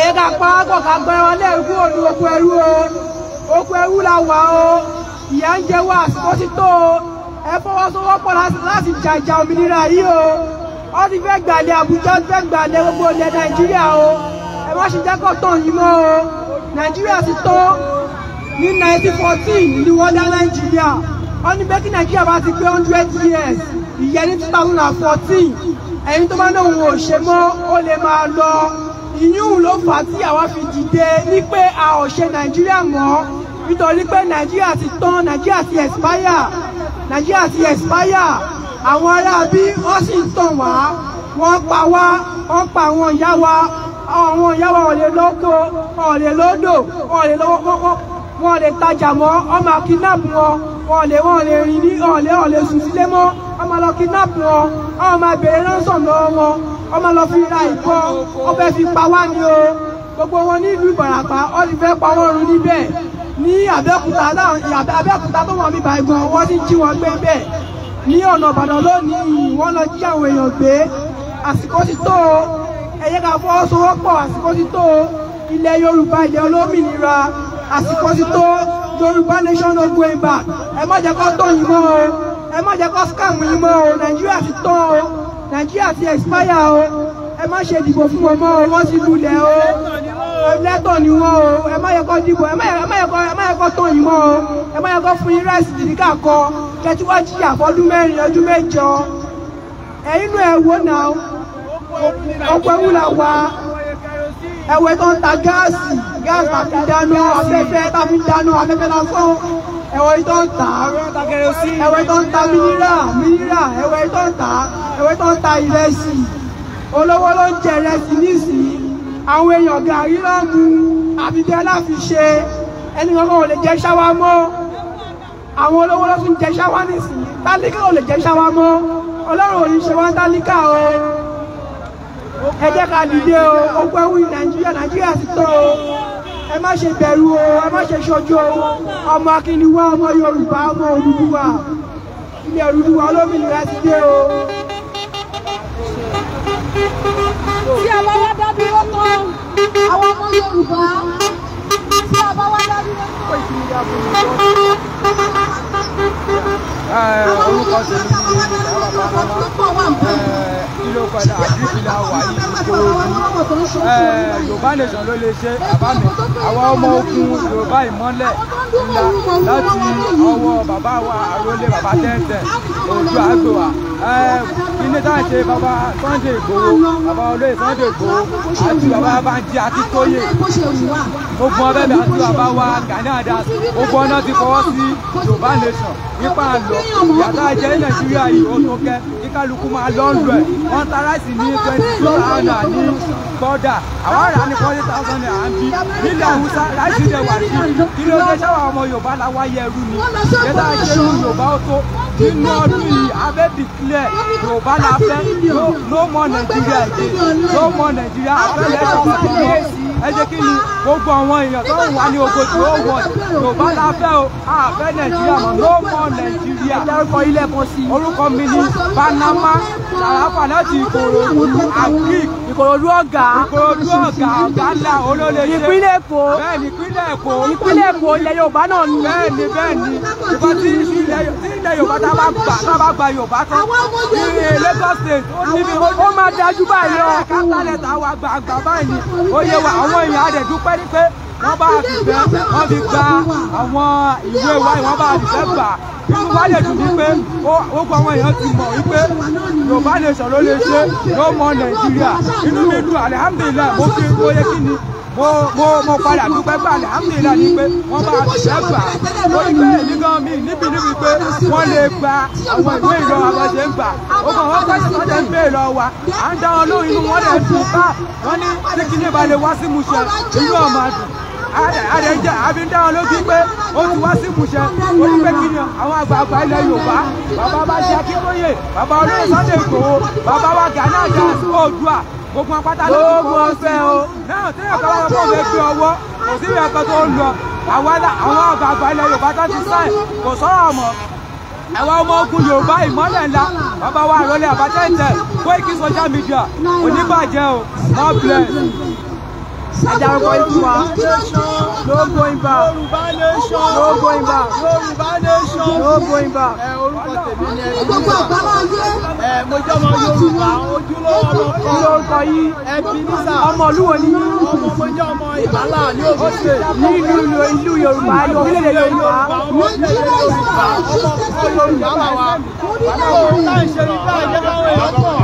ẹ̀yẹ ká pa ákọ̀ ká gbẹ́ wọn lẹ́rú ẹ fọwọ́sowọ́pọ̀ láti jàjà òmìnira yìí o wọ́n ti fẹ́ gbàlẹ̀ Àbújá ti fẹ́ gbàlẹ̀ gbogbo ilẹ̀ Nàìjíríà o ẹ má ṣe jẹ́ kó tàn yín mọ́ o Nàìjíríà ti tó ní 1914 ni wọ́n dá Nàìjíríà wọ́n ní bẹ́ẹ̀ kí Nàìjíríà bá ti pé 100 years ìyẹn ní 2014 ẹ̀yin tó bá náà wò ṣe mọ́ ó lè máa lọ ìyún ló fà á tí àwa fi dìde ní pé a ò ṣe Nàìjíríà mọ́ nítorí pé Nàìjíríà ti tán Nàìjíríà ti expire nàìjíríà ti expire àwọn aráabí wọ́n sì ń tàn wá wọ́n pa wá wọ́n pa àwọn ìyá wa àwọn ìyá wa ọ̀lẹ́ lóko ọ̀lẹ́ lódò ọ̀lẹ́ lọ́wọ́ wọn lè tajà mọ́ wọ́n máa kidnap wọn wọn lè wọn lè rìn ní ọ̀lẹ́ ọ̀lẹ́ sùn sílé mọ́ wọ́n lọ kidnap wọn wọ́n máa béèrè lọ́wọ́ wọn wọ́n lọ fi ra ìbọn wọ́n fẹ́ fi pa wá ni o gbogbo wọn ní ìlú Ìbàràpá wọ́n ti fẹ́ pa wọ́n run níbẹ̀ ní Abẹ́òkúta Abẹ́òkúta tó wọ́n mi báyìí gan wọ́n ti jí wọn gbé bẹ́ẹ̀ ní ọ̀nà Ìbàdàn lónìí wọ́n lọ jí àwọn èèyàn gbé àsìkò ti tó o ẹ jẹ́ ká fọwọ́sowọ́pọ̀ àsìkò ti tó o ilẹ̀ Yorùbá ilẹ̀ olómìnira àsìkò ti tó Yorùbá nation no going back ẹ má jẹ́ kó tó yín mọ́ o ẹ má jẹ́ kó scam yín mọ́ o Nàìjíríà ti tán o Nàìjíríà ti expire o ẹ má ṣe dìbò fún wọn mọ́ o wọ́n ti lulẹ̀ o lẹ́tọ̀ ni wọ́n o ẹ má yẹ kó dìbò ẹ má yẹ kó tán yìí mọ́ o ẹ má yẹ kó fún yín rẹ́sì dìríkà kọ kẹtí wọ́n jìyà fọdún mẹ́rin ọdún mẹ́jọ ẹ̀yin ló ẹ̀ wò náà ọ̀pọ̀ ewu là wá ẹ̀wẹ̀ tó ń ta gáàsì gáàsì tá fi dáná afẹ́fẹ́ tá fi dáná afẹ́fẹ́ lásán ẹ̀wẹ̀ tó ń ta ẹ̀wẹ̀ tó ń ta mínírà mínírà ẹ̀wẹ̀ tó ń ta ẹ̀wẹ̀ tó ń ta ìrẹsì olówó ló ń jẹ ìrẹsì nísìnyí àwọn èèyàn gàrí náà mu àbíbẹ́ láfi ṣe ẹni kankan ò lè jẹ ṣáwá mọ́ àwọn olówó ló tún jẹ ṣáwá nísìnyí tálíkà ò lè jẹ ṣáwá mọ́ ọlọ́run ò ní ṣe wá tálíkà o ẹ jẹ́ ká dìde o ogun ẹ̀wù nàìjíríà nàìjíríà ti tó o ẹ má ṣe bẹ̀rù o ẹ má ṣe ṣojú o ọmọ akínníwá ọmọ yorùbá ọmọ Odùduwà ilẹ̀ Odùduwà olómìnira ti dé o tí a bá wá dá dúró tán àwọn ọmọ Yorùbá tí a bá wá dá dúró tán kò sí ìyàbọ̀ àwọn ọmọ Yorùbá tí a bá wá dá dúró tán kò sí ìyàbọ̀ wà ń bẹ̀rẹ̀ ló padà àdúgbìlà wà yìí gbòòrò yorùbá nation ló lè ṣe àbámi àwọn ọmọ ogun yorùbá ìmọ́lẹ̀ ńlá láti ọwọ́ bàbá wa àrólé bàbá tẹ́ńtẹ́ ojú àgbò wa kíní tá à ń ṣe bàbá Sunday Igboho bàbá olóyè Sunday Igboho àti bàbá Banji àti Tóyè ogun ọbẹ̀ mi àti bàbá wa Gani Adams ogun ọ̀nà ti fọwọ́ sí Yorùbá nation nípa àlọ́ yàtọ̀ àjẹ́ ní Nàìjíríà yìí ó tó kẹ́ kíkálukú máa lọ́ọ̀lù ẹ̀ wọ́n ta láìsí ní twenty two thousand ní bọ́dà àwọn ará ní forty thousand ní àǹbí nílẹ̀ Haúsá láìsí ní ẹ̀wà sí kí ló dé sáwọn ọmọ Yorùbá láwáyé ẹrú ni yẹ́tà àjẹ́ ní Yorùbá ó tó nínú ọdún yìí abẹ́ declare yorùbá la fẹ́ no more nàìjíríà again no more nàìjíríà abẹ́ lẹ́sọ̀ kọ́tùnú ẹ jẹ́ kí ni gbogbo àwọn èèyàn tó ń wà ní ogójì ó wọ̀ yorùbá la fẹ́ o àfẹ́ nàìjíríà mọ̀ no more nàìjíríà dárúkọ ilé ẹ̀kọ́ sí orúkọ mi ni panama sàràfà láti ìkòròdú agric ìkòròdú ọ̀gá ìkòròdú ọ̀gá ọ̀gá ńlá olóòlè ṣe ìpínlẹ̀ èkó bẹ́ẹ̀ ni ìpínlẹ̀ èkó ìpínlẹ̀ èkó ilẹ̀ yorùbá náà ni bẹ́ẹ̀ ni bẹ́ẹ̀ ni ìfọ̀ tí ilẹ̀ yorùbá tá bá gbà tá bá gba yorùbá kan ní lagos state ó máa dájú báyìí ọ̀ kátàlẹ̀ tá wà gbà báyìí ó yẹ wà àwọn èèyàn adẹ̀dúpẹ́ ní pé wọ́n bá àtìfẹ́ wọ́n fi gba àwọn ìwé wa wọ́n bá àtìfẹ́ gbà inú wa lè dùn wípé ó kọ àwọn èèyàn ti mọ̀ wípé Yorùbá nation ló lè ṣe ló mọ Nàìjíríà inú mi dùn alihamudulilayi mo fi mo yẹ kí ni mo mo padà dúpẹ́ pé alihamudulilayi ni pé wọ́n bá àtìfẹ́ gbà ó ní pé èmi gan mi níbi níbi pé wọ́n lè gba àwọn ìwé ìlọ àwọn ṣe ń gbà ó kàn wọ́n pẹ́ sí ń bèèrè lọ wa à ń dá wọn lóhùn inú wọn lè dùn bá wọn ní tí kìnìún balẹ̀ wá sí mu ṣe inú ọ̀ àdẹ̀jẹ́ àbí ń dá wọn lójú pé ó ti wá sí ìmúṣẹ ó ní pé kí ni àwọn àgbààgbà ilẹ̀ yorùbá bàbá bá ṣe akíkóyè bàbá olóyè Sunday Igboho bàbá wa Gani Adams Oòduà gbogbo wọn pátá ló ń bọ́ ọ̀fẹ́ o náà tí ẹ̀ka wọn kọ́ fẹ́ fi ọwọ́ kò sí ẹ̀kọ́ tó ń lọ àwọn àgbààgbà ilẹ̀ yorùbá tó ti sáì kò sọ̀rọ̀ mọ́ àwọn ọmọ ogun yorùbá ìmọ́lẹ̀ ńlá bàbá wa àròlé àbátẹ́ǹtẹ̀ Koiki social media oníbàjẹ́ o God bless ẹ dárúkọ ikú wa no going back no going back no going back. ẹ orúkọ tèmi ni ẹbí mi ẹ mo jẹ́ ọmọ Yorùbá ojúlówó ọlọ́kọ yìí ẹbí mi sà ọmọ olúwo ni ọmọ mo jẹ́ ọmọ Ìbàlá ní òkúté ní ìlú ìlú Yorùbá orílẹ̀-èdè Yorùbá orílẹ̀-èdè Yorùbá ọmọ Yorùbá làwà. báwo táà ń ṣe ní báyìí jẹ́ káwọn èèyàn pọ̀.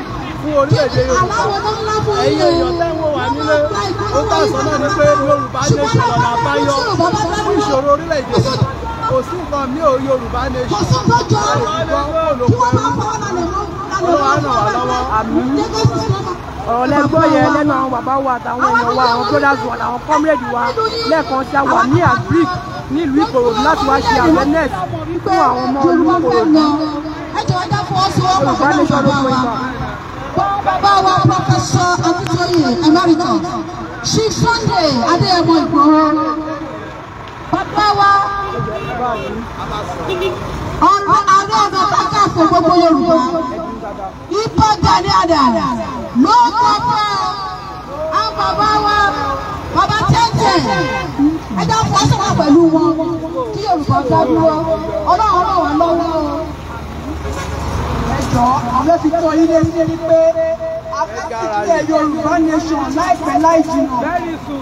fún orílẹ̀-èdè Yorùbá ẹ̀yin èèyàn tẹ́wọ́ wà nílé ó tàṣán náà ni pé Yorùbá nation lọ́nà àbáyọ fún ìṣòro orílẹ̀-èdè kò sí nǹkan mí ò Yorùbá nation àìgbọ́n olùkọ́ ẹ̀rú ó wà nà wà lọ́wọ́ ọ̀rọ̀ lẹ́gbọ́ yẹn lẹ́nu àwọn bàbá wa àtàwọn èèyàn wa àwọn brothers wa àtàwọn comrade wa lẹ́ẹ̀kan ṣá wà ní àbírík nílùú Ìkòròdú láti wá ṣe awareness fún àwọn ọmọ olùkòròdú Yorùbá nation ló pé báwa pọfẹsọ akitoye emeritus chief sunday adéyẹmọ ìgbòho báwa ọba adé ọba kájà fún gbogbo yorùbá Ipa gani àdàlà ló kọ fún ọ bàbá wa bàbá tẹ́tẹ́ ẹjọ́ fún ọsàn pẹ̀lú wọn kí yorùbá dá dúró ọlọ́run náà wà lọ́wọ́ o lánàá àmọ́ fi tó ilé ilé ní pé afẹ́sílẹ̀ Yorùbá nation láìpẹ́ láì jìnnà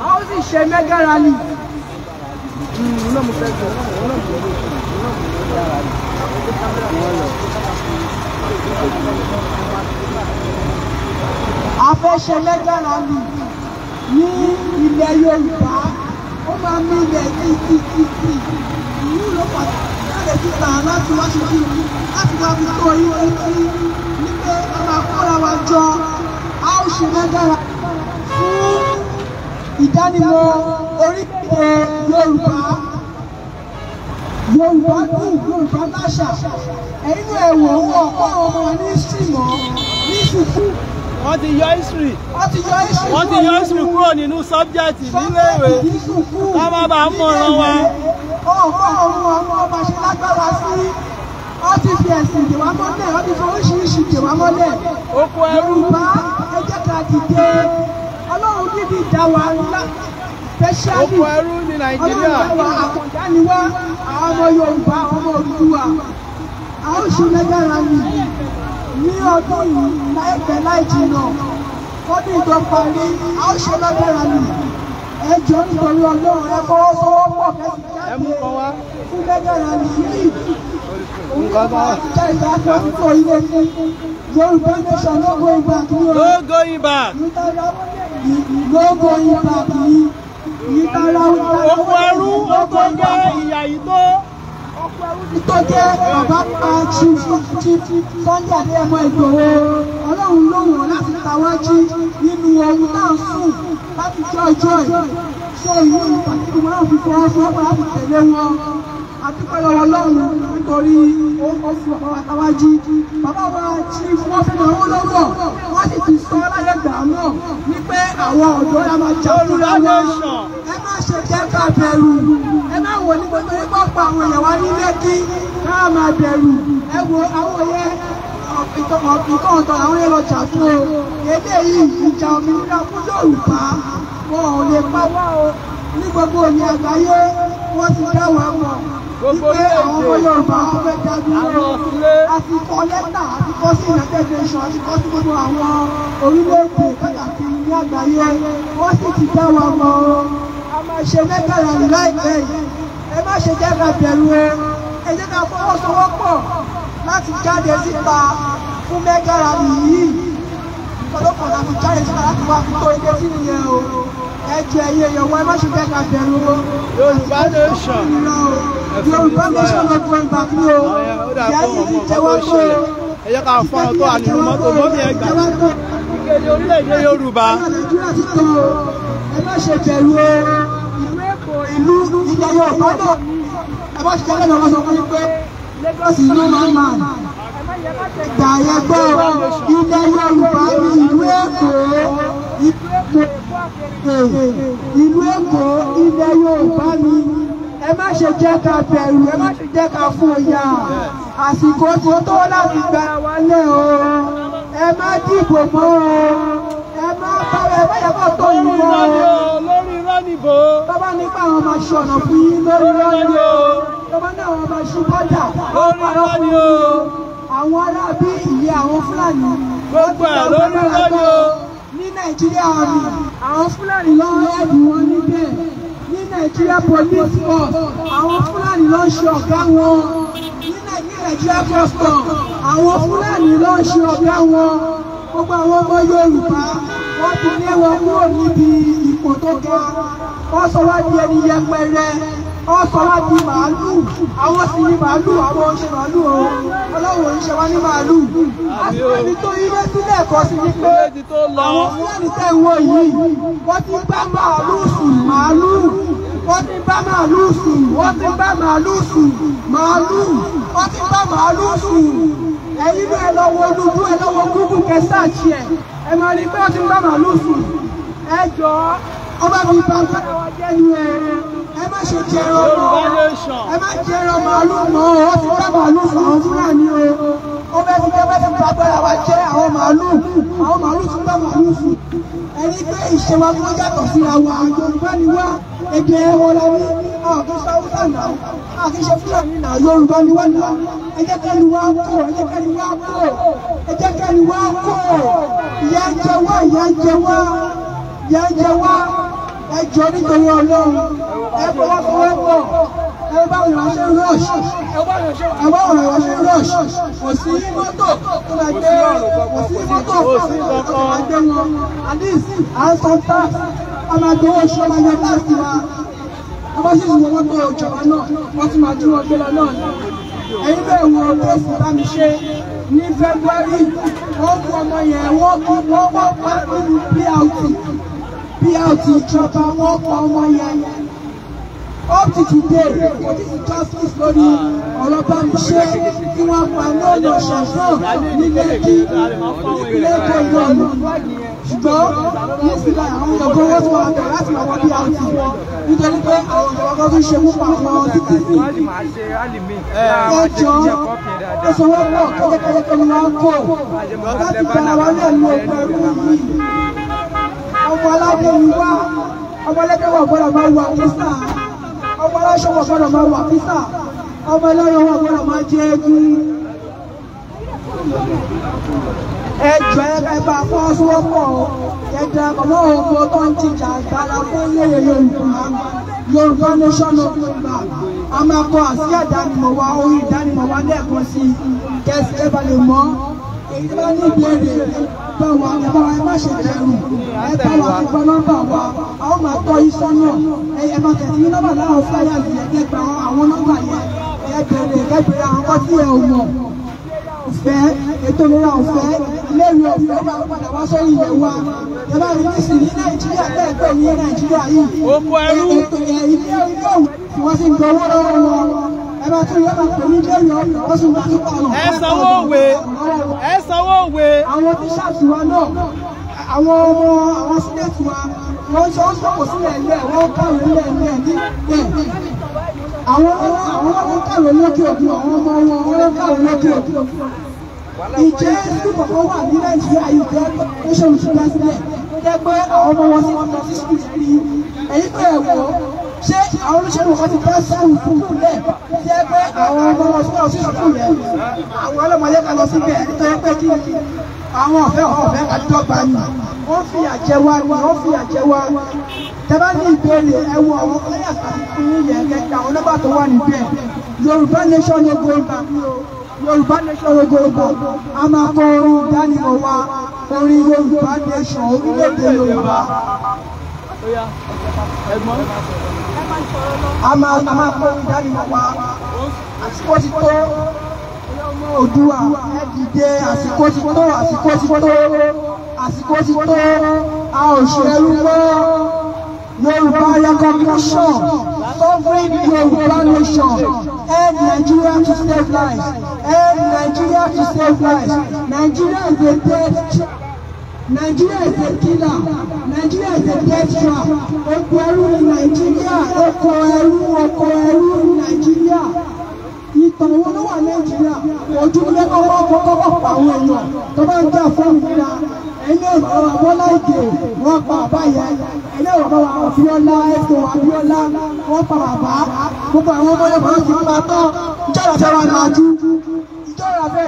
a ó sì ṣe mega rally. a fẹ́ ṣe mega rally ní ilẹ̀ Yorùbá ó máa mú ilẹ̀ títí títí ìlú ló pàtàkì jáde síta láti wáṣíkì láti wá fi tó yín létí ní pé ẹ máa kóra wa jọ a ó ṣe mẹ́gàrà fún ìdánimọ̀ orílẹ̀ Yorùbá Yorùbá dùn Yorùbá láṣà ẹ̀yìn ẹ̀wọ̀ owó ọ̀pọ̀ ọmọ ní sìmọ́ ní sùkú wọ́n ti yọ history wọ́n ti yọ history kúrò nínú subject níléèwé ká má bàa mọ̀ràn wa ohun ohun ọmọ ọba ṣe lágbára sí ó ti fi ẹ̀sìn dè mọ́lẹ̀ ó ti fi oríṣiríṣi dè mọ́lẹ̀ Yorùbá ẹ ká dìde Ọlọ́run níbi ìjà wa fẹ́ṣíálì Ọlọ́run ìjọba àkàndá ni wá àwọn ọmọ Yorùbá ọmọ Odùduwà àwọn oṣù mẹ́gbẹ̀rún mi ní ọdún yìí láìpẹ́ láì jìnnà ó ní ìjọba àwọn oṣù mẹ́gbẹ̀rún mi ẹ nítorí ọlọ́run ẹ fọwọ́sowọ́pọ̀ kẹ́sì jáde fún lẹ́gàrà Yorùbá nation no going back ní o no going back no going back ní ìtara òkú ẹrú ọgbọgbẹ ìyà yìí tó tó jẹ́ bàbá pa chief Sunday Adéyẹmọ Ìgbòho ọlọ́run ló wọ̀ láti tàwa jí nínú ohun náà sùn láti jọ ìjọ ẹ̀ ṣe ìlú ìpàdé wọn náà fi fọwọ́ fọwọ́ láti tẹ̀lé wọn àdúpẹ́ lọ́wọ́ ọlọ́run nítorí ó fi ọ̀pọ̀ àtàwa jí bàbá wa chief wọ́n fi náà wọ́n lọ́wọ́ wọ́n sì ti sọ láyé gbàmọ́ ní pé àwọn ọ̀dọ́ la máa jà fúnra wọn ẹ má ṣe jẹ́ ká bẹ̀rù ẹ má wò ní gbogbo pa àwọn èèyàn wa ní lẹ́kí ká máa bẹ̀rù ẹ àwọn yẹn ìtọ́ ọ̀tọ̀ àwọn yẹn lọ jà fún o èdè yìí ìjà òmìnira fún Yorùbá wọn ò lè pa wá o ní gbogbo òní àgbáyé wọ́n ti dá wà mọ̀ wípé àwọn ọmọ Yorùbá wọn fẹ́ dá dúró a ti kọ lẹ́tà a ti kọ sí United Nations a ti kọ sí gbogbo àwọn orílẹ̀ káàkiri ní àgbáyé wọ́n sì ti dá wà mọ̀ o a máa ṣe mẹ́tàlá láìpẹ́ yìí ẹ má ṣe jẹ́ ká bẹ̀rù o ẹ jẹ́ ká fọwọ́sowọ́pọ̀ láti jáde síta fún mẹ́gà rally yìí ọlọ́pàá láti jáde síta láti wá fún tó ilé sí nìyẹn o ẹ jẹ́ ẹyẹ ẹyẹ wọn ẹ má ṣe jẹ́ ká bẹ̀rù o Yorùbá nation Yorùbá nation ló gbọ́n gbà mí o ìyá yìí ti jẹ́wọ́ pé o ẹ jẹ́ ká fọ́ ọ tó àníwọ̀n mọ́tò ẹ gbà ìkéde orílẹ̀-èdè Yorùbá. ẹ má ṣe bẹ̀rù o ìlú ìjẹyọ ọ̀tọ̀ ẹ bá ṣiṣẹ́ lẹ́nu ọlọ́sọ fún mi pé lẹ́gọ́sì ní máa ma dàyẹ̀gbọ́ ilẹ̀ Yorùbá ní ìlú Èkó ìlú Èkó ilẹ̀ Yorùbá ní ẹ má ṣe jẹ́ ká bẹ̀rù ẹ má ṣe jẹ́ ká fòyà àsìkò tó tó láti gbà wálé o ẹ má dìbò mọ́ o ẹ má bá ẹ má yẹ kó tó ìwọ o níbo. bàbá ní káwọn ọmọ aṣọ ọ̀nà fún yín lórí lọ́nà o bàbá ní àwọn ọmọ aṣọ bọ́dà lórí lọ́nà o àwọn arábí ìyá àwọn fúlàní. gbogbo ẹ̀ lórí lọ́nà o. ní nàìjíríà ọ̀nì àwọn fúlàní ló ń rẹ́ẹ̀dì wọn níbẹ̀ ní nàìjíríà police force àwọn fúlàní ló ń ṣe ọ̀gá wọn ní nàìjíríà custom àwọn fúlàní ló ń ṣe ọ̀gá wọn gbogbo àwọn ọmọ yorùbá wọn ti lé ipò tó ga wọ́n sọ wá di ẹni yẹpẹrẹ wọ́n sọ wá di màálù àwọn sì ni màálù àwọn ò màálù o ọlọ́wọ́ ń wá ní màálù àti tó ilé sílẹ̀ kọ́ sí ni pé àwọn fúlàní tẹ̀ wọ yìí wọ́n ti gbá màálù sùn màálù wọ́n ti bá màálù sùn wọ́n ti bá màálù sùn màálù wọ́n ti bá màálù sùn ẹ̀yin náà ẹ lọ wo dúdú ẹ lọ wo gúgú ẹ̀ máa rí pé wọ́n ti bá màálù sùn ẹ jọ ó bá fi bá ẹnu ẹ ẹ má ṣe jẹrọ mọ́ ẹ má jẹrọ màálùú mọ́ ó ti bá màálùú fún àwọn fúlàní o ó bẹ fi bẹ́ẹ̀ fi gbàgbọ́ra wa jẹ́ àwọn màálùú àwọn màálùú ti bá màálùú fún ẹni pé ìṣe wa tó yàtọ̀ síra wa Yorùbá ni wá èdè ẹ̀wọ̀n la ní àkókò sáwùsà náà àkíṣe fúlàní náà Yorùbá ni wá náà ẹ jẹ́ kẹ́ni wá kó ẹ jẹ́ kẹ́ni wá kó ẹ jẹ́ kẹ́ni wá kó ìyà jẹ wá ìyà jẹ wá yẹ ń jẹ wá ẹ nítorí Ọlọ́run ẹ fọwọ́fọwọ́pọ̀ ẹ bá wọn ṣe rush ẹ bá wọn ṣe rush kò sí mọ́tò tó máa gbé kò sí mọ́tò tó máa gbé wọn at least tax a máa gbowó ṣe máa yẹ tax wa ọmọ sì ń wọ mọ́tò ìjọba náà wọ́n tún máa dúró gbé lọ náà ẹ̀yin bẹ́ẹ̀ wọ kóòsì bá mi ṣe ní February wọ́n kú ọmọ yẹn wọ́n kú wọ́n pa nínú prt blt ìjọba wọn pa ọmọ yẹn up to today kò ní justice lórí ọ̀rọ̀ bá mi ṣe kí wọ́n pa lọ́nà ṣọ̀ṣọ́ nílé kí ilé kò yọ̀nù ṣùgbọ́n nísìnyí àwọn ìyọ̀gbọ́n wọ́n ti wà bẹ̀rẹ̀ láti máa wọ blt nítorí pé àwọn ìjọba kan tún ṣe púpọ̀ àwọn títí sí ẹjọ́ ìṣòwò pọ̀ kẹ́lẹ́kẹ́lẹ́ ni wọ́n kó láti gba àwọn ilé ìlú ẹgbẹ́ ẹgbẹ́ yìí ọmọ aládé yìí wá ọmọ ẹlẹ́dẹ̀ wọ̀ gbọ́dọ̀ máa wà písà ọmọ aláṣọ wọ̀ gbọ́dọ̀ máa wà písà ọmọ ẹlẹ́yọ̀ wọ̀ gbọ́dọ̀ máa jẹ ẹjú. ẹ jọ ẹ bá ẹ bá fọwọ́sowọ́pọ̀ ẹ̀dá ọmọ òògùn tó ń jìjà gbára fún ilé Yorùbá Yorùbá nation of Yorùbá a máa kọ àsíá ìdánimọ̀ wa orí ìdánimọ̀ wa lẹ́ẹ̀kan sí i kẹ́sì ẹ bá lè èyí bá ní ìbéèrè bá wa ẹ bá wa ẹ má wa a ó máa tọ́ yín sọ́nà ẹ máa tẹ̀sí nọ́mbà láwọn fúláyà yẹn kẹ́ gba àwọn nọ́mbà yẹn ẹ bẹ̀rẹ̀ ẹ àwọn kan tí ẹ ò mọ̀ ọ̀fẹ́ ètò ìlera ọ̀fẹ́ iléèwé ọ̀fẹ́ máa padà wá sórí ilé wa ẹ bá ní sìn ní nàìjíríà bẹ́ẹ̀ ní nàìjíríà yìí ètò ìlera ọ̀fẹ́ tí wọ́n ti ń gbowó lọ́wọ́ wọn ẹ sanwó òwe ẹ sanwó òwe. àwọn bíṣàpù wa náà àwọn ọmọ àwọn sínéètì wa wọ́n ṣe ó sọ̀kò sílẹ̀ ilẹ̀ wọ́n kàwé ilẹ̀ ní ìpè àwọn àwọn ọmọ kàwé lókè òkun àwọn ọmọ wọn wọ́n kàwé lókè òkun ìjẹ́ sukùl kọ̀ọ̀kan wà ní nàìjíríà yìí jẹ́ nation university sílẹ̀ jẹ́ pé ọmọ wọn sì ti lọ sí sukùl yìí ẹ̀yìn pé ṣé àwọn olóṣèlú kan ti bá sáwù fúnfún lẹ̀ tí ẹ pé àwọn ọmọ wọn fún ọ̀sùn ìṣòkùn yẹn àwọn ọlọ́mọdé kan lọ síbẹ̀ ẹni tó yẹ pé kí ni àwọn ọ̀fẹ́ ọ̀fẹ́ ká dọ́gba ni wọ́n fi àjẹ wa ni wọ́n fi àjẹ wa tẹ́bá ní ìbéèrè ẹ wọ àwọn ọlọ́yà àti yẹn kẹta àwọn ọlọ́gbà tó wà níbẹ̀ Yorùbá nation ló a máa kọ orin ìdánimọ̀ wa orin Yorùbá nation orílẹ̀-èdè Yorùbá ẹ̀gbọ́n. a máa a máa kọ́ ìdánimọ̀ wa àsìkò ti tó Oòduà ẹ dìde àsìkò ti tó àsìkò ti tó àsìkò ti tó a ò ṣẹlú mọ́ Yorùbá recognition sovereign Yorùbá nation help Nigeria to save lives help Nigeria to save lives Nigeria is a dead. Nigeria is a killer. Nigeria is a death trap. Oko ẹrú ni Nigeria. Oko ẹrú oko ẹrú ni Nigeria. Ìtàn wo ló wà Nigeria? Ojúlé kọ́kọ́ kọ́kọ́ pa àwọn èèyàn tó bá ń jà fún ìlera. Ẹni ọ̀rọ̀ Abọ́lá Ìgè wọ́n pa bàbá yẹn. Ẹni ọ̀rọ̀ bàbá Abíọ́lá Ẹ̀tọ́ Abíọ́lá wọ́n pa bàbá. Gbogbo àwọn ọmọ Yorùbá ti pa tán. Ìjọba fẹ́ wá Ìjọba fẹ́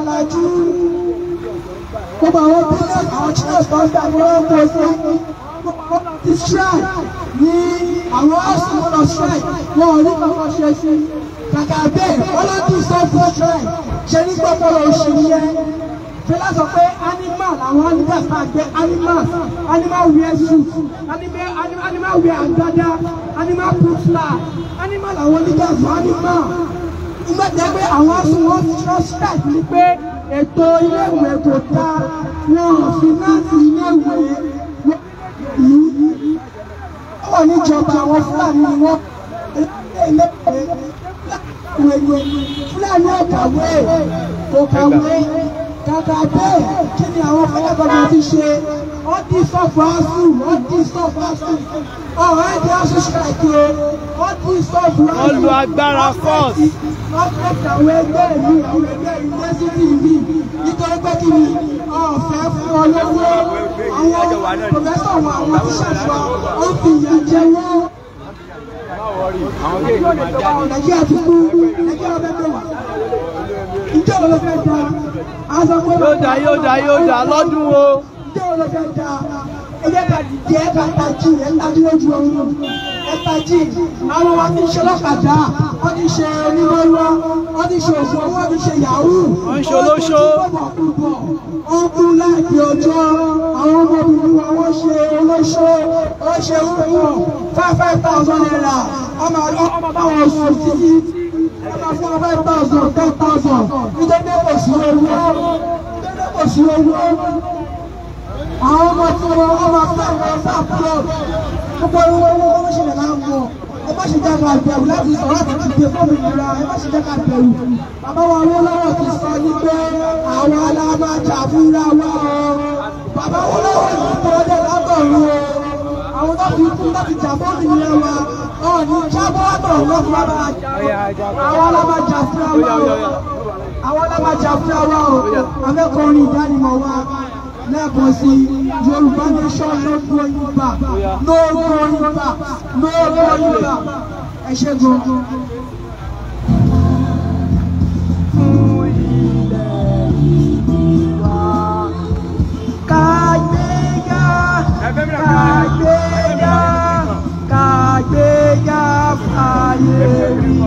gbogbo àwọn business àwọn church tó ń bẹ àwọn ọmọ ọsùn ti shrine ní àwọn ọsùn wọn lọ shrine wọn ò ní kankan ṣe sí kàkà bẹ́ẹ̀ wọn lọ tún sọ fún shrine ṣe ní gbọpọlọ oṣù yẹn fẹlẹ sọ pé animal àwọn animal tá a gbẹ animal animal wear suit animal animal wear agbada animal put flag animal àwọn onígbàgbọ́ animal nígbà tí a gbé àwọn ọsùn wọn ti shrine ni pé ètò iléèwé kò ta wọn ò fi láti iléèwé yìí ó níjọba àwọn fúlàní ni wọn iléèwé wẹ̀wẹ̀ fúlàní ọ̀kàwé kò kàwé kàkà bẹ́ẹ̀ kí ni àwọn fẹ́lẹ́ bàbá ti ṣe wọ́n ti sọ fún asù wọ́n ti sọ fún asù ọ̀rọ̀ ẹ̀jẹ̀ asù ṣàkí o wọ́n ti sọ fún asù. wọ́n lu agbára fọ́ọ̀s. wọ́n fẹ́ tàwọn ẹgbẹ́ mi àwọn ẹgbẹ́ yunifásitì mi nítorí pé kí ni ọ̀fẹ́ fún ọ lọ́wọ́ àwọn pòfẹ́sọ̀ wọn àwọn tíṣàṣì wa ó fi ìyà jẹ wọ́n. nàìjíríà ti kú nàìjíríà bẹ́ẹ̀ bẹ́ẹ̀ wà ìjọba ló fẹ́ da. yóò dá yóò dá yóò dá lọ́dún o dé ọ̀rọ̀ fẹ́ da ẹgbẹ́ bá dìde ẹ bá tají ẹ ń tají lójú ọ̀run ẹ tají àwọn wa ti ń ṣe ọlọ́kadà wọ́n ti ṣe onímọ̀lọ́ wọ́n ti ṣe òfò wọ́n ti ṣe yahoo wọ́n ṣe olóṣó wọ́n kú láti ọjọ́ àwọn ọmọbìnrin wa wọ́n ṣe olóṣó wọ́n ṣe wúwo five five thousand naira ọmọ ọmọ báwọn sùn títí ọmọ fún five thousand ten thousand nítorí kò sí owó nítorí kò sí owó àwọn ọmọ tí wọn ọmọ akẹ́kọ̀ọ́ wọn sá fúlọ̀ gbogbo ẹrú wọn wọn ṣe lè máa ń wọ ẹ má ṣe jẹ́ ká bẹ̀rù láti sọ láti dìde fóònù ìlera ẹ má ṣe jẹ́ ká bẹ̀rù bàbá wa wọ́n lọ́wọ́ ti sọ ní pé àwọn alábàjá fúnra wa ọ bàbá wọ́n lọ́wọ́ ti sọ ọdẹ lábọ̀rù o àwọn tó fi kú láti jà fóònù ìlera wa ọ ní jábọ́ lábọ̀rù wọn fún bàbá àwọn alábàjá fúnra wa o àwọn alábàjá fúnra wa o àmẹ́kọ̀ọ́rin ìdánimọ̀ wa lẹ́ẹ̀kan sí Yorùbá nation no going back no going back no going back ẹ ṣe gan. Kàgbéga, kàgbéga, kàgbéga fàyè rí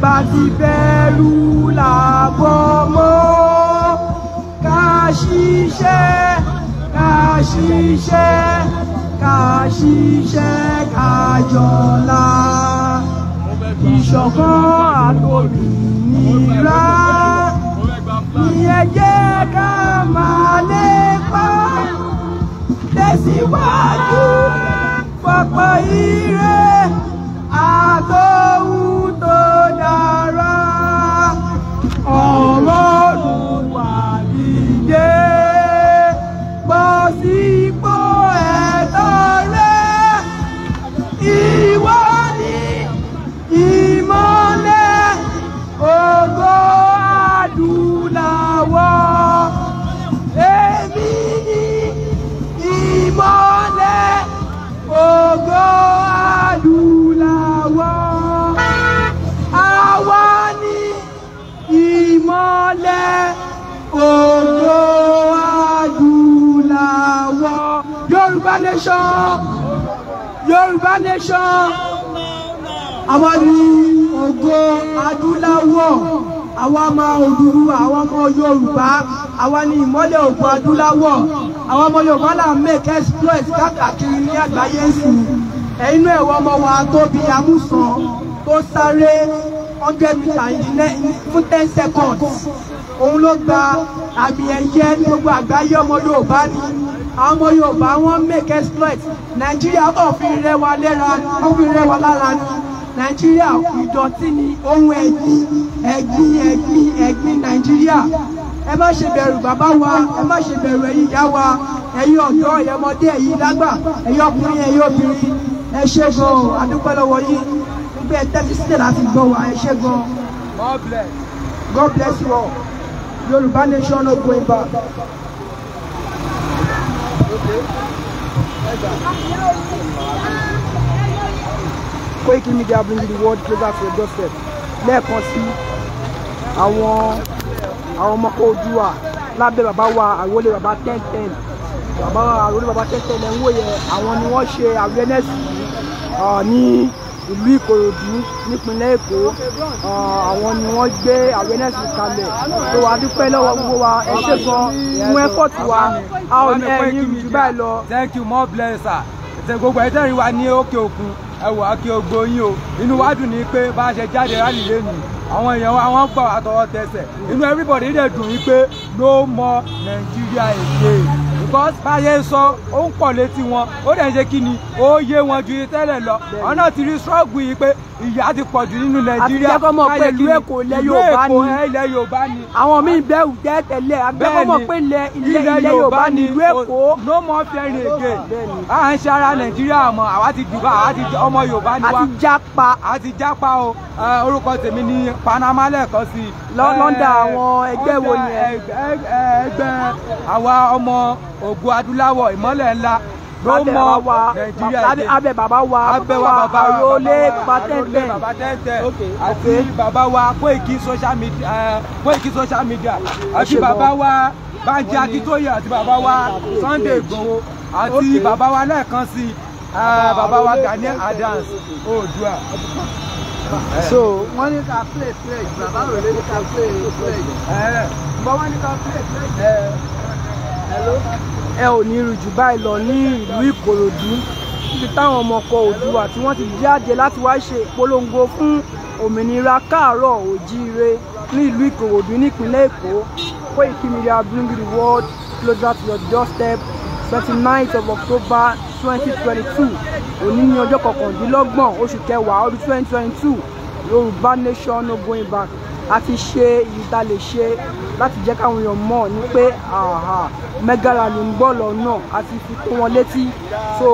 bá ti bẹ̀rù làbọ̀ mọ́ ká ṣiṣẹ́ ká ṣiṣẹ́ ká ṣiṣẹ́ ká jọlá ìṣọ̀kan àtòlùmírà ìyẹn jẹ́ ká máa lépa tẹ̀síwájú pọ̀pọ̀ ire. ògo adúláwọ̀ yorùbá nation yorùbá nation àwa ni ògo adúláwọ̀ àwa ọmọ òdùrú àwa ọmọ yorùbá àwa ni ìmọ́lẹ̀ ògo adúláwọ̀ àwọn ọmọ yorùbá là ń make exploit káàkiri ní àgbáyé sùn ẹ̀yin náà ẹ̀wọ̀ ọmọ wa tóbi amúsàn tó sáré hundred meter fún ten seconds òun ló gba àmì ẹ̀yẹ ní gbogbo àgbáyé ọmọ Yorùbá ni àwọn Yorùbá wọ́n make exploit Nàìjíríà ọ̀fin rẹwà lẹ́ra ọ̀fin rẹwà lára ni nàìjíríà ìdọ̀tí ni ohun ẹ̀gbin ẹ̀gbin ẹ̀gbin ẹ̀gbin nàìjíríà ẹ má ṣe bẹ̀rù bàbá wa ẹ má ṣe bẹ̀rù ẹ̀yin ìyá wa ẹ̀yin ọ̀dọ́ ẹ̀yin ọmọdé ẹ̀yin lágbà ẹ̀yin ọkùnrin ẹ̀yin obìnrin ẹ ṣé gan adúpẹ́ lọ́wọ́ yín gbogbo ẹ tẹ́tí sílẹ̀ láti gbọ́ wa ẹ ṣé gan God bless you all. Yorùbá nation no going back. Koiki Media bring the world closer to your doorstep. Lẹ́ẹ̀kan sí àwọn àwọn ọmọ Oòduà lábẹ́ bàbá wa Àrólé Baba ten ten bàbá Àrólé Baba ten ten ẹ̀ ń wòye àwọn ni wọ́n ṣe Ah, ní ìlú Ìkòròdú nípínlẹ̀ Èkó àwọn ni wọ́n gbé awareness kalẹ̀ tó wà dúpẹ́ lọ́wọ́ gbogbo wa ẹ ṣe gan fún effort wa a ò ní ẹ̀yìn jù báyìí lọ. thank you more blessings. her ṣe gbogbo ẹ̀jẹ̀ wa ní òkè òkun ẹ wò á kí o gbó yín o inú wa dùn ní pé bá a ṣe jáde rálì lẹ́nu àwọn èèyàn wa wọ́n gbà àtọwọ́ tẹsẹ̀ inú everybody dẹ̀ dùn yín pé no more Nigeria again because báyé ń sọ ó ń pọ̀ létí wọn ó dẹ̀ ń ṣe kí ni ó yé wọn ju tẹ́lẹ̀ lọ ọ̀nà ti ṣọ́ọ̀gù yìí pé ìyà ti pọ̀ jù nínú nàìjíríà àti jẹ́kọ́ mọ̀ pé ìlú èkó ilẹ̀ yorùbá ni ilẹ̀ yorùbá ni àwọn míì bẹ́ẹ̀ jẹ́ tẹ̀lé àgbẹ̀kọ́ mọ̀ pé ilẹ̀ ilẹ̀ yorùbá ni ìlú èkó. no more fẹ́rin èké à ń ṣe ara nàìjíríà mọ́ àwa ti dùbà àwa ti ọmọ yorùbá ni wa àti jápa àti jápa o orúkọ tèmi ni panama lẹ́ẹ̀kan sí i. lọ́ndà àwọn ẹgbẹ́ wo ni ẹ. ẹgbẹ́ àwa ọmọ ògùn adúláwọ̀ ìmọ́lẹ̀ ńlá ló mọ abẹ bàbá wa bàbá Arólé bàbá tẹ́ntẹ́n àti bàbá wa Koiki social media Koiki social media àti bàbá wa Bánjí Akíntóyè àti bàbá wa Sunday Igboho àti bàbá wa lẹ́ẹ̀kan sí bàbá wa Gani Adams Oòduà. so wọ́n ní ká play pledge bàbá Arólé ní ká play pledge bàbá wọ́n ní ká play pledge ẹ ò ní rí jù báyìí lọ ní ìlú Ìkòròdú níbi táwọn ọmọ ọkọ̀ Oòduà tí wọ́n ti jáde láti wá ṣe ìpolongo fún òmìnira káàárọ̀ òjíire ní ìlú Ìkòròdú nípínlẹ̀ Èkó Koiki Media bring the world closer to your doorstep twenty ninth of October twenty twenty two òní ní ọjọ́ kọkàndínlọ́gbọ̀n oṣù kẹwàá ọdún twenty twenty two Yorùbá nation no going back a fi ṣe èyí tá a lè ṣe láti jẹ́ káwọn èèyàn mọ̀ ní pé mẹ́gàrà ló ń gbọ́ lọ́nà a ti fi tó wọn létí so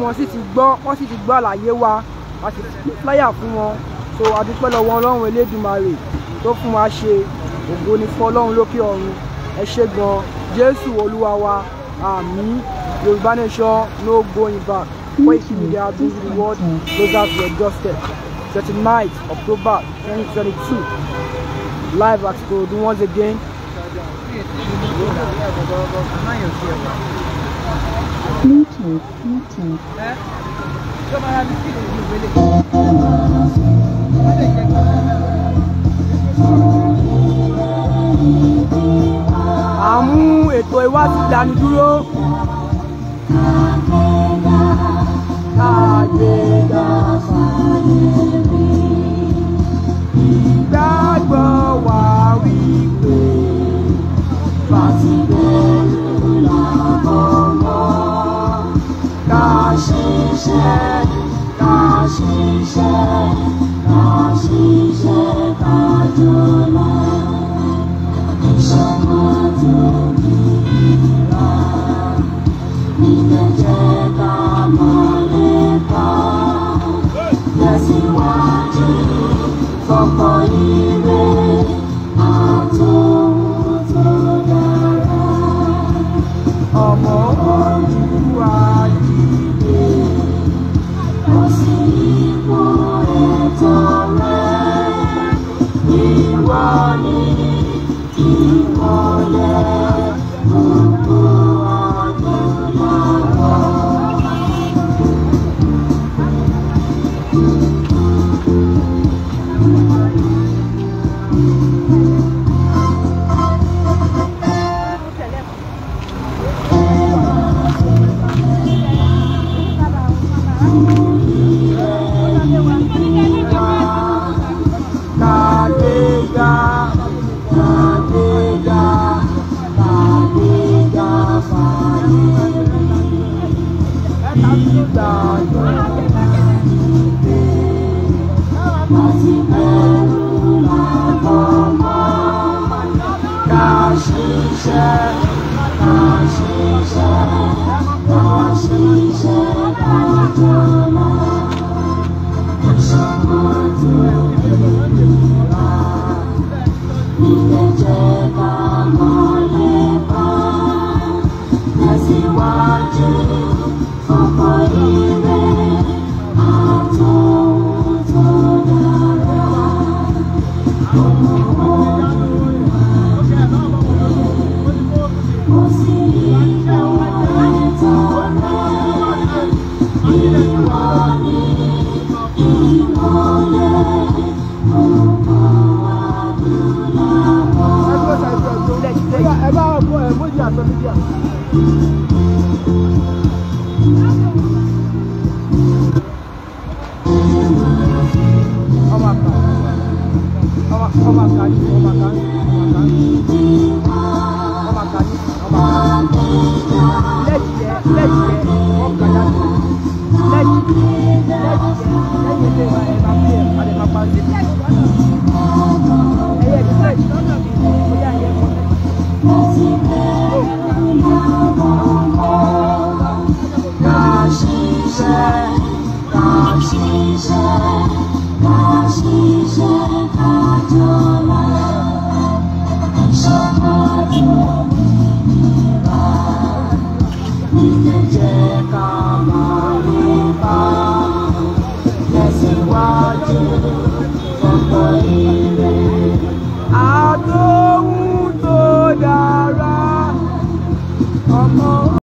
wọ́n sì ti gbọ́ wọ́n sì ti gbọ́ àlàyé wa a sì ti pín fúláyà fún wọn so a dúpẹ́ lọ́wọ́ ọlọ́run elédùmarè tó fún wa ṣe ògo ni fún ọlọ́run lókè ọ̀run ẹ ṣé gan jésù olúwa wa àmín yorùbá nation no going back where you dey abuse the world closer to your doorstep. 29th October 2022 live at Ikorodu once again. Bluetooth, Bluetooth. Àmú ètò ìwádìí ìdánidúró.